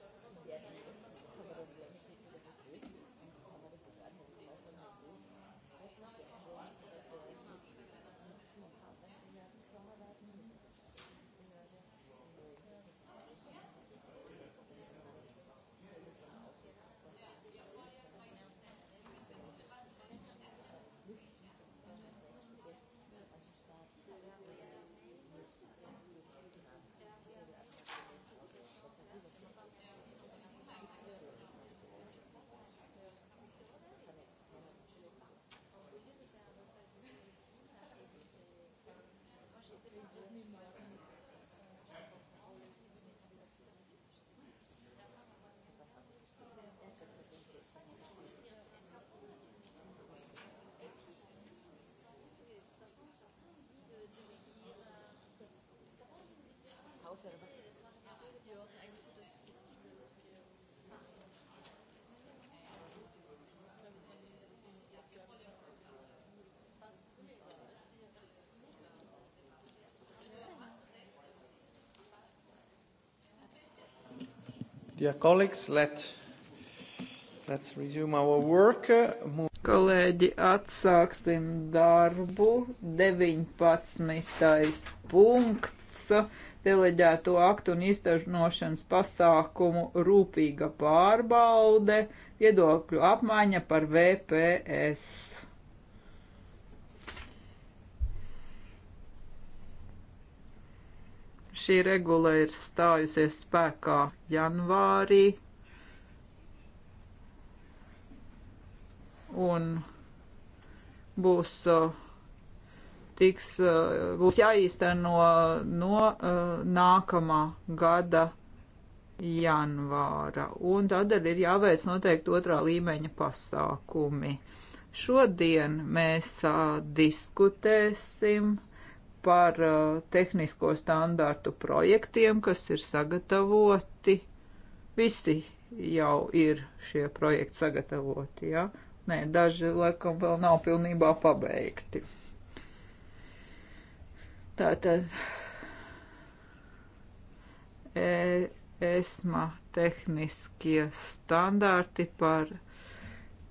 Hauser, was ist Dear colleagues, let, let's resume our work. Kolēģi, atsāksim darbu. 19. punkts deleģēto aktu un izdažnošanas pasākumu rūpīga pārbaude, viedokļu apmaiņa par VPS. šī regula ir stājusies spēkā janvārī. Un būs, uh, tiks, uh, būs jāīsteno no, no uh, nākamā gada janvāra. Un tādēļ ir jāveic noteikti otrā līmeņa pasākumi. Šodien mēs a, diskutēsim par par uh, tehnisko standārtu projektiem, kas ir sagatavoti. Visi jau ir šie projekti sagatavoti, jā. Ja? Nē, daži laikam vēl nav pilnībā pabeigti. Tātad e, esma tehniskie standarti par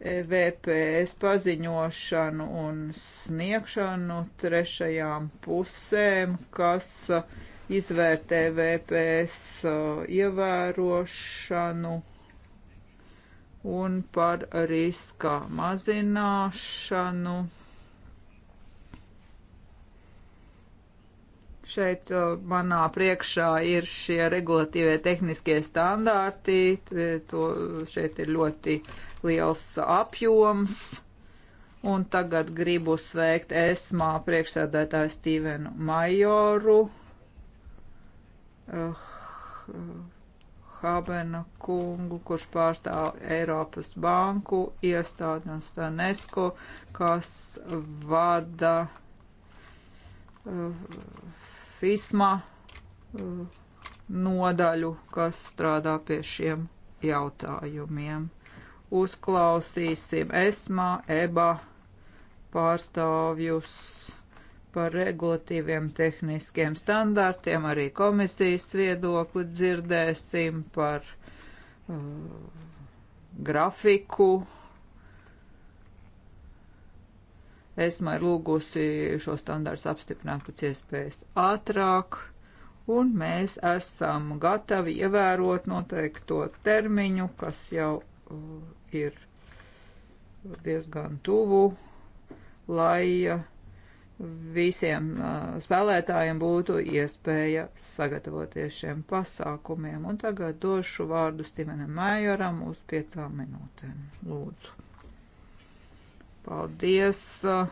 E VPS paziņošanu un sniegšanu trešajām pusēm, kas izvērtē VPS e, ievērošanu un par riska mazināšanu. Šeit e, manā priekšā ir šie regulatīvie tehniskie standārti, to šeit ir ļoti uh, liels apjoms. Un tagad gribu sveikt ESMā priekšsēdētāju Stīvenu Majoru, uh, Habena kungu, kurš pārstāv Eiropas banku iestādi un Stanesko, kas vada uh, FISMA uh, nodaļu, kas strādā pie šiem jautājumiem uzklausīsim ESMA, EBA pārstāvjus par regulatīviem tehniskiem standārtiem, arī komisijas viedokli dzirdēsim par uh, grafiku. ESMA ir lūgusi šo standārtu apstiprināt pēc iespējas ātrāk un mēs esam gatavi ievērot noteikto termiņu, kas jau ir diezgan tuvu, lai uh, visiem uh, spēlētājiem būtu iespēja sagatavoties šiem pasākumiem. Un tagad došu vārdu Stimenam Majoram uz piecām minūtēm. Lūdzu. Paldies, uh,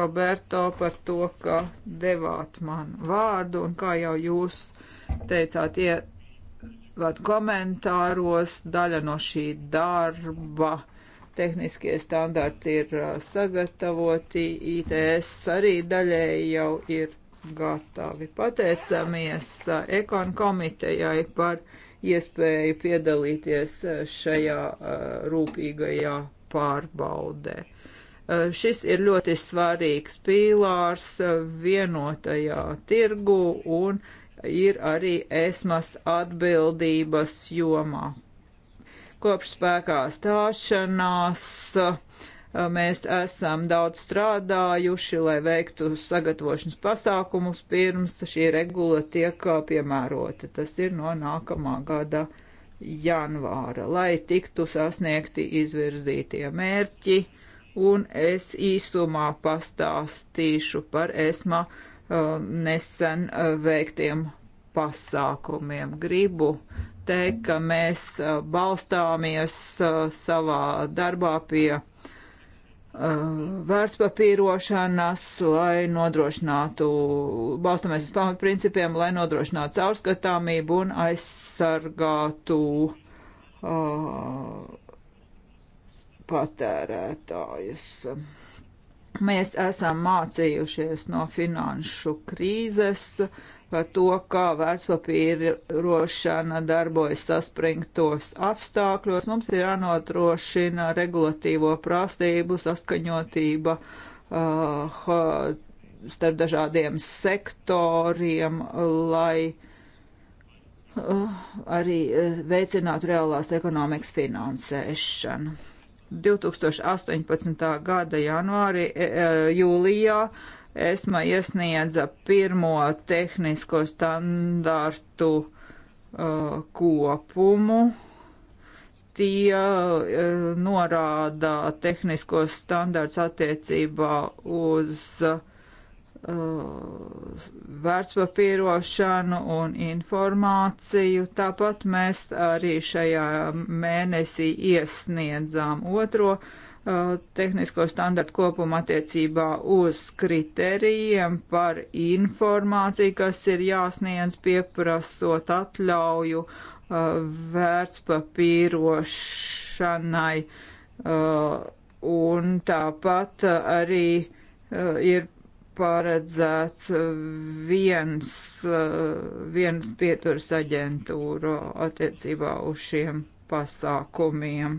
Roberto, par to, ka devāt man vārdu un kā jau jūs teicāt, iet Vat komentāros daļa no šī darba tehniskie standarti ir uh, sagatavoti, ITS arī daļēji jau ir gatavi. Pateicamies uh, Ekon komitejai par iespēju piedalīties uh, šajā rūpīgajā pārbaudē. Šis ir ļoti svarīgs pīlārs vienotajā tirgu un ir arī esmas atbildības jomā. Kopš spēkā stāšanās mēs esam daudz strādājuši, lai veiktu sagatavošanas pasākumus pirms šī regula tiek piemērota. Tas ir no nākamā gada janvāra, lai tiktu sasniegti izvirzītie mērķi, un es īsumā pastāstīšu par esmu Uh, nesen uh, veiktiem pasākumiem. Gribu teikt, ka mēs uh, balstāmies savā darbā pie vērtspapīrošanas, lai nodrošinātu, balstāmies uz pamatprincipiem, lai nodrošinātu caurskatāmību un aizsargātu uh, patērētājus. Mēs esam mācījušies no finanšu krīzes par to, kā vērtspapīrošana darbojas saspringtos apstākļos. Mums ir jānotrošina regulatīvo prasību saskaņotība uh, starp dažādiem sektoriem, lai uh, arī uh, veicinātu reālās ekonomikas finansēšanu. 2018. gada janvārī, e, e, jūlijā ESMA iesniedza pirmo tehnisko standartu uh, kopumu. Tie uh, norāda tehniskos standarts attiecībā uz uh, Uh, vērtspapīrošanu un informāciju. Tāpat mēs arī šajā mēnesī iesniedzām otro uh, tehnisko standartu kopumu attiecībā uz kritērijiem par informāciju, kas ir jāsniedz pieprasot atļauju uh, vērtspapīrošanai uh, un tāpat uh, arī uh, ir paredzēts viens, eh, viens pieturas aģentūra attiecībā uz šiem pasākumiem.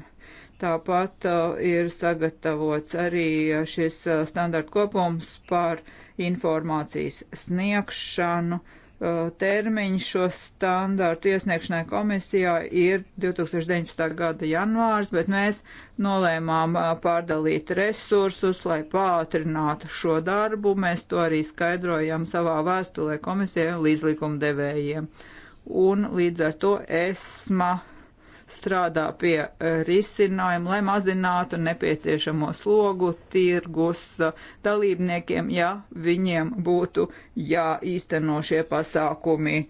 Tāpat uh, ir sagatavots arī eh, šis uh, standarta kopums par informācijas sniegšanu Uh, termiņš šo standārtu iesniegšanai komisijā ir 2019. gada janvārs, bet mēs nolēmām uh, pārdalīt resursus, lai pātrinātu šo darbu. Mēs to arī skaidrojam savā vēstulē komisijai un līdzlikuma devējiem. Un līdz ar to esma strādā pie e, risinājuma, lai mazinātu nepieciešamo slogu tirgus e, dalībniekiem, ja viņiem būtu jāīsteno šie pasākumi e,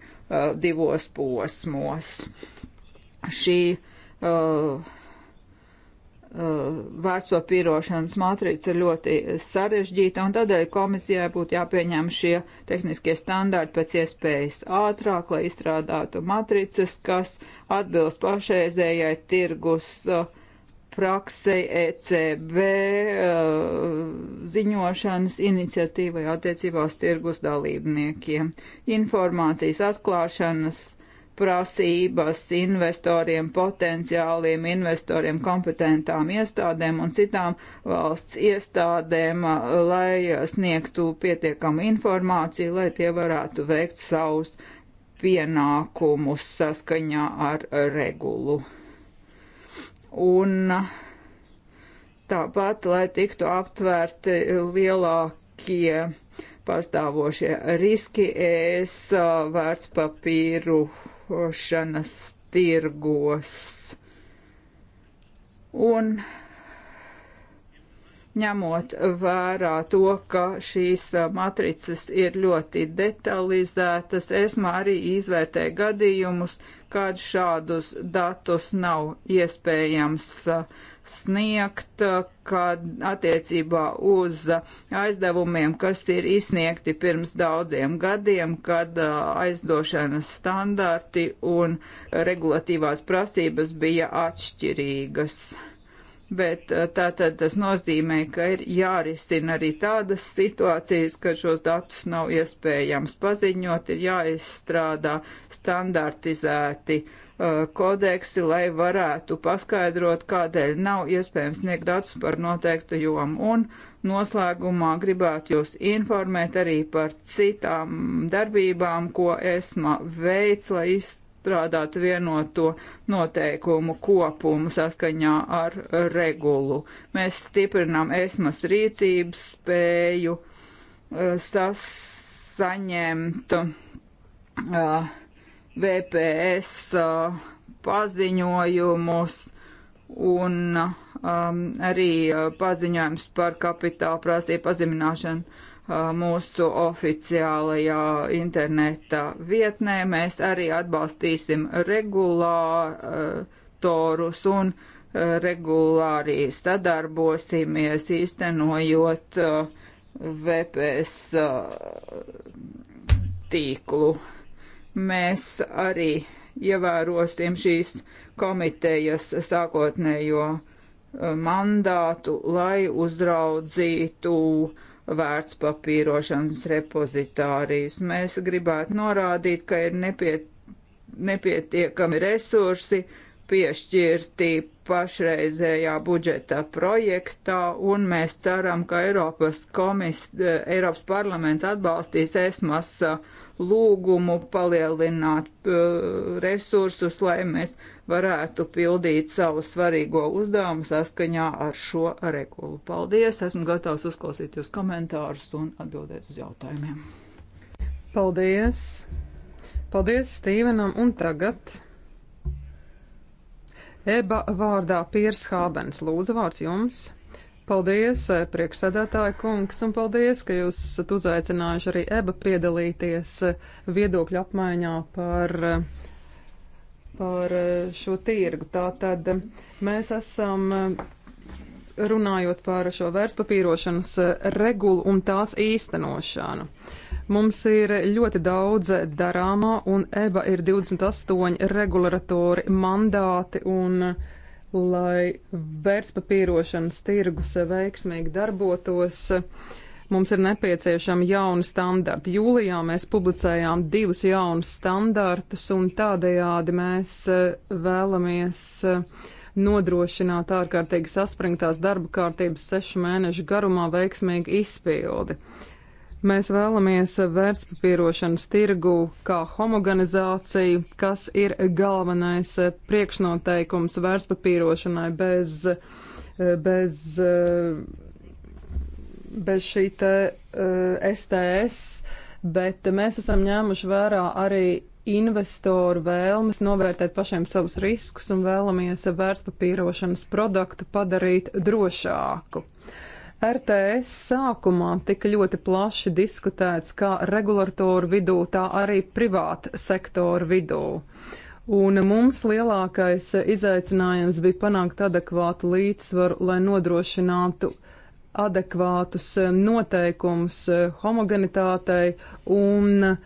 divos posmos. Šī uh, vērtspapīrošanas matrica ir ļoti sarežģīta, un tādēļ komisijai būtu jāpieņem šie tehniskie standarti pēc iespējas ātrāk, lai izstrādātu matricas, kas atbilst pašreizējai tirgus uh, praksei ECB uh, ziņošanas iniciatīvai attiecībā uz tirgus dalībniekiem. Informācijas atklāšanas prasības investoriem, potenciāliem investoriem, kompetentām iestādēm un citām valsts iestādēm, lai sniegtu pietiekamu informāciju, lai tie varētu veikt savus pienākumus saskaņā ar regulu. Un tāpat, lai tiktu aptvērti lielākie pastāvošie riski, es vērtspapīru kalpošanas tirgos. Un ņemot vērā to, ka šīs matricas ir ļoti detalizētas, esmu arī izvērtēju gadījumus, kad šādus datus nav iespējams uh, sniegt, eh, kad attiecībā uz aizdevumiem, kas ir izsniegti pirms daudziem gadiem, kad eh, aizdošanas standarti un regulatīvās prasības bija atšķirīgas. Bet eh, tātad tas nozīmē, ka ir jārisina arī tādas situācijas, ka šos datus nav iespējams paziņot, ir jāizstrādā standartizēti uh, Uh, kodeksi, lai varētu paskaidrot, kādēļ nav iespējams sniegt datus par noteiktu jomu. Un noslēgumā gribētu jūs informēt arī par citām darbībām, ko ESMA veids, lai izstrādātu vienoto noteikumu kopumu saskaņā ar regulu. Mēs stiprinām ESMAS rīcības spēju sasaņemt. Uh, uh VPS uh, paziņojumus un um, arī uh, paziņojums par kapitāla prasību pazemināšanu uh, mūsu oficiālajā interneta vietnē. Mēs arī atbalstīsim regulātorus un regulāri sadarbosimies īstenojot VPS tīklu mēs arī ievērosim šīs komitejas sākotnējo eh, mandātu, lai uzraudzītu vērtspapīrošanas repozitārijas. Mēs gribētu norādīt, ka ir nepiet, nepietiekami resursi, uh, piešķirti pašreizējā budžeta projektā, un mēs ceram, ka Eiropas, komis, Eiropas parlaments atbalstīs ESMAS uh, lūgumu palielināt uh, resursus, lai mēs varētu pildīt savu svarīgo uzdevumu saskaņā ar šo regulu. Paldies! Esmu gatavs uzklausīt jūs komentārus un atbildēt uz jautājumiem. Paldies! Paldies Stīvenam un tagad! EBA vārdā Piers Hābens. Lūdzu, vārds jums. Paldies, eh, priekšsēdētāja kungs, un paldies, ka jūs esat uzaicinājuši arī EBA piedalīties eh, viedokļu apmaiņā par, eh, par šo tirgu. Tātad mēs esam runājot par šo vērtspapīrošanas regulu un tās īstenošanu. Uh, Mums ir ļoti daudz darāmā, un EBA ir 28 regulatori mandāti, un lai vērtspapīrošanas tirgus veiksmīgi darbotos, mums ir nepieciešami jauni standarti. Jūlijā mēs publicējām divus jaunus standartus, un tādējādi mēs vēlamies nodrošināt ārkārtīgi saspringtās darba kārtības sešu mēnešu garumā veiksmīgu izpildi. Mēs vēlamies vērtspapīrošanas tirgu kā homogenizāciju, kas ir galvenais priekšnoteikums vērtspapīrošanai bez, bez, bez šī te STS, eh, bet mēs esam ņēmuši vērā arī investoru vēlmes novērtēt pašiem savus riskus un vēlamies vērtspapīrošanas produktu padarīt drošāku. RTS sākumā tika ļoti plaši diskutēts kā regulatoru vidū, tā arī privāta sektora vidū. Un mums lielākais izaicinājums bija panākt adekvātu līdzsvaru, lai nodrošinātu adekvātus noteikumus homogenitātei un e,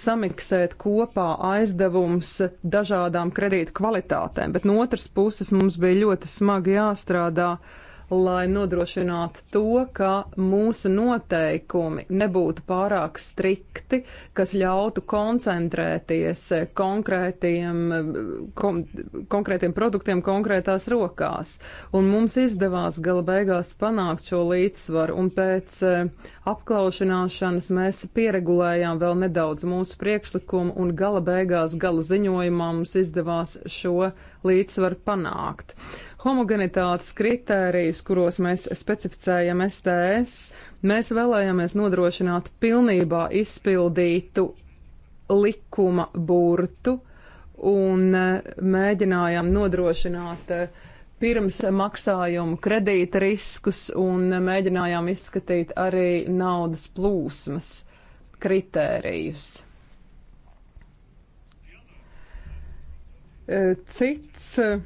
samiksēt kopā aizdevums dažādām kredītu kvalitātēm. Bet no otras puses mums bija ļoti smagi jāstrādā uh, lai nodrošinātu to, ka mūsu noteikumi nebūtu pārāk strikti, kas ļautu koncentrēties konkrētiem, kom, konkrētiem produktiem konkrētās rokās. Un mums izdevās gala beigās panākt šo līdzsvaru, un pēc eh, apklaušanāšanas mēs pieregulējām vēl nedaudz mūsu priekšlikumu, un gala beigās, gala ziņojumā mums izdevās šo līdzsvaru panākt. Homogenitātes kritērijus, kuros mēs specificējam STS, mēs vēlējāmies nodrošināt pilnībā izpildītu likuma burtu un e, mēģinājām nodrošināt uh, pirms maksājumu kredīta riskus un e, mēģinājām izskatīt arī naudas plūsmas kritērijus. Eh, cits eh,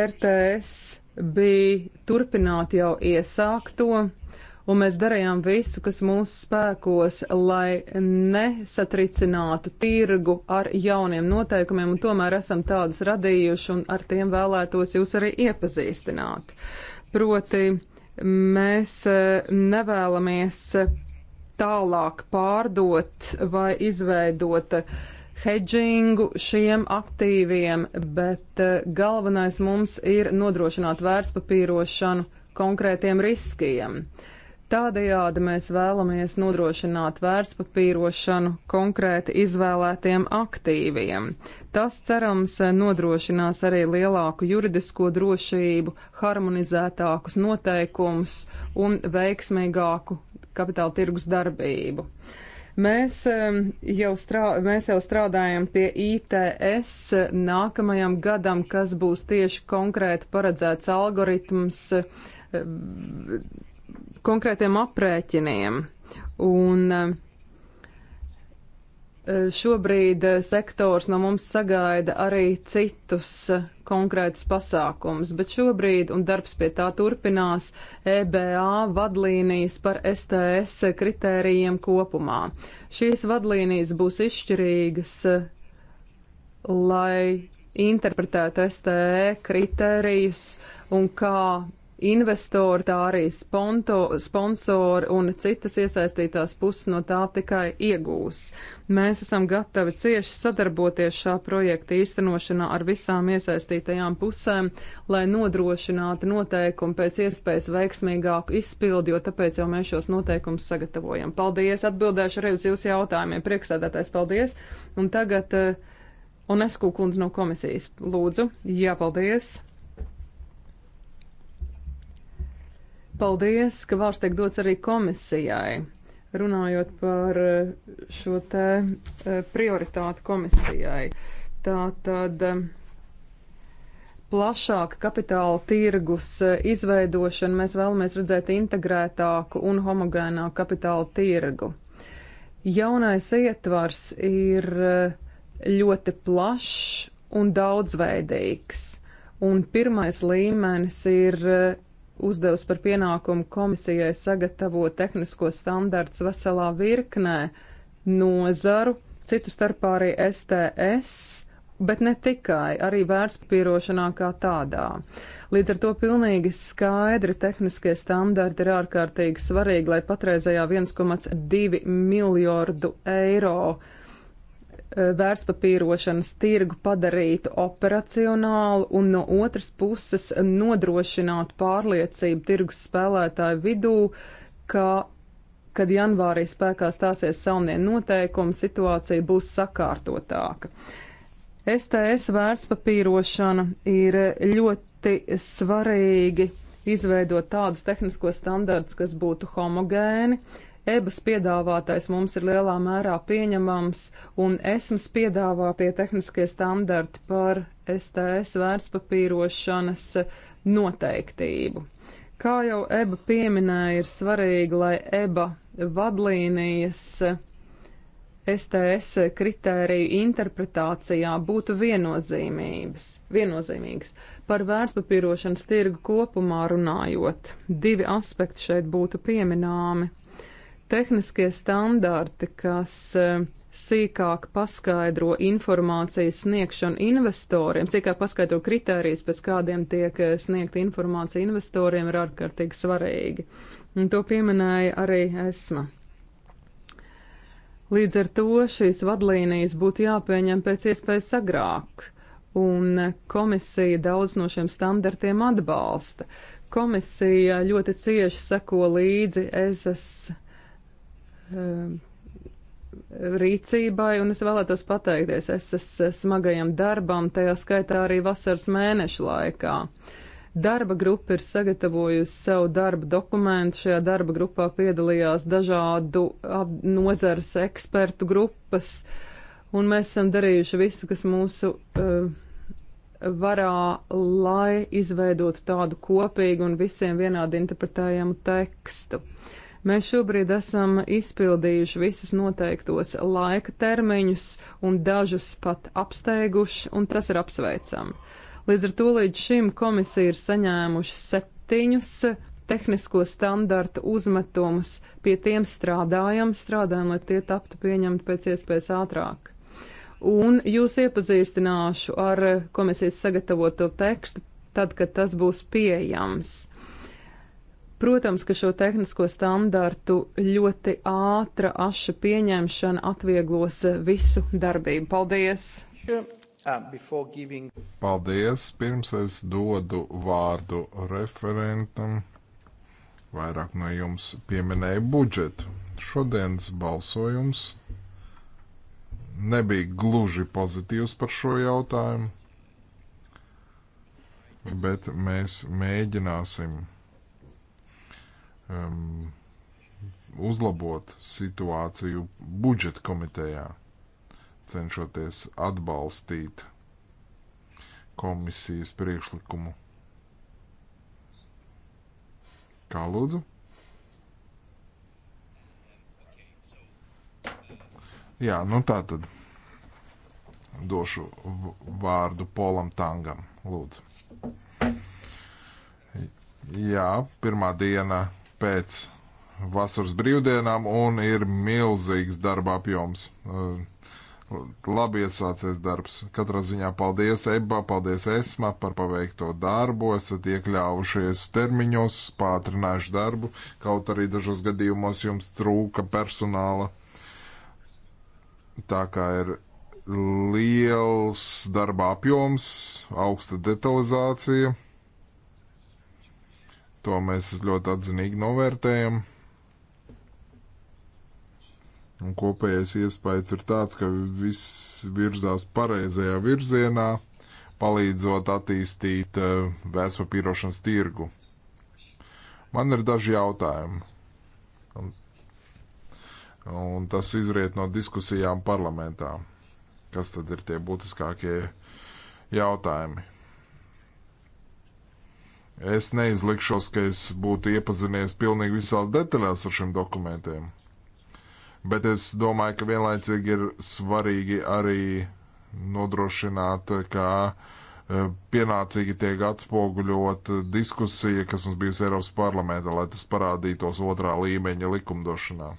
RTS bija turpināt jau iesākto, un mēs darījām visu, kas mūsu spēkos, lai nesatricinātu tirgu ar jauniem noteikumiem, un tomēr esam tādus radījuši, un ar tiem vēlētos jūs arī iepazīstināt. Proti, mēs eh, nevēlamies tālāk pārdot vai izveidot uh, hedžingu šiem aktīviem, bet eh, galvenais mums ir nodrošināt vērtspapīrošanu konkrētiem riskiem. Tādējādi mēs vēlamies nodrošināt vērtspapīrošanu konkrēti izvēlētiem aktīviem. Tas, cerams, nodrošinās arī lielāku juridisko drošību, harmonizētākus noteikumus un veiksmīgāku kapitāla tirgus darbību. Uh, Mēs jau, strā, mēs jau strādājam pie ITS nākamajam gadam, kas būs tieši konkrēti paredzēts algoritms konkrētiem aprēķiniem. Un, Šobrīd sektors no mums sagaida arī citus konkrētus pasākumus, bet šobrīd, un darbs pie tā turpinās, EBA vadlīnijas par STS kritērijiem kopumā. Šīs vadlīnijas būs izšķirīgas, lai interpretētu STE kritērijus un kā investori, tā arī sponto, sponsori un citas iesaistītās puses no tā tikai iegūs. Mēs esam gatavi cieši sadarboties šā projekta īstenošanā ar visām iesaistītajām pusēm, lai nodrošinātu noteikumu pēc iespējas veiksmīgāku izpildi, jo tāpēc jau mēs šos noteikumus sagatavojam. Paldies! Atbildēšu arī uz jūsu jautājumiem. Priekšsēdētājs, paldies! Un tagad uh, eh, Onesku kundze no komisijas. Lūdzu, jā, paldies! Paldies, ka vārds tiek dots arī komisijai. Runājot par eh, šo te eh, prioritātu komisijai. Tā tad eh, plašāka kapitāla tirgus izveidošana mēs vēlamies redzēt integrētāku un homogēnāku kapitāla tirgu. Jaunais ietvars ir ļoti plašs un daudzveidīgs, un pirmais līmenis ir uzdevusi par pienākumu komisijai sagatavot tehnisko standartus veselā virknē nozaru, citu starpā arī STS, bet ne tikai, arī vērtspapīrošanā kā tādā. Līdz ar to pilnīgi skaidri tehniskie standarti ir ārkārtīgi svarīgi, lai patreizējā 1,2 miljardu eiro E, vērtspapīrošanas tirgu padarītu operacionālu un no otras puses nodrošinātu pārliecību tirgus spēlētāju vidū, ka, kad janvārī spēkā stāsies saunie noteikumi, situācija būs sakārtotāka. STS vērtspapīrošana ir ļoti svarīgi izveidot tādus tehniskos standartus, kas būtu homogēni, uh, EBAS piedāvātais mums ir lielā mērā pieņemams, un ESMS piedāvātie tehniskie standarti par STS vērtspapīrošanas noteiktību. Kā jau EBA pieminēja, ir svarīgi, lai EBA vadlīnijas STS kritēriju interpretācijā būtu viennozīmīgas. Par vērtspapīrošanas tirgu kopumā runājot, divi aspekti šeit būtu pieminami. Tehniskie standarti, kas eh, sīkāk paskaidro informācijas sniegšanu investoriem, sīkāk paskaidro kritērijas, pēc kādiem tiek eh, sniegta informācija investoriem, ir ārkārtīgi svarīgi. Un to pieminēja arī ESMA. Līdz ar to šīs vadlīnijas būtu jāpieņem pēc iespējas agrāk, un komisija daudz no šiem standartiem atbalsta. Komisija ļoti cieši seko līdzi ESAS Um, rīcībai, un es vēlētos pateikties SS smagajam darbam, tajā skaitā arī vasaras mēnešu laikā. Darba grupa ir sagatavojusi savu darba dokumentu. Šajā darba grupā piedalījās dažādu nozares ekspertu grupas, un mēs esam darījuši visu, kas mūsu uh, varā, lai izveidotu tādu kopīgu un visiem vienādi interpretējamu tekstu. Uh, Mēs šobrīd esam izpildījuši visus noteiktos laika termiņus un dažus pat apsteiguši, un tas ir apsveicami. Līdz ar to līdz šim komisija ir saņēmuši septiņus tehnisko standartu uzmetumus, pie tiem strādājam, strādājam, lai tie taptu pieņemti pēc iespējas ātrāk. Un jūs iepazīstināšu ar komisijas sagatavoto tekstu tad, kad tas būs pieejams. Protams, ka šo tehnisko standartu ļoti ātra, aša pieņemšana atvieglos visu darbību. Paldies! Paldies! Pirms es dodu vārdu referentam, vairāk no jums pieminēja budžetu. Šodienas balsojums nebija gluži pozitīvs par šo jautājumu, bet mēs mēģināsim um, uzlabot situāciju budžeta komitejā, cenšoties atbalstīt komisijas priekšlikumu. Kā lūdzu? Jā, nu tā tad došu vārdu Polam Tangam. Lūdzu. Jā, pirmā diena pēc vasaras brīvdienām un ir milzīgs darba apjoms. Labi iesācies darbs. Katrā ziņā paldies EBA, paldies ESMA par paveikto darbu, esat iekļāvušies termiņos, pātrinājuši darbu, kaut arī dažos gadījumos jums trūka personāla. Tā kā ir liels darba apjoms, augsta detalizācija. To mēs ļoti atzinīgi novērtējam. Un kopējais iespējas ir tāds, ka viss virzās pareizajā virzienā, palīdzot attīstīt eh, vēso pīrošanas tirgu. Man ir daži jautājumi. Un, un tas izriet no diskusijām parlamentā. Kas tad ir tie būtiskākie jautājumi? Es neizlikšos, ka es būtu iepazinies pilnīgi visās detaļās ar šiem dokumentiem. Bet es domāju, ka vienlaicīgi ir svarīgi arī nodrošināt, ka eh, pienācīgi tiek atspoguļot diskusija, kas mums bijusi Eiropas parlamentā, lai tas parādītos otrā līmeņa likumdošanā.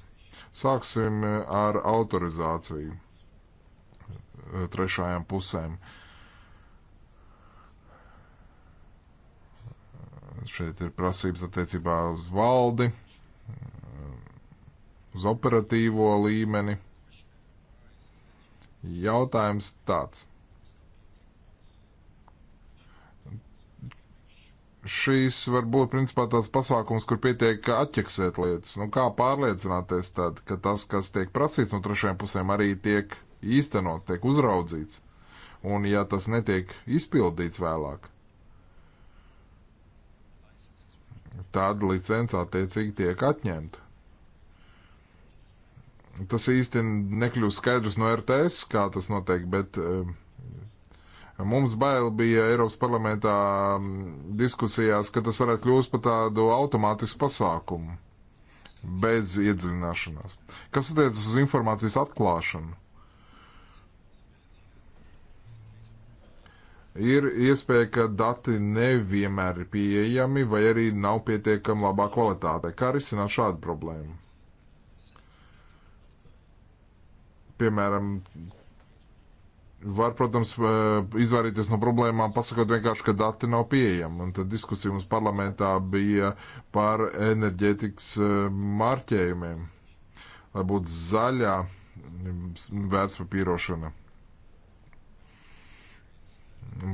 Sāksim eh, ar autorizāciju eh, trešajām pusēm. Uh, Šeit ir prasības attiecībā uz valdi, uz operatīvo līmeni. Jautājums tāds. Šīs var būt principā tāds pasākums, kur pietiek atķeksēt lietas. Nu, kā pārliecināties tad, ka tas, kas tiek prasīts no trešajām pusēm, arī tiek īstenot, tiek uzraudzīts? Un ja tas netiek izpildīts vēlāk, tad licence attiecīgi tiek atņemta. Tas īsti nekļūst skaidrs no RTS, kā tas notiek, bet eh, mums bail bija Eiropas parlamentā mm, diskusijās, ka tas varētu kļūst par tādu automātisku pasākumu bez iedziļināšanās. Kas attiecas uz informācijas atklāšanu? ir iespēja, ka dati nevienmēr ir pieejami vai arī nav pietiekami labā kvalitātē. Kā risināt šādu problēmu? Piemēram, var, protams, eh, izvairīties no problēmām, pasakot vienkārši, ka dati nav pieejami. Un tad diskusija mums parlamentā bija par enerģētikas eh, mārķējumiem, lai būtu zaļā mm, vērtspapīrošana.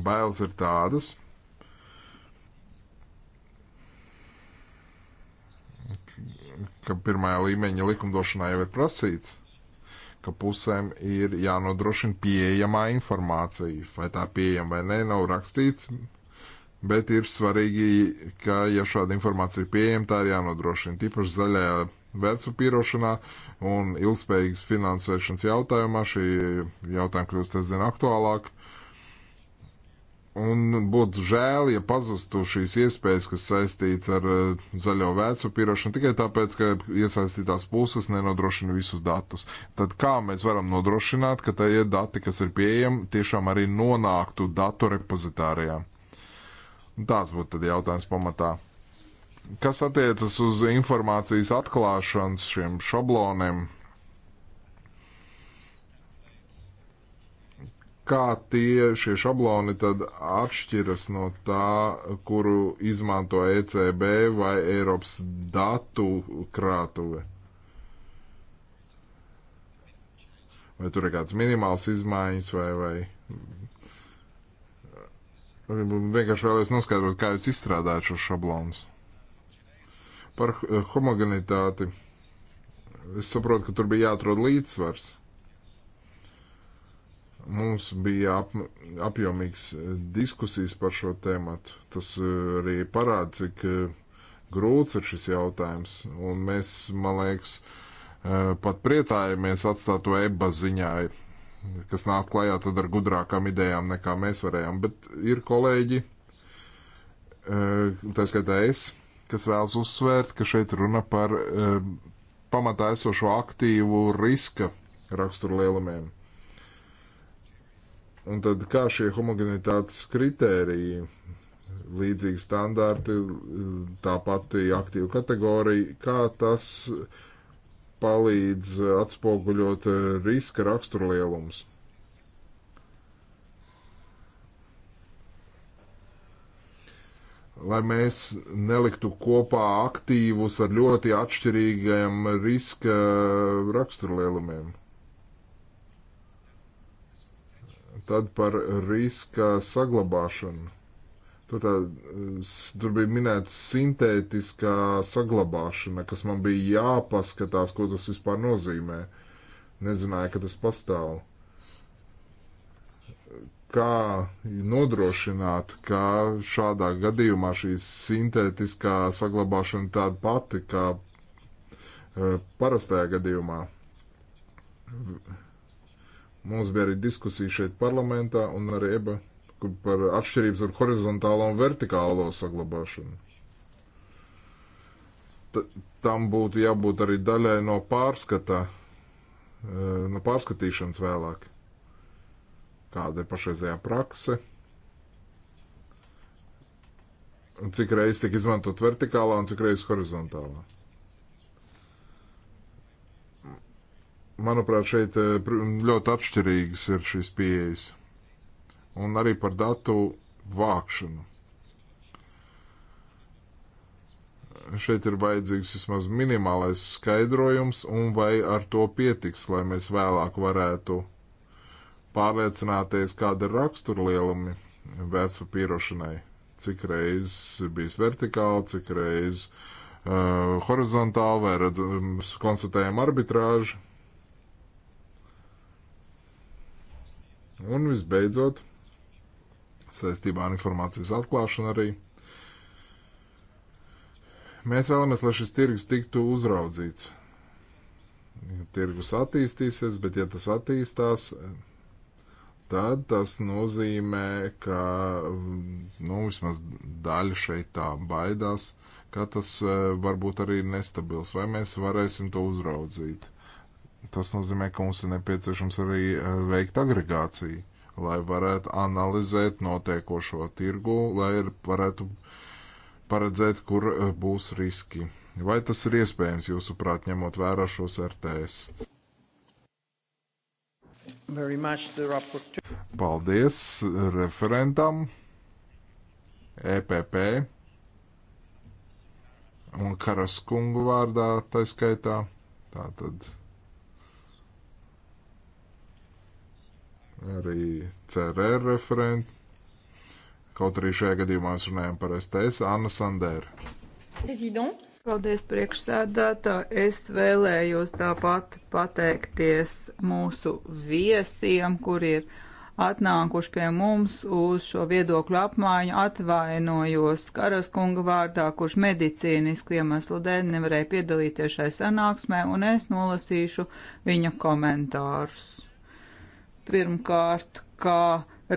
Bailes ir tādas, ka pirmajā līmeņa likumdošanā jau ir prasīts, ka pusēm ir jānodrošina pieejamā informācija. Vai tā pieejama vai nē, nav rakstīts, bet ir svarīgi, ka, ja šāda informācija ir pieejama, tā ir jānodrošina. Tīpaši zaļajā vecu pīrošanā un ilgspējīgas finansēšanas jautājumā šī jautājuma kļūst aizvien aktuālāk. Un būtu žēl, ja pazustu šīs iespējas, kas saistīts ar eh, zaļo vēcu pierošanu, tikai tāpēc, ka iesaistītās puses nenodrošina visus datus. Tad kā mēs varam nodrošināt, ka tie dati, kas ir pieejami, tiešām arī nonāktu datu repozitārijā? Tāds būtu tad jautājums pamatā. Kas attiecas uz informācijas atklāšanas šiem šabloniem, kā tie šie šabloni tad atšķiras no tā, kuru izmanto ECB vai Eiropas datu krātuve? Vai tur ir kāds minimāls izmaiņas vai, vai vienkārši vēlēs noskaidrot, kā jūs izstrādājat šos šablonus? Par homogenitāti. Es saprotu, ka tur bija jāatrod līdzsvars. Mums bija ap, apjomīgs eh, diskusijas par šo tēmatu. Tas eh, arī parāda, cik eh, grūts ir šis jautājums. Un mēs, man liekas, pat priecājamies atstāt to eba ziņā, kas nāk klajā tad ar gudrākām idejām nekā mēs varējām. Bet ir kolēģi, tā skaitā es, kas vēlas uzsvērt, ka šeit runa par pamatā esošo aktīvu riska raksturu lielumiem. Un tad kā šie homogenitātes kritēriji, līdzīgi standarti, tā pati aktīva kategorija, kā tas palīdz atspoguļot riska raksturlielumus? lai mēs neliktu kopā aktīvus ar ļoti atšķirīgiem riska raksturlielumiem. Tad par riska saglabāšanu. Tur, tā, tur bija minēts sintētiskā saglabāšana, kas man bija jāpaskatās, ko tas vispār nozīmē. Nezināju, ka tas pastāv. Kā nodrošināt, ka šādā gadījumā šī sintētiskā saglabāšana tāda pati kā e, parastajā gadījumā? Mums bija arī diskusija šeit parlamentā un arī EBA par atšķirības ar horizontālo un vertikālo saglabāšanu. T tam būtu jābūt arī daļai no pārskata, e, no pārskatīšanas vēlāk. Kāda ir pašreizējā prakse? Un cik reizes tiek izmantot vertikālā un cik reizes horizontālā? manuprāt, šeit eh, ļoti atšķirīgas ir šīs pieejas. Un arī par datu vākšanu. Šeit ir vajadzīgs vismaz minimālais skaidrojums, un vai ar to pietiks, lai mēs vēlāk varētu pārliecināties, kāda ir raksturlielumi vērtspapīrošanai. Cik reiz bijis vertikāli, cik reiz uh, horizontāli, vai redzam, konstatējam arbitrāžu Un visbeidzot, saistībā ar informācijas atklāšanu arī, mēs vēlamies, lai šis tirgus tiktu uzraudzīts. Tirgus attīstīsies, bet ja tas attīstās, tad tas nozīmē, ka nu, vismaz daļa šeit tā baidās, ka tas eh, varbūt arī nestabils, vai mēs varēsim to uzraudzīt. Tas nozīmē, ka mums ir nepieciešams arī e, veikt agregāciju, lai varētu analizēt notiekošo tirgu, lai varētu paredzēt, kur e, būs riski. Vai tas ir iespējams, jūsuprāt, ņemot vērā šos RTS? Paldies referentam, EPP un Karaskungu vārdā taiskaitā. Tātad. arī CRR referenti. Kaut arī šajā gadījumā mēs runājam par STS, Anna Sandēra. Prezident. Paldies priekšsēdētā. Es vēlējos tāpat pateikties mūsu viesiem, kur ir atnākuši pie mums uz šo viedokļu apmaiņu. Atvainojos Karaskunga vārdā, kurš medicīnisku iemeslu dēļ nevarēja piedalīties šai sanāksmē, un es nolasīšu viņa komentārus. Pirmkārt, kā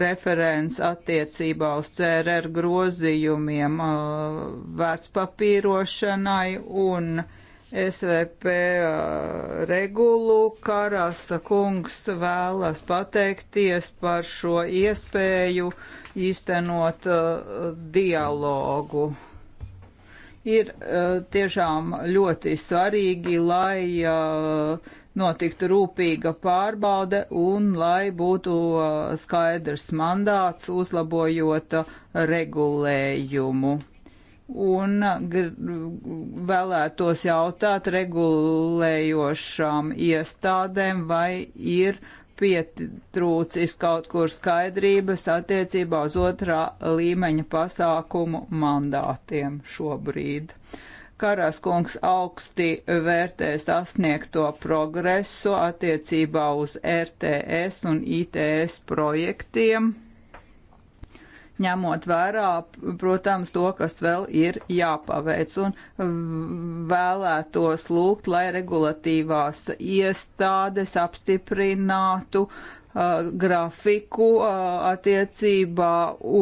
referents attiecībā uz CRR grozījumiem uh, vērtspapīrošanai un SVP uh, regulu Karasa kungs vēlas pateikties par šo iespēju īstenot uh, dialogu ir uh, tiešām ļoti svarīgi, lai uh, notiktu rūpīga pārbaude un lai būtu uh, skaidrs mandāts uzlabojot uh, regulējumu. Un uh, vēlētos jautāt regulējošām iestādēm, vai ir pietrūcis kaut kur skaidrības attiecībā uz otrā līmeņa pasākumu mandātiem šobrīd. Uh, Karaskungs augsti vērtē sasniegto progresu attiecībā uz RTS un ITS projektiem, ņemot vērā, protams, to, kas vēl ir jāpaveic, un vēlētos lūgt, lai regulatīvās iestādes apstiprinātu uh, grafiku uh, attiecībā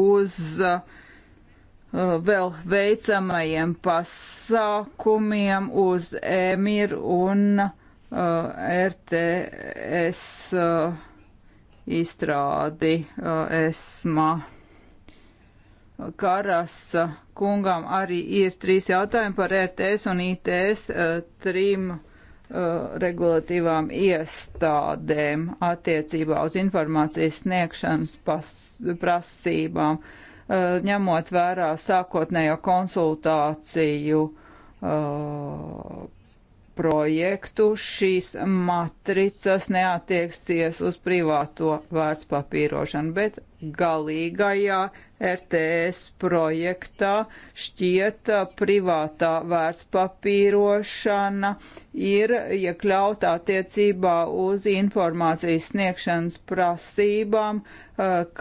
uz uh, Uh, vēl veicamajiem pasākumiem uz EMIR un uh, RTS uh, izstrādi ESMA. Karas kungam arī ir trīs jautājumi par RTS un ITS trim regulatīvām iestādēm attiecībā uz informācijas sniegšanas prasībām. Uh, Eh, ņemot vērā sākotnējo konsultāciju eh, projektu šīs matricas neatieksies uz privāto vērtspapīrošanu, bet galīgajā RTS projektā šķiet uh, privātā vērtspapīrošana ir iekļauta ja attiecībā uz informācijas sniegšanas prasībām uh,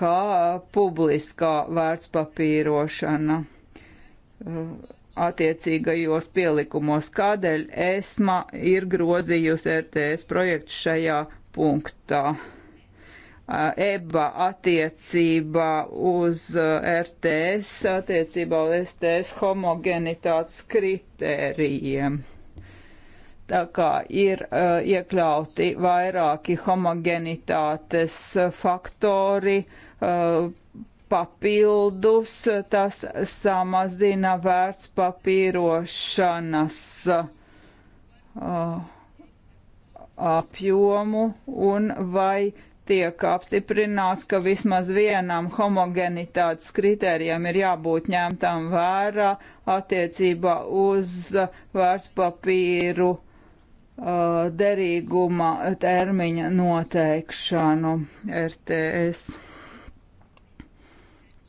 kā publiskā vērtspapīrošana. Uh, attiecīgajos pielikumos, kādēļ ESMA ir grozījusi RTS projektu šajā punktā. EBA attiecībā uz RTS, attiecībā uz STS homogenitātes kritērijiem. Tā kā ir uh, iekļauti vairāki homogenitātes faktori, uh, papildus tas samazina vērtspapīrošanas uh, apjomu un vai tiek apstiprināts, ka vismaz vienam homogenitātes kritērijam ir jābūt ņemtam vērā attiecībā uz vērtspapīru uh, derīguma termiņa noteikšanu RTS.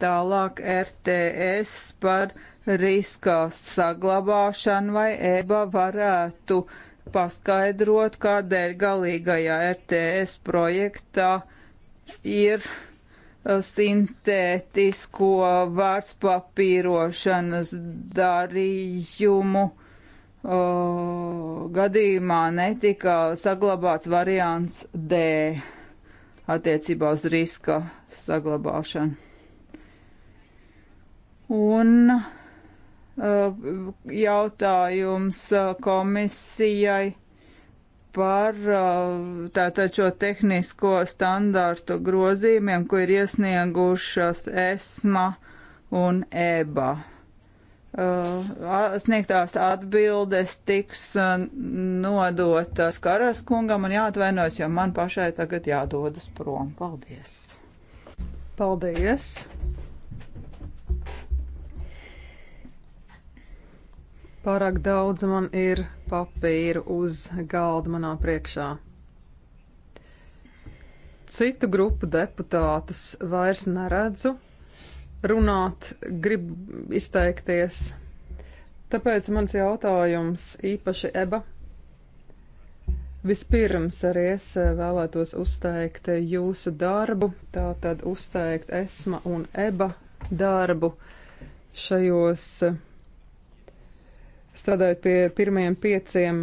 Tālāk RTS par riska saglabāšanu vai EBA varētu paskaidrot, kādēļ galīgajā RTS projektā ir uh, sintētisko vārtspapīrošanas darījumu uh, gadījumā netika saglabāts variants D attiecībā uz riska saglabāšanu. Un uh, jautājums uh, komisijai par uh, tātad šo tehnisko standārtu grozījumiem, ko ir iesniegušas ESMA un EBA. Sniegtās atbildes tiks nodotas karas kungam un jāatvainojas, jo man pašai tagad jādodas prom. Paldies! Paldies! Pārāk daudz man ir papīru uz galda manā priekšā. Citu grupu deputātus vairs neredzu. Runāt, grib izteikties. Tāpēc mans jautājums īpaši Eba. Vispirms arī es vēlētos uzteikt jūsu darbu, tātad uzteikt Esma un Eba darbu šajos strādājot pie pirmajiem pieciem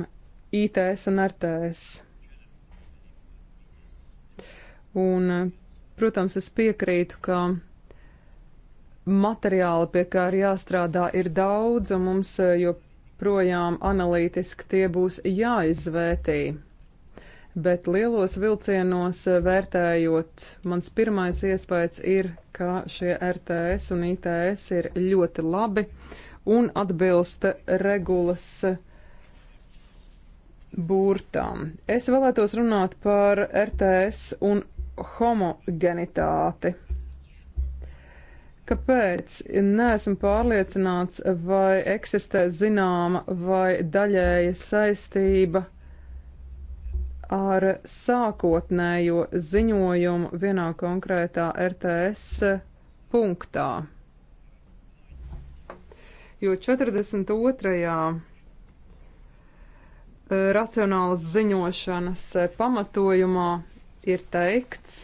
ITS un RTS. Un, protams, es piekrītu, ka materiāli, pie kā ir jāstrādā, ir daudz, un mums eh, joprojām analītiski tie būs jāizvērtī. Bet lielos vilcienos eh, vērtējot, mans pirmais iespējas ir, ka šie RTS un ITS ir ļoti labi. Uh, un atbilst regulas burtām. Es vēlētos runāt par RTS un homogenitāti. Kāpēc? Neesmu pārliecināts, vai eksistē zināma vai daļēja saistība ar sākotnējo ziņojumu vienā konkrētā RTS punktā jo 42. E, racionālas ziņošanas e, pamatojumā ir teikts,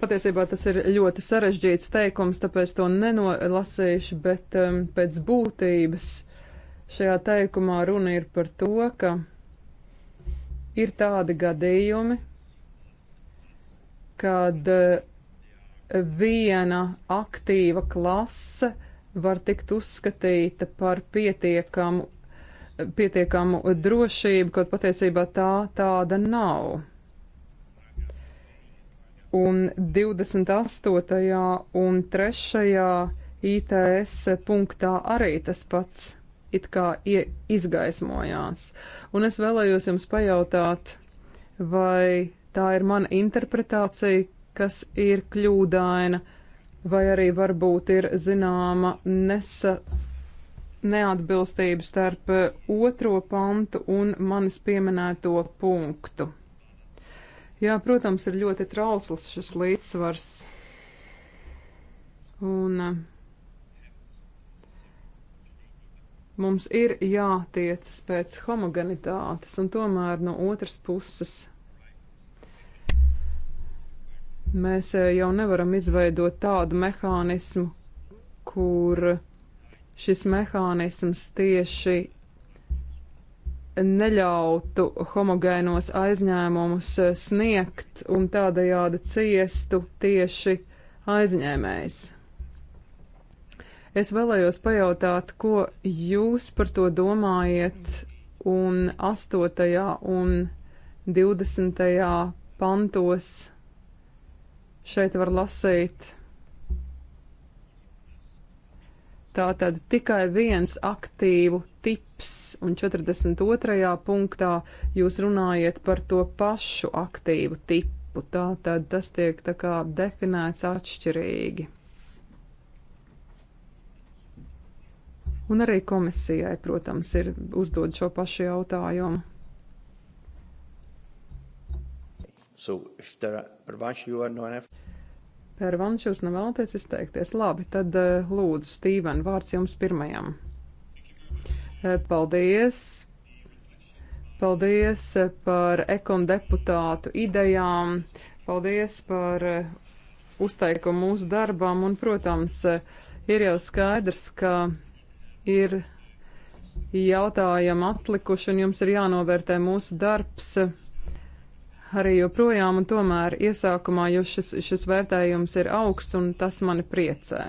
patiesībā tas ir ļoti sarežģīts teikums, tāpēc to nenolasīšu, bet um, pēc būtības šajā teikumā runa ir par to, ka ir tādi gadījumi, kad viena aktīva klase uh, var tikt uzskatīta par pietiekamu, pietiekamu drošību, kaut patiesībā tā tāda nav. Un 28. un 3. ITS punktā arī tas pats it kā izgaismojās. Un es vēlējos jums pajautāt, vai tā ir mana interpretācija, kas ir kļūdaina, vai arī varbūt ir zināma nesa neatbilstība starp otro pantu un manis pieminēto punktu. Jā, protams, ir ļoti trausls šis līdzsvars. Un mums ir jātiecas pēc homogenitātes, un tomēr no otras puses Mēs e, jau nevaram izveidot tādu mehānismu, kur šis mehānisms tieši neļautu homogēnos aizņēmumus e, sniegt un tādējādi ciestu tieši aizņēmējs. Es vēlējos pajautāt, ko jūs par to domājat un 8. un 20. pantos Šeit var lasīt. Tātad tikai viens aktīvu tips, un 42. punktā jūs runājat par to pašu aktīvu tipu. Tātad tas tiek tā kā definēts atšķirīgi. Un arī komisijai, protams, ir uzdod šo pašu jautājumu. So, if there are, Pervanš, you are not after. Pervanš, jūs nevēlaties izteikties. Labi, tad eh, lūdzu, Stīven, vārds jums pirmajam. Eh, paldies! Paldies eh, par ekon deputātu idejām, paldies par uzteikumu mūsu darbam un, protams, ir jau skaidrs, ka ir jautājumi atlikuši un jums ir jānovērtē mūsu darbs arī joprojām, un tomēr iesākumā jau šis, šis vērtējums ir augsts, un tas mani priecē.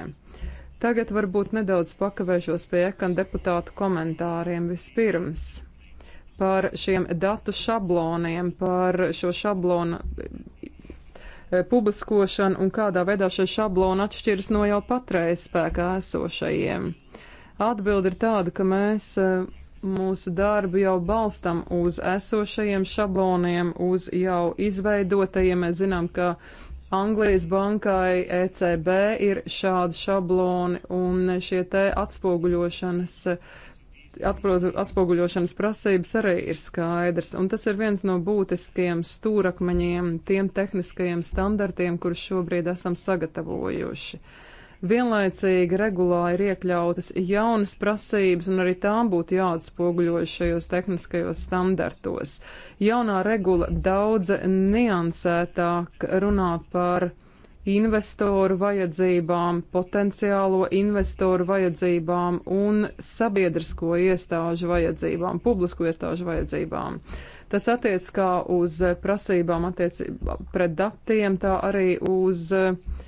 Tagad varbūt nedaudz pakavēšos pie ekan deputātu komentāriem vispirms par šiem datu šabloniem, par šo šablonu e, publiskošanu un kādā veidā šie šabloni atšķiras no jau patreiz spēkā esošajiem. Atbilde ir tāda, ka mēs e, mūsu darbu jau balstam uz esošajiem šabloniem, uz jau izveidotajiem. Mēs zinām, ka Anglijas bankai ECB ir šādi šabloni un šie te atspoguļošanas. Atspoguļošanas prasības arī ir skaidrs, un tas ir viens no būtiskiem stūrakmeņiem, tiem tehniskajiem standartiem, kurus šobrīd esam sagatavojuši. Uh, Vienlaicīgi regulā ir iekļautas jaunas prasības, un arī tām būtu jāatspoguļojas šajos tehniskajos standartos. Jaunā regula daudz niansētāk runā par investoru vajadzībām, potenciālo investoru vajadzībām un sabiedrisko iestāžu vajadzībām, publisko iestāžu vajadzībām. Tas attiec kā uz prasībām attiec pret datiem, tā arī uz uh,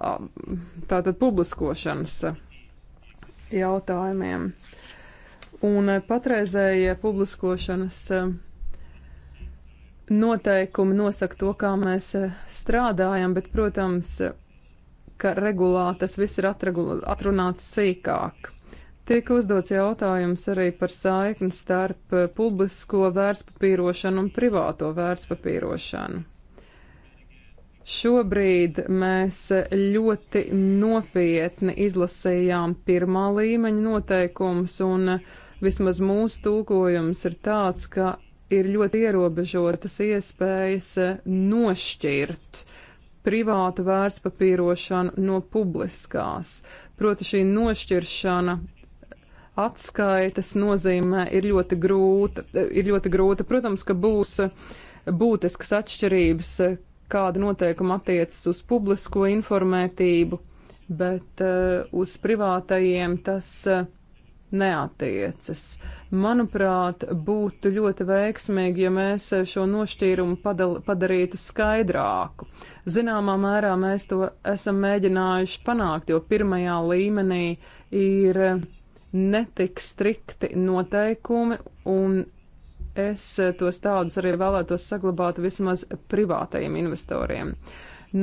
tātad publiskošanas jautājumiem. Un eh, patreizējie publiskošanas eh, noteikumi nosaka to, kā mēs eh, strādājam, bet, protams, ka regulā tas viss ir atrunāts sīkāk. Tiek uzdots jautājums arī par saikni starp publisko vērtspapīrošanu un privāto vērtspapīrošanu. Šobrīd mēs ļoti nopietni izlasījām pirmā līmeņa noteikums, un vismaz mūsu tulkojums ir tāds, ka ir ļoti ierobežotas iespējas nošķirt privātu vērtspapīrošanu no publiskās. Proti šī nošķiršana atskaitas nozīmē ir ļoti grūta. Ir ļoti grūta. Protams, ka būs būtiskas atšķirības, kāda noteikuma attiecas uz publisko informētību, bet uh, uz privātajiem tas uh, neatiecas. Manuprāt, būtu ļoti veiksmīgi, ja mēs eh, šo nošķīrumu padal, padarītu skaidrāku. Zināmā mērā mēs to esam mēģinājuši panākt, jo pirmajā līmenī ir netik strikti noteikumi un es tos tādus arī vēlētos saglabāt vismaz privātajiem investoriem.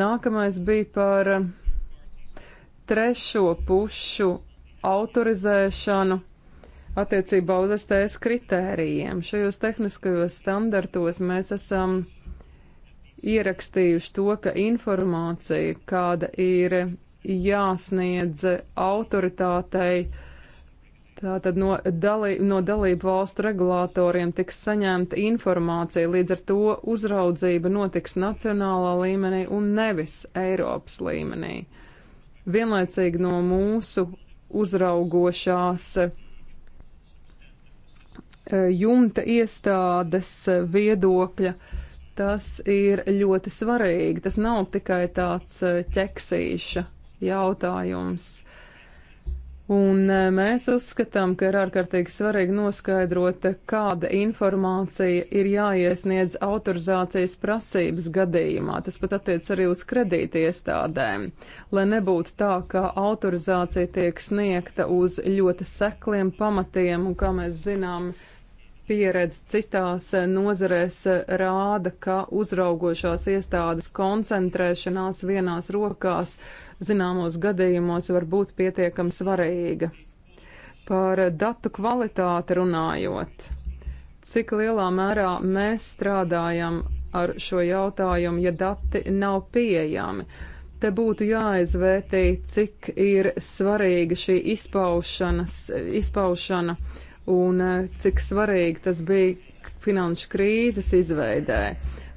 Nākamais bija par trešo pušu autorizēšanu attiecībā uz STS kritērijiem. Šajos tehniskajos standartos mēs esam ierakstījuši to, ka informācija, kāda ir jāsniedz autoritātei, uh, Tātad no, dalī, no dalību valstu regulātoriem tiks saņemta informācija, līdz ar to uzraudzība notiks nacionālā līmenī un nevis Eiropas līmenī. Vienlaicīgi no mūsu uzraugošās e, jumta iestādes viedokļa. Tas ir ļoti svarīgi. Tas nav tikai tāds e, ķeksīša jautājums. Un e, mēs uzskatām, ka ir ārkārtīgi svarīgi noskaidrot, e, kāda informācija ir jāiesniedz autorizācijas prasības gadījumā. Tas pat attiec arī uz kredīti iestādēm, lai nebūtu tā, ka autorizācija tiek sniegta uz ļoti sekliem pamatiem, un kā mēs zinām, uh, pieredze citās eh, nozarēs eh, rāda, ka uzraugošās iestādes koncentrēšanās vienās rokās zināmos gadījumos var būt pietiekami svarīga. Par datu kvalitāti runājot, cik lielā mērā mēs strādājam ar šo jautājumu, ja dati nav pieejami. Te būtu jāizvērtī, cik ir svarīga šī izpaušanas, izpaušana un eh, cik svarīgi tas bija finanšu krīzes izveidē.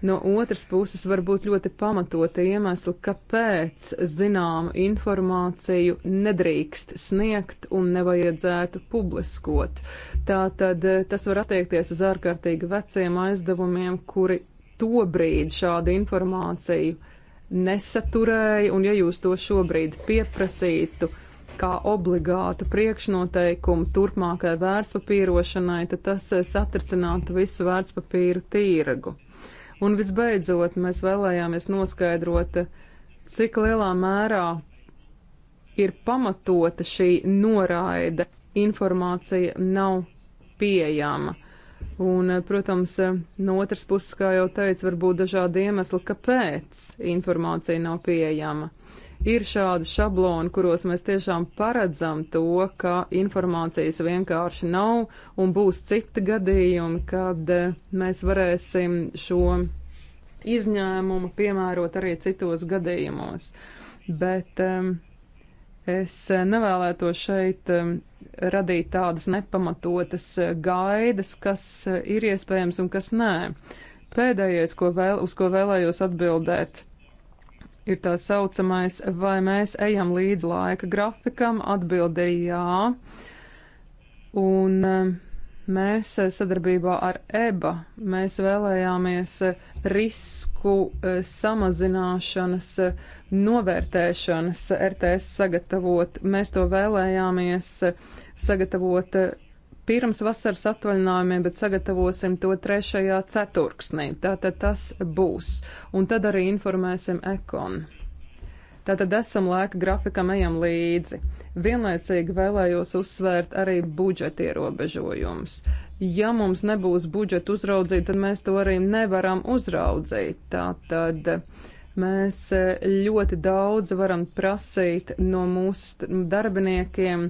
No otras puses, var būt ļoti pamatoti iemesli, kāpēc zināmu informāciju nedrīkst sniegt un nevajadzētu publiskot. Tātad eh, tas var attiekties uz ārkārtīgi veciem aizdevumiem, kuri tobrīd šādu informāciju nesaturēja, un ja jūs to šobrīd pieprasītu, kā obligātu priekšnoteikumu turpmākai vērtspapīrošanai, tad tas eh, satricinātu visu vērtspapīru tīrgu. Un visbeidzot, mēs vēlējāmies noskaidrot, cik lielā mērā ir pamatota šī noraide, informācija nav pieejama. Un, eh, protams, no otras puses, kā jau teicu, var būt dažādi iemesli, kāpēc informācija nav pieejama ir šādi šabloni, kuros mēs tiešām paredzam to, ka informācijas vienkārši nav un būs citi gadījumi, kad eh, mēs varēsim šo izņēmumu piemērot arī citos gadījumos. Bet um, es nevēlētos šeit um, radīt tādas nepamatotas eh, gaidas, kas eh, ir iespējams un kas nē. Pēdējais, ko vēl, uz ko vēlējos atbildēt, ir tā saucamais, vai mēs ejam līdz laika grafikam, atbilde ir jā. Un eh, mēs eh, sadarbībā ar EBA mēs vēlējāmies eh, risku samazināšanas novērtēšanas RTS sagatavot. Mēs to vēlējāmies sagatavot pirms vasaras atvaļinājumiem, bet sagatavosim to trešajā ceturksnī. Tātad tas būs. Un tad arī informēsim ekonu. Tātad esam laika grafikam ejam līdzi. Vienlaicīgi vēlējos uzsvērt arī budžeta ierobežojumus. Ja mums nebūs budžeta uzraudzīt, tad mēs to arī nevaram uzraudzīt. Tātad. tad Mēs e, ļoti daudz varam prasīt no mūsu darbiniekiem,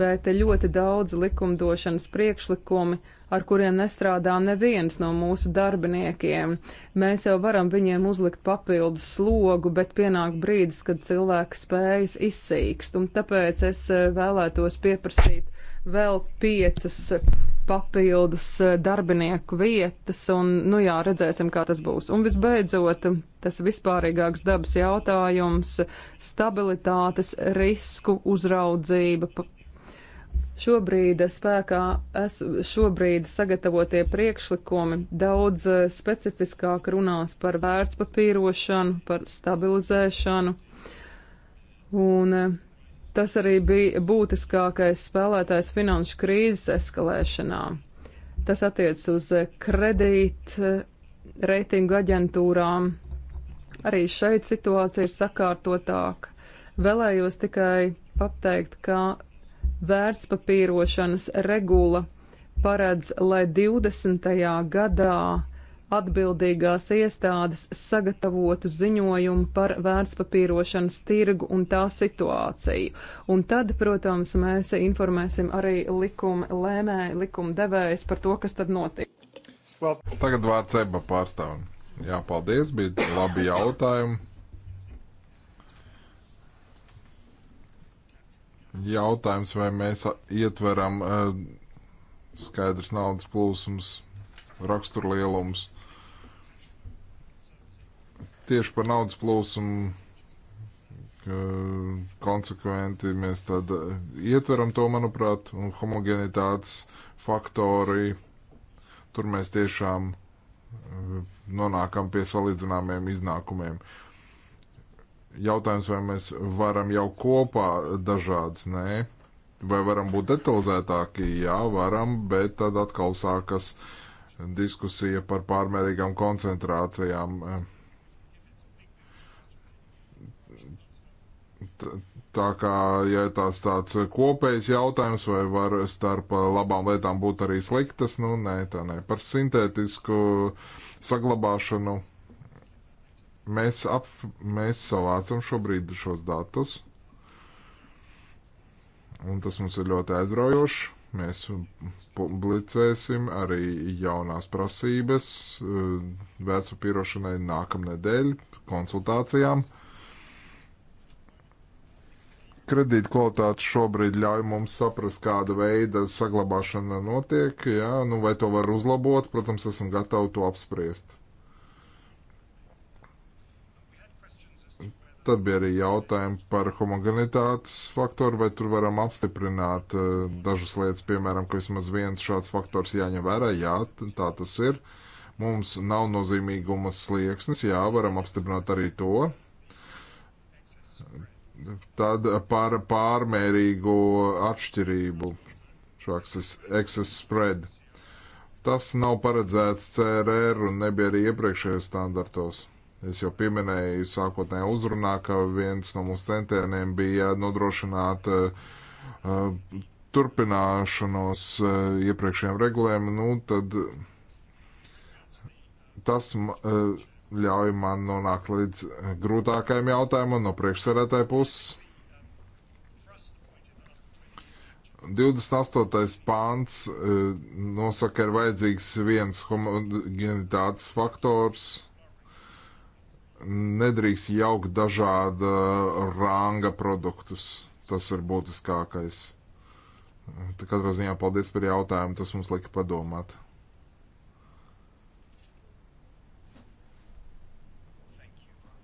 bet ļoti daudz likumdošanas priekšlikumi, ar kuriem nestrādā neviens no mūsu darbiniekiem. Mēs jau varam viņiem uzlikt papildus slogu, bet pienāk brīdis, kad cilvēka spējas izsīkst, un tāpēc es e, vēlētos pieprasīt vēl piecus papildus eh, darbinieku vietas, un, nu jā, redzēsim, kā tas būs. Un visbeidzot, tas vispārīgāks dabas jautājums - stabilitātes risku uzraudzība. Šobrīd spēkā es, šobrīd sagatavotie priekšlikumi daudz eh, specifiskāk runās par vērtspapīrošanu, par stabilizēšanu. Un eh, Tas arī bija būtiskākais spēlētājs finanšu krīzes eskalēšanā. Tas attiec uz kredīt eh, reitingu aģentūrām. Arī šeit situācija ir sakārtotāka. Vēlējos tikai pateikt, ka vērtspapīrošanas regula paredz, lai 20. gadā atbildīgās iestādes sagatavotu ziņojumu par vērtspapīrošanas tirgu un tā situāciju. Un tad, protams, mēs informēsim arī likuma lēmēju, likuma devējs par to, kas tad notiek. Well. Tagad vārds EBA pārstāvam. Jā, paldies, bija labi jautājumi. Jautājums, vai mēs ietveram uh, skaidrs naudas plūsums, raksturlielums tieši par naudas plūsmu konsekventi mēs tad ietveram to, manuprāt, un homogenitātes faktori. Tur mēs tiešām eh, nonākam pie salīdzināmiem iznākumiem. Jautājums, vai mēs varam jau kopā dažādas, nē, vai varam būt detalizētāki, jā, varam, bet tad atkal sākas diskusija par pārmērīgām koncentrācijām eh, Tā kā, ja tās tāds kopējs jautājums, vai var starp labām lietām būt arī sliktas, nu nē, tā nē. Par sintētisku saglabāšanu mēs, ap, mēs savācam šobrīd šos datus, un tas mums ir ļoti aizraujoši. Mēs publicēsim arī jaunās prasības eh, vērtspapīrošanai nākamnedēļ konsultācijām. Uh, Kredīta kvalitāte šobrīd ļauj mums saprast, kāda veida saglabāšana notiek, jā, nu vai to var uzlabot, protams, esam gatavi to apspriest. Tad bija arī jautājumi par homogenitātes faktoru, vai tur varam apstiprināt eh, dažas lietas, piemēram, ka vismaz viens šāds faktors jāņem vērā, jā, tā tas ir. Mums nav nozīmīguma slieksnis, jā, varam apstiprināt arī to Tad par pārmērīgu atšķirību, šo excess spread. Tas nav paredzēts CRR un nebija arī iepriekšējos standartos. Es jau pieminēju sākotnējā uzrunā, ka viens no mūsu centieniem bija nodrošināt uh, turpināšanos uh, iepriekšējiem regulējumiem, nu tad tas uh, ļauj man nonākt līdz eh, grūtākajam jautājumam no priekšsēdētāja puses. 28. pāns eh, nosaka, ir vajadzīgs viens homogenitātes faktors. Nedrīkst jaukt dažāda ranga produktus. Tas ir būtiskākais. Tā katrā ziņā paldies par jautājumu, tas mums lika padomāt.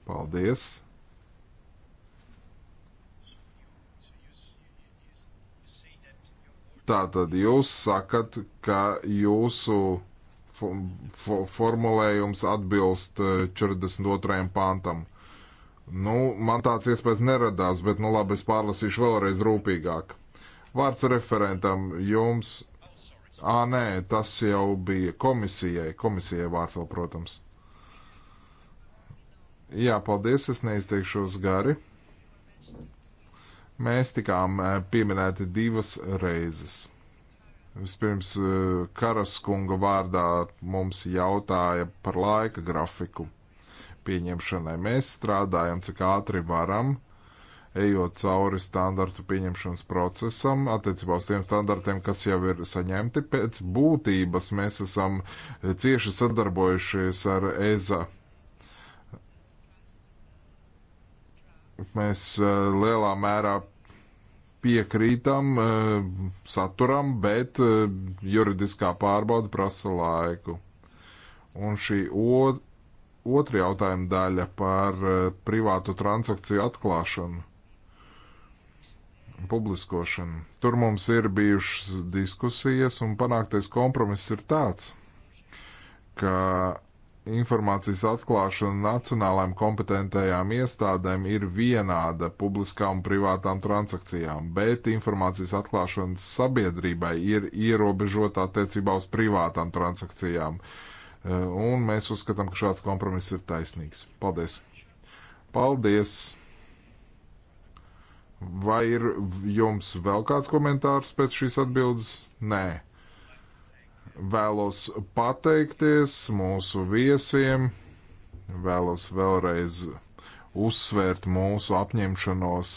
Paldies! Tātad jūs sakat, ka jūsu formulējums atbilst 42. Eh, pantam. Nu, man tāds iespējas neradās, bet nu labi, es pārlasīšu vēlreiz rūpīgāk. Vārds referentam jums. Ā, nē, tas jau bija komisijai. Komisijai vārds vēl, protams. Jā, paldies, es neizteikšos gari. Mēs tikām eh, pieminēti divas reizes. Vispirms eh, Karaskunga vārdā mums jautāja par laika grafiku pieņemšanai. Mēs strādājam, cik ātri varam, ejot cauri standartu pieņemšanas procesam, attiecībā uz tiem standartiem, kas jau ir saņemti. Pēc būtības mēs esam eh, cieši sadarbojušies ar EZA mēs eh, lielā mērā piekrītam eh, saturam, bet eh, juridiskā pārbauda prasa laiku. Un šī otra jautājuma daļa par privātu transakciju atklāšanu, publiskošanu. Tur mums ir bijušas diskusijas, un panāktais kompromiss ir tāds, ka informācijas atklāšana nacionālajām kompetentajām iestādēm ir vienāda publiskām un privātām transakcijām, bet informācijas atklāšanas sabiedrībai ir ierobežota attiecībā uz privātām transakcijām. Eh, un mēs uzskatām, ka šāds kompromiss ir taisnīgs. Paldies! Paldies! Vai ir jums vēl kāds komentārs pēc šīs atbildes? Nē. Vēlos pateikties mūsu viesiem, vēlos vēlreiz uzsvērt mūsu apņemšanos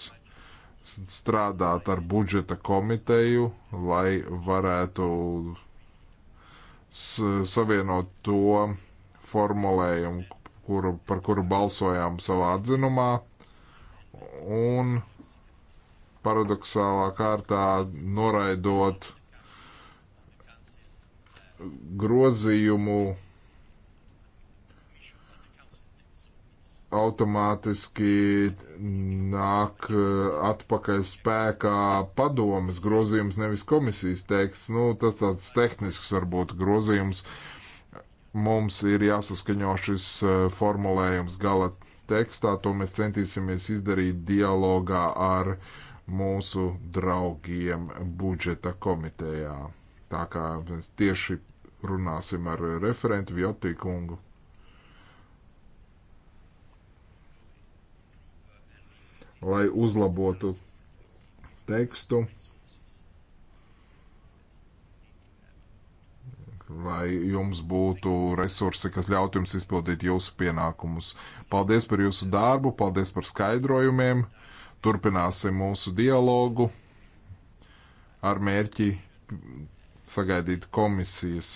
strādāt ar budžeta komiteju, lai varētu savienot to formulējumu, kuru, par kuru balsojām savā atzinumā, un paradoxālā kārtā noraidot grozījumu automātiski nāk uh, atpakaļ spēkā padomas grozījums, nevis komisijas teksts. Nu, tas tāds tehnisks varbūt grozījums. Mums ir jāsaskaņo šis uh, formulējums gala tekstā, to mēs centīsimies izdarīt dialogā ar mūsu draugiem budžeta komitejā. Tā kā mēs tieši runāsim ar referentu Vjotī kungu. Lai uzlabotu tekstu, lai jums būtu resursi, kas ļautu jums izpildīt jūsu pienākumus. Paldies par jūsu darbu, paldies par skaidrojumiem. Turpināsim mūsu dialogu ar mērķi sagaidīt komisijas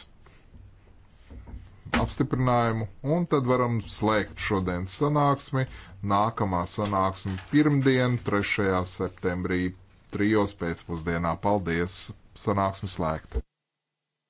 apstiprinājumu, un tad varam slēgt šodienas sanāksmi. Nākamā sanāksme pirmdien, 3. septembrī, 3. pēcpusdienā. Paldies! Sanāksme slēgta!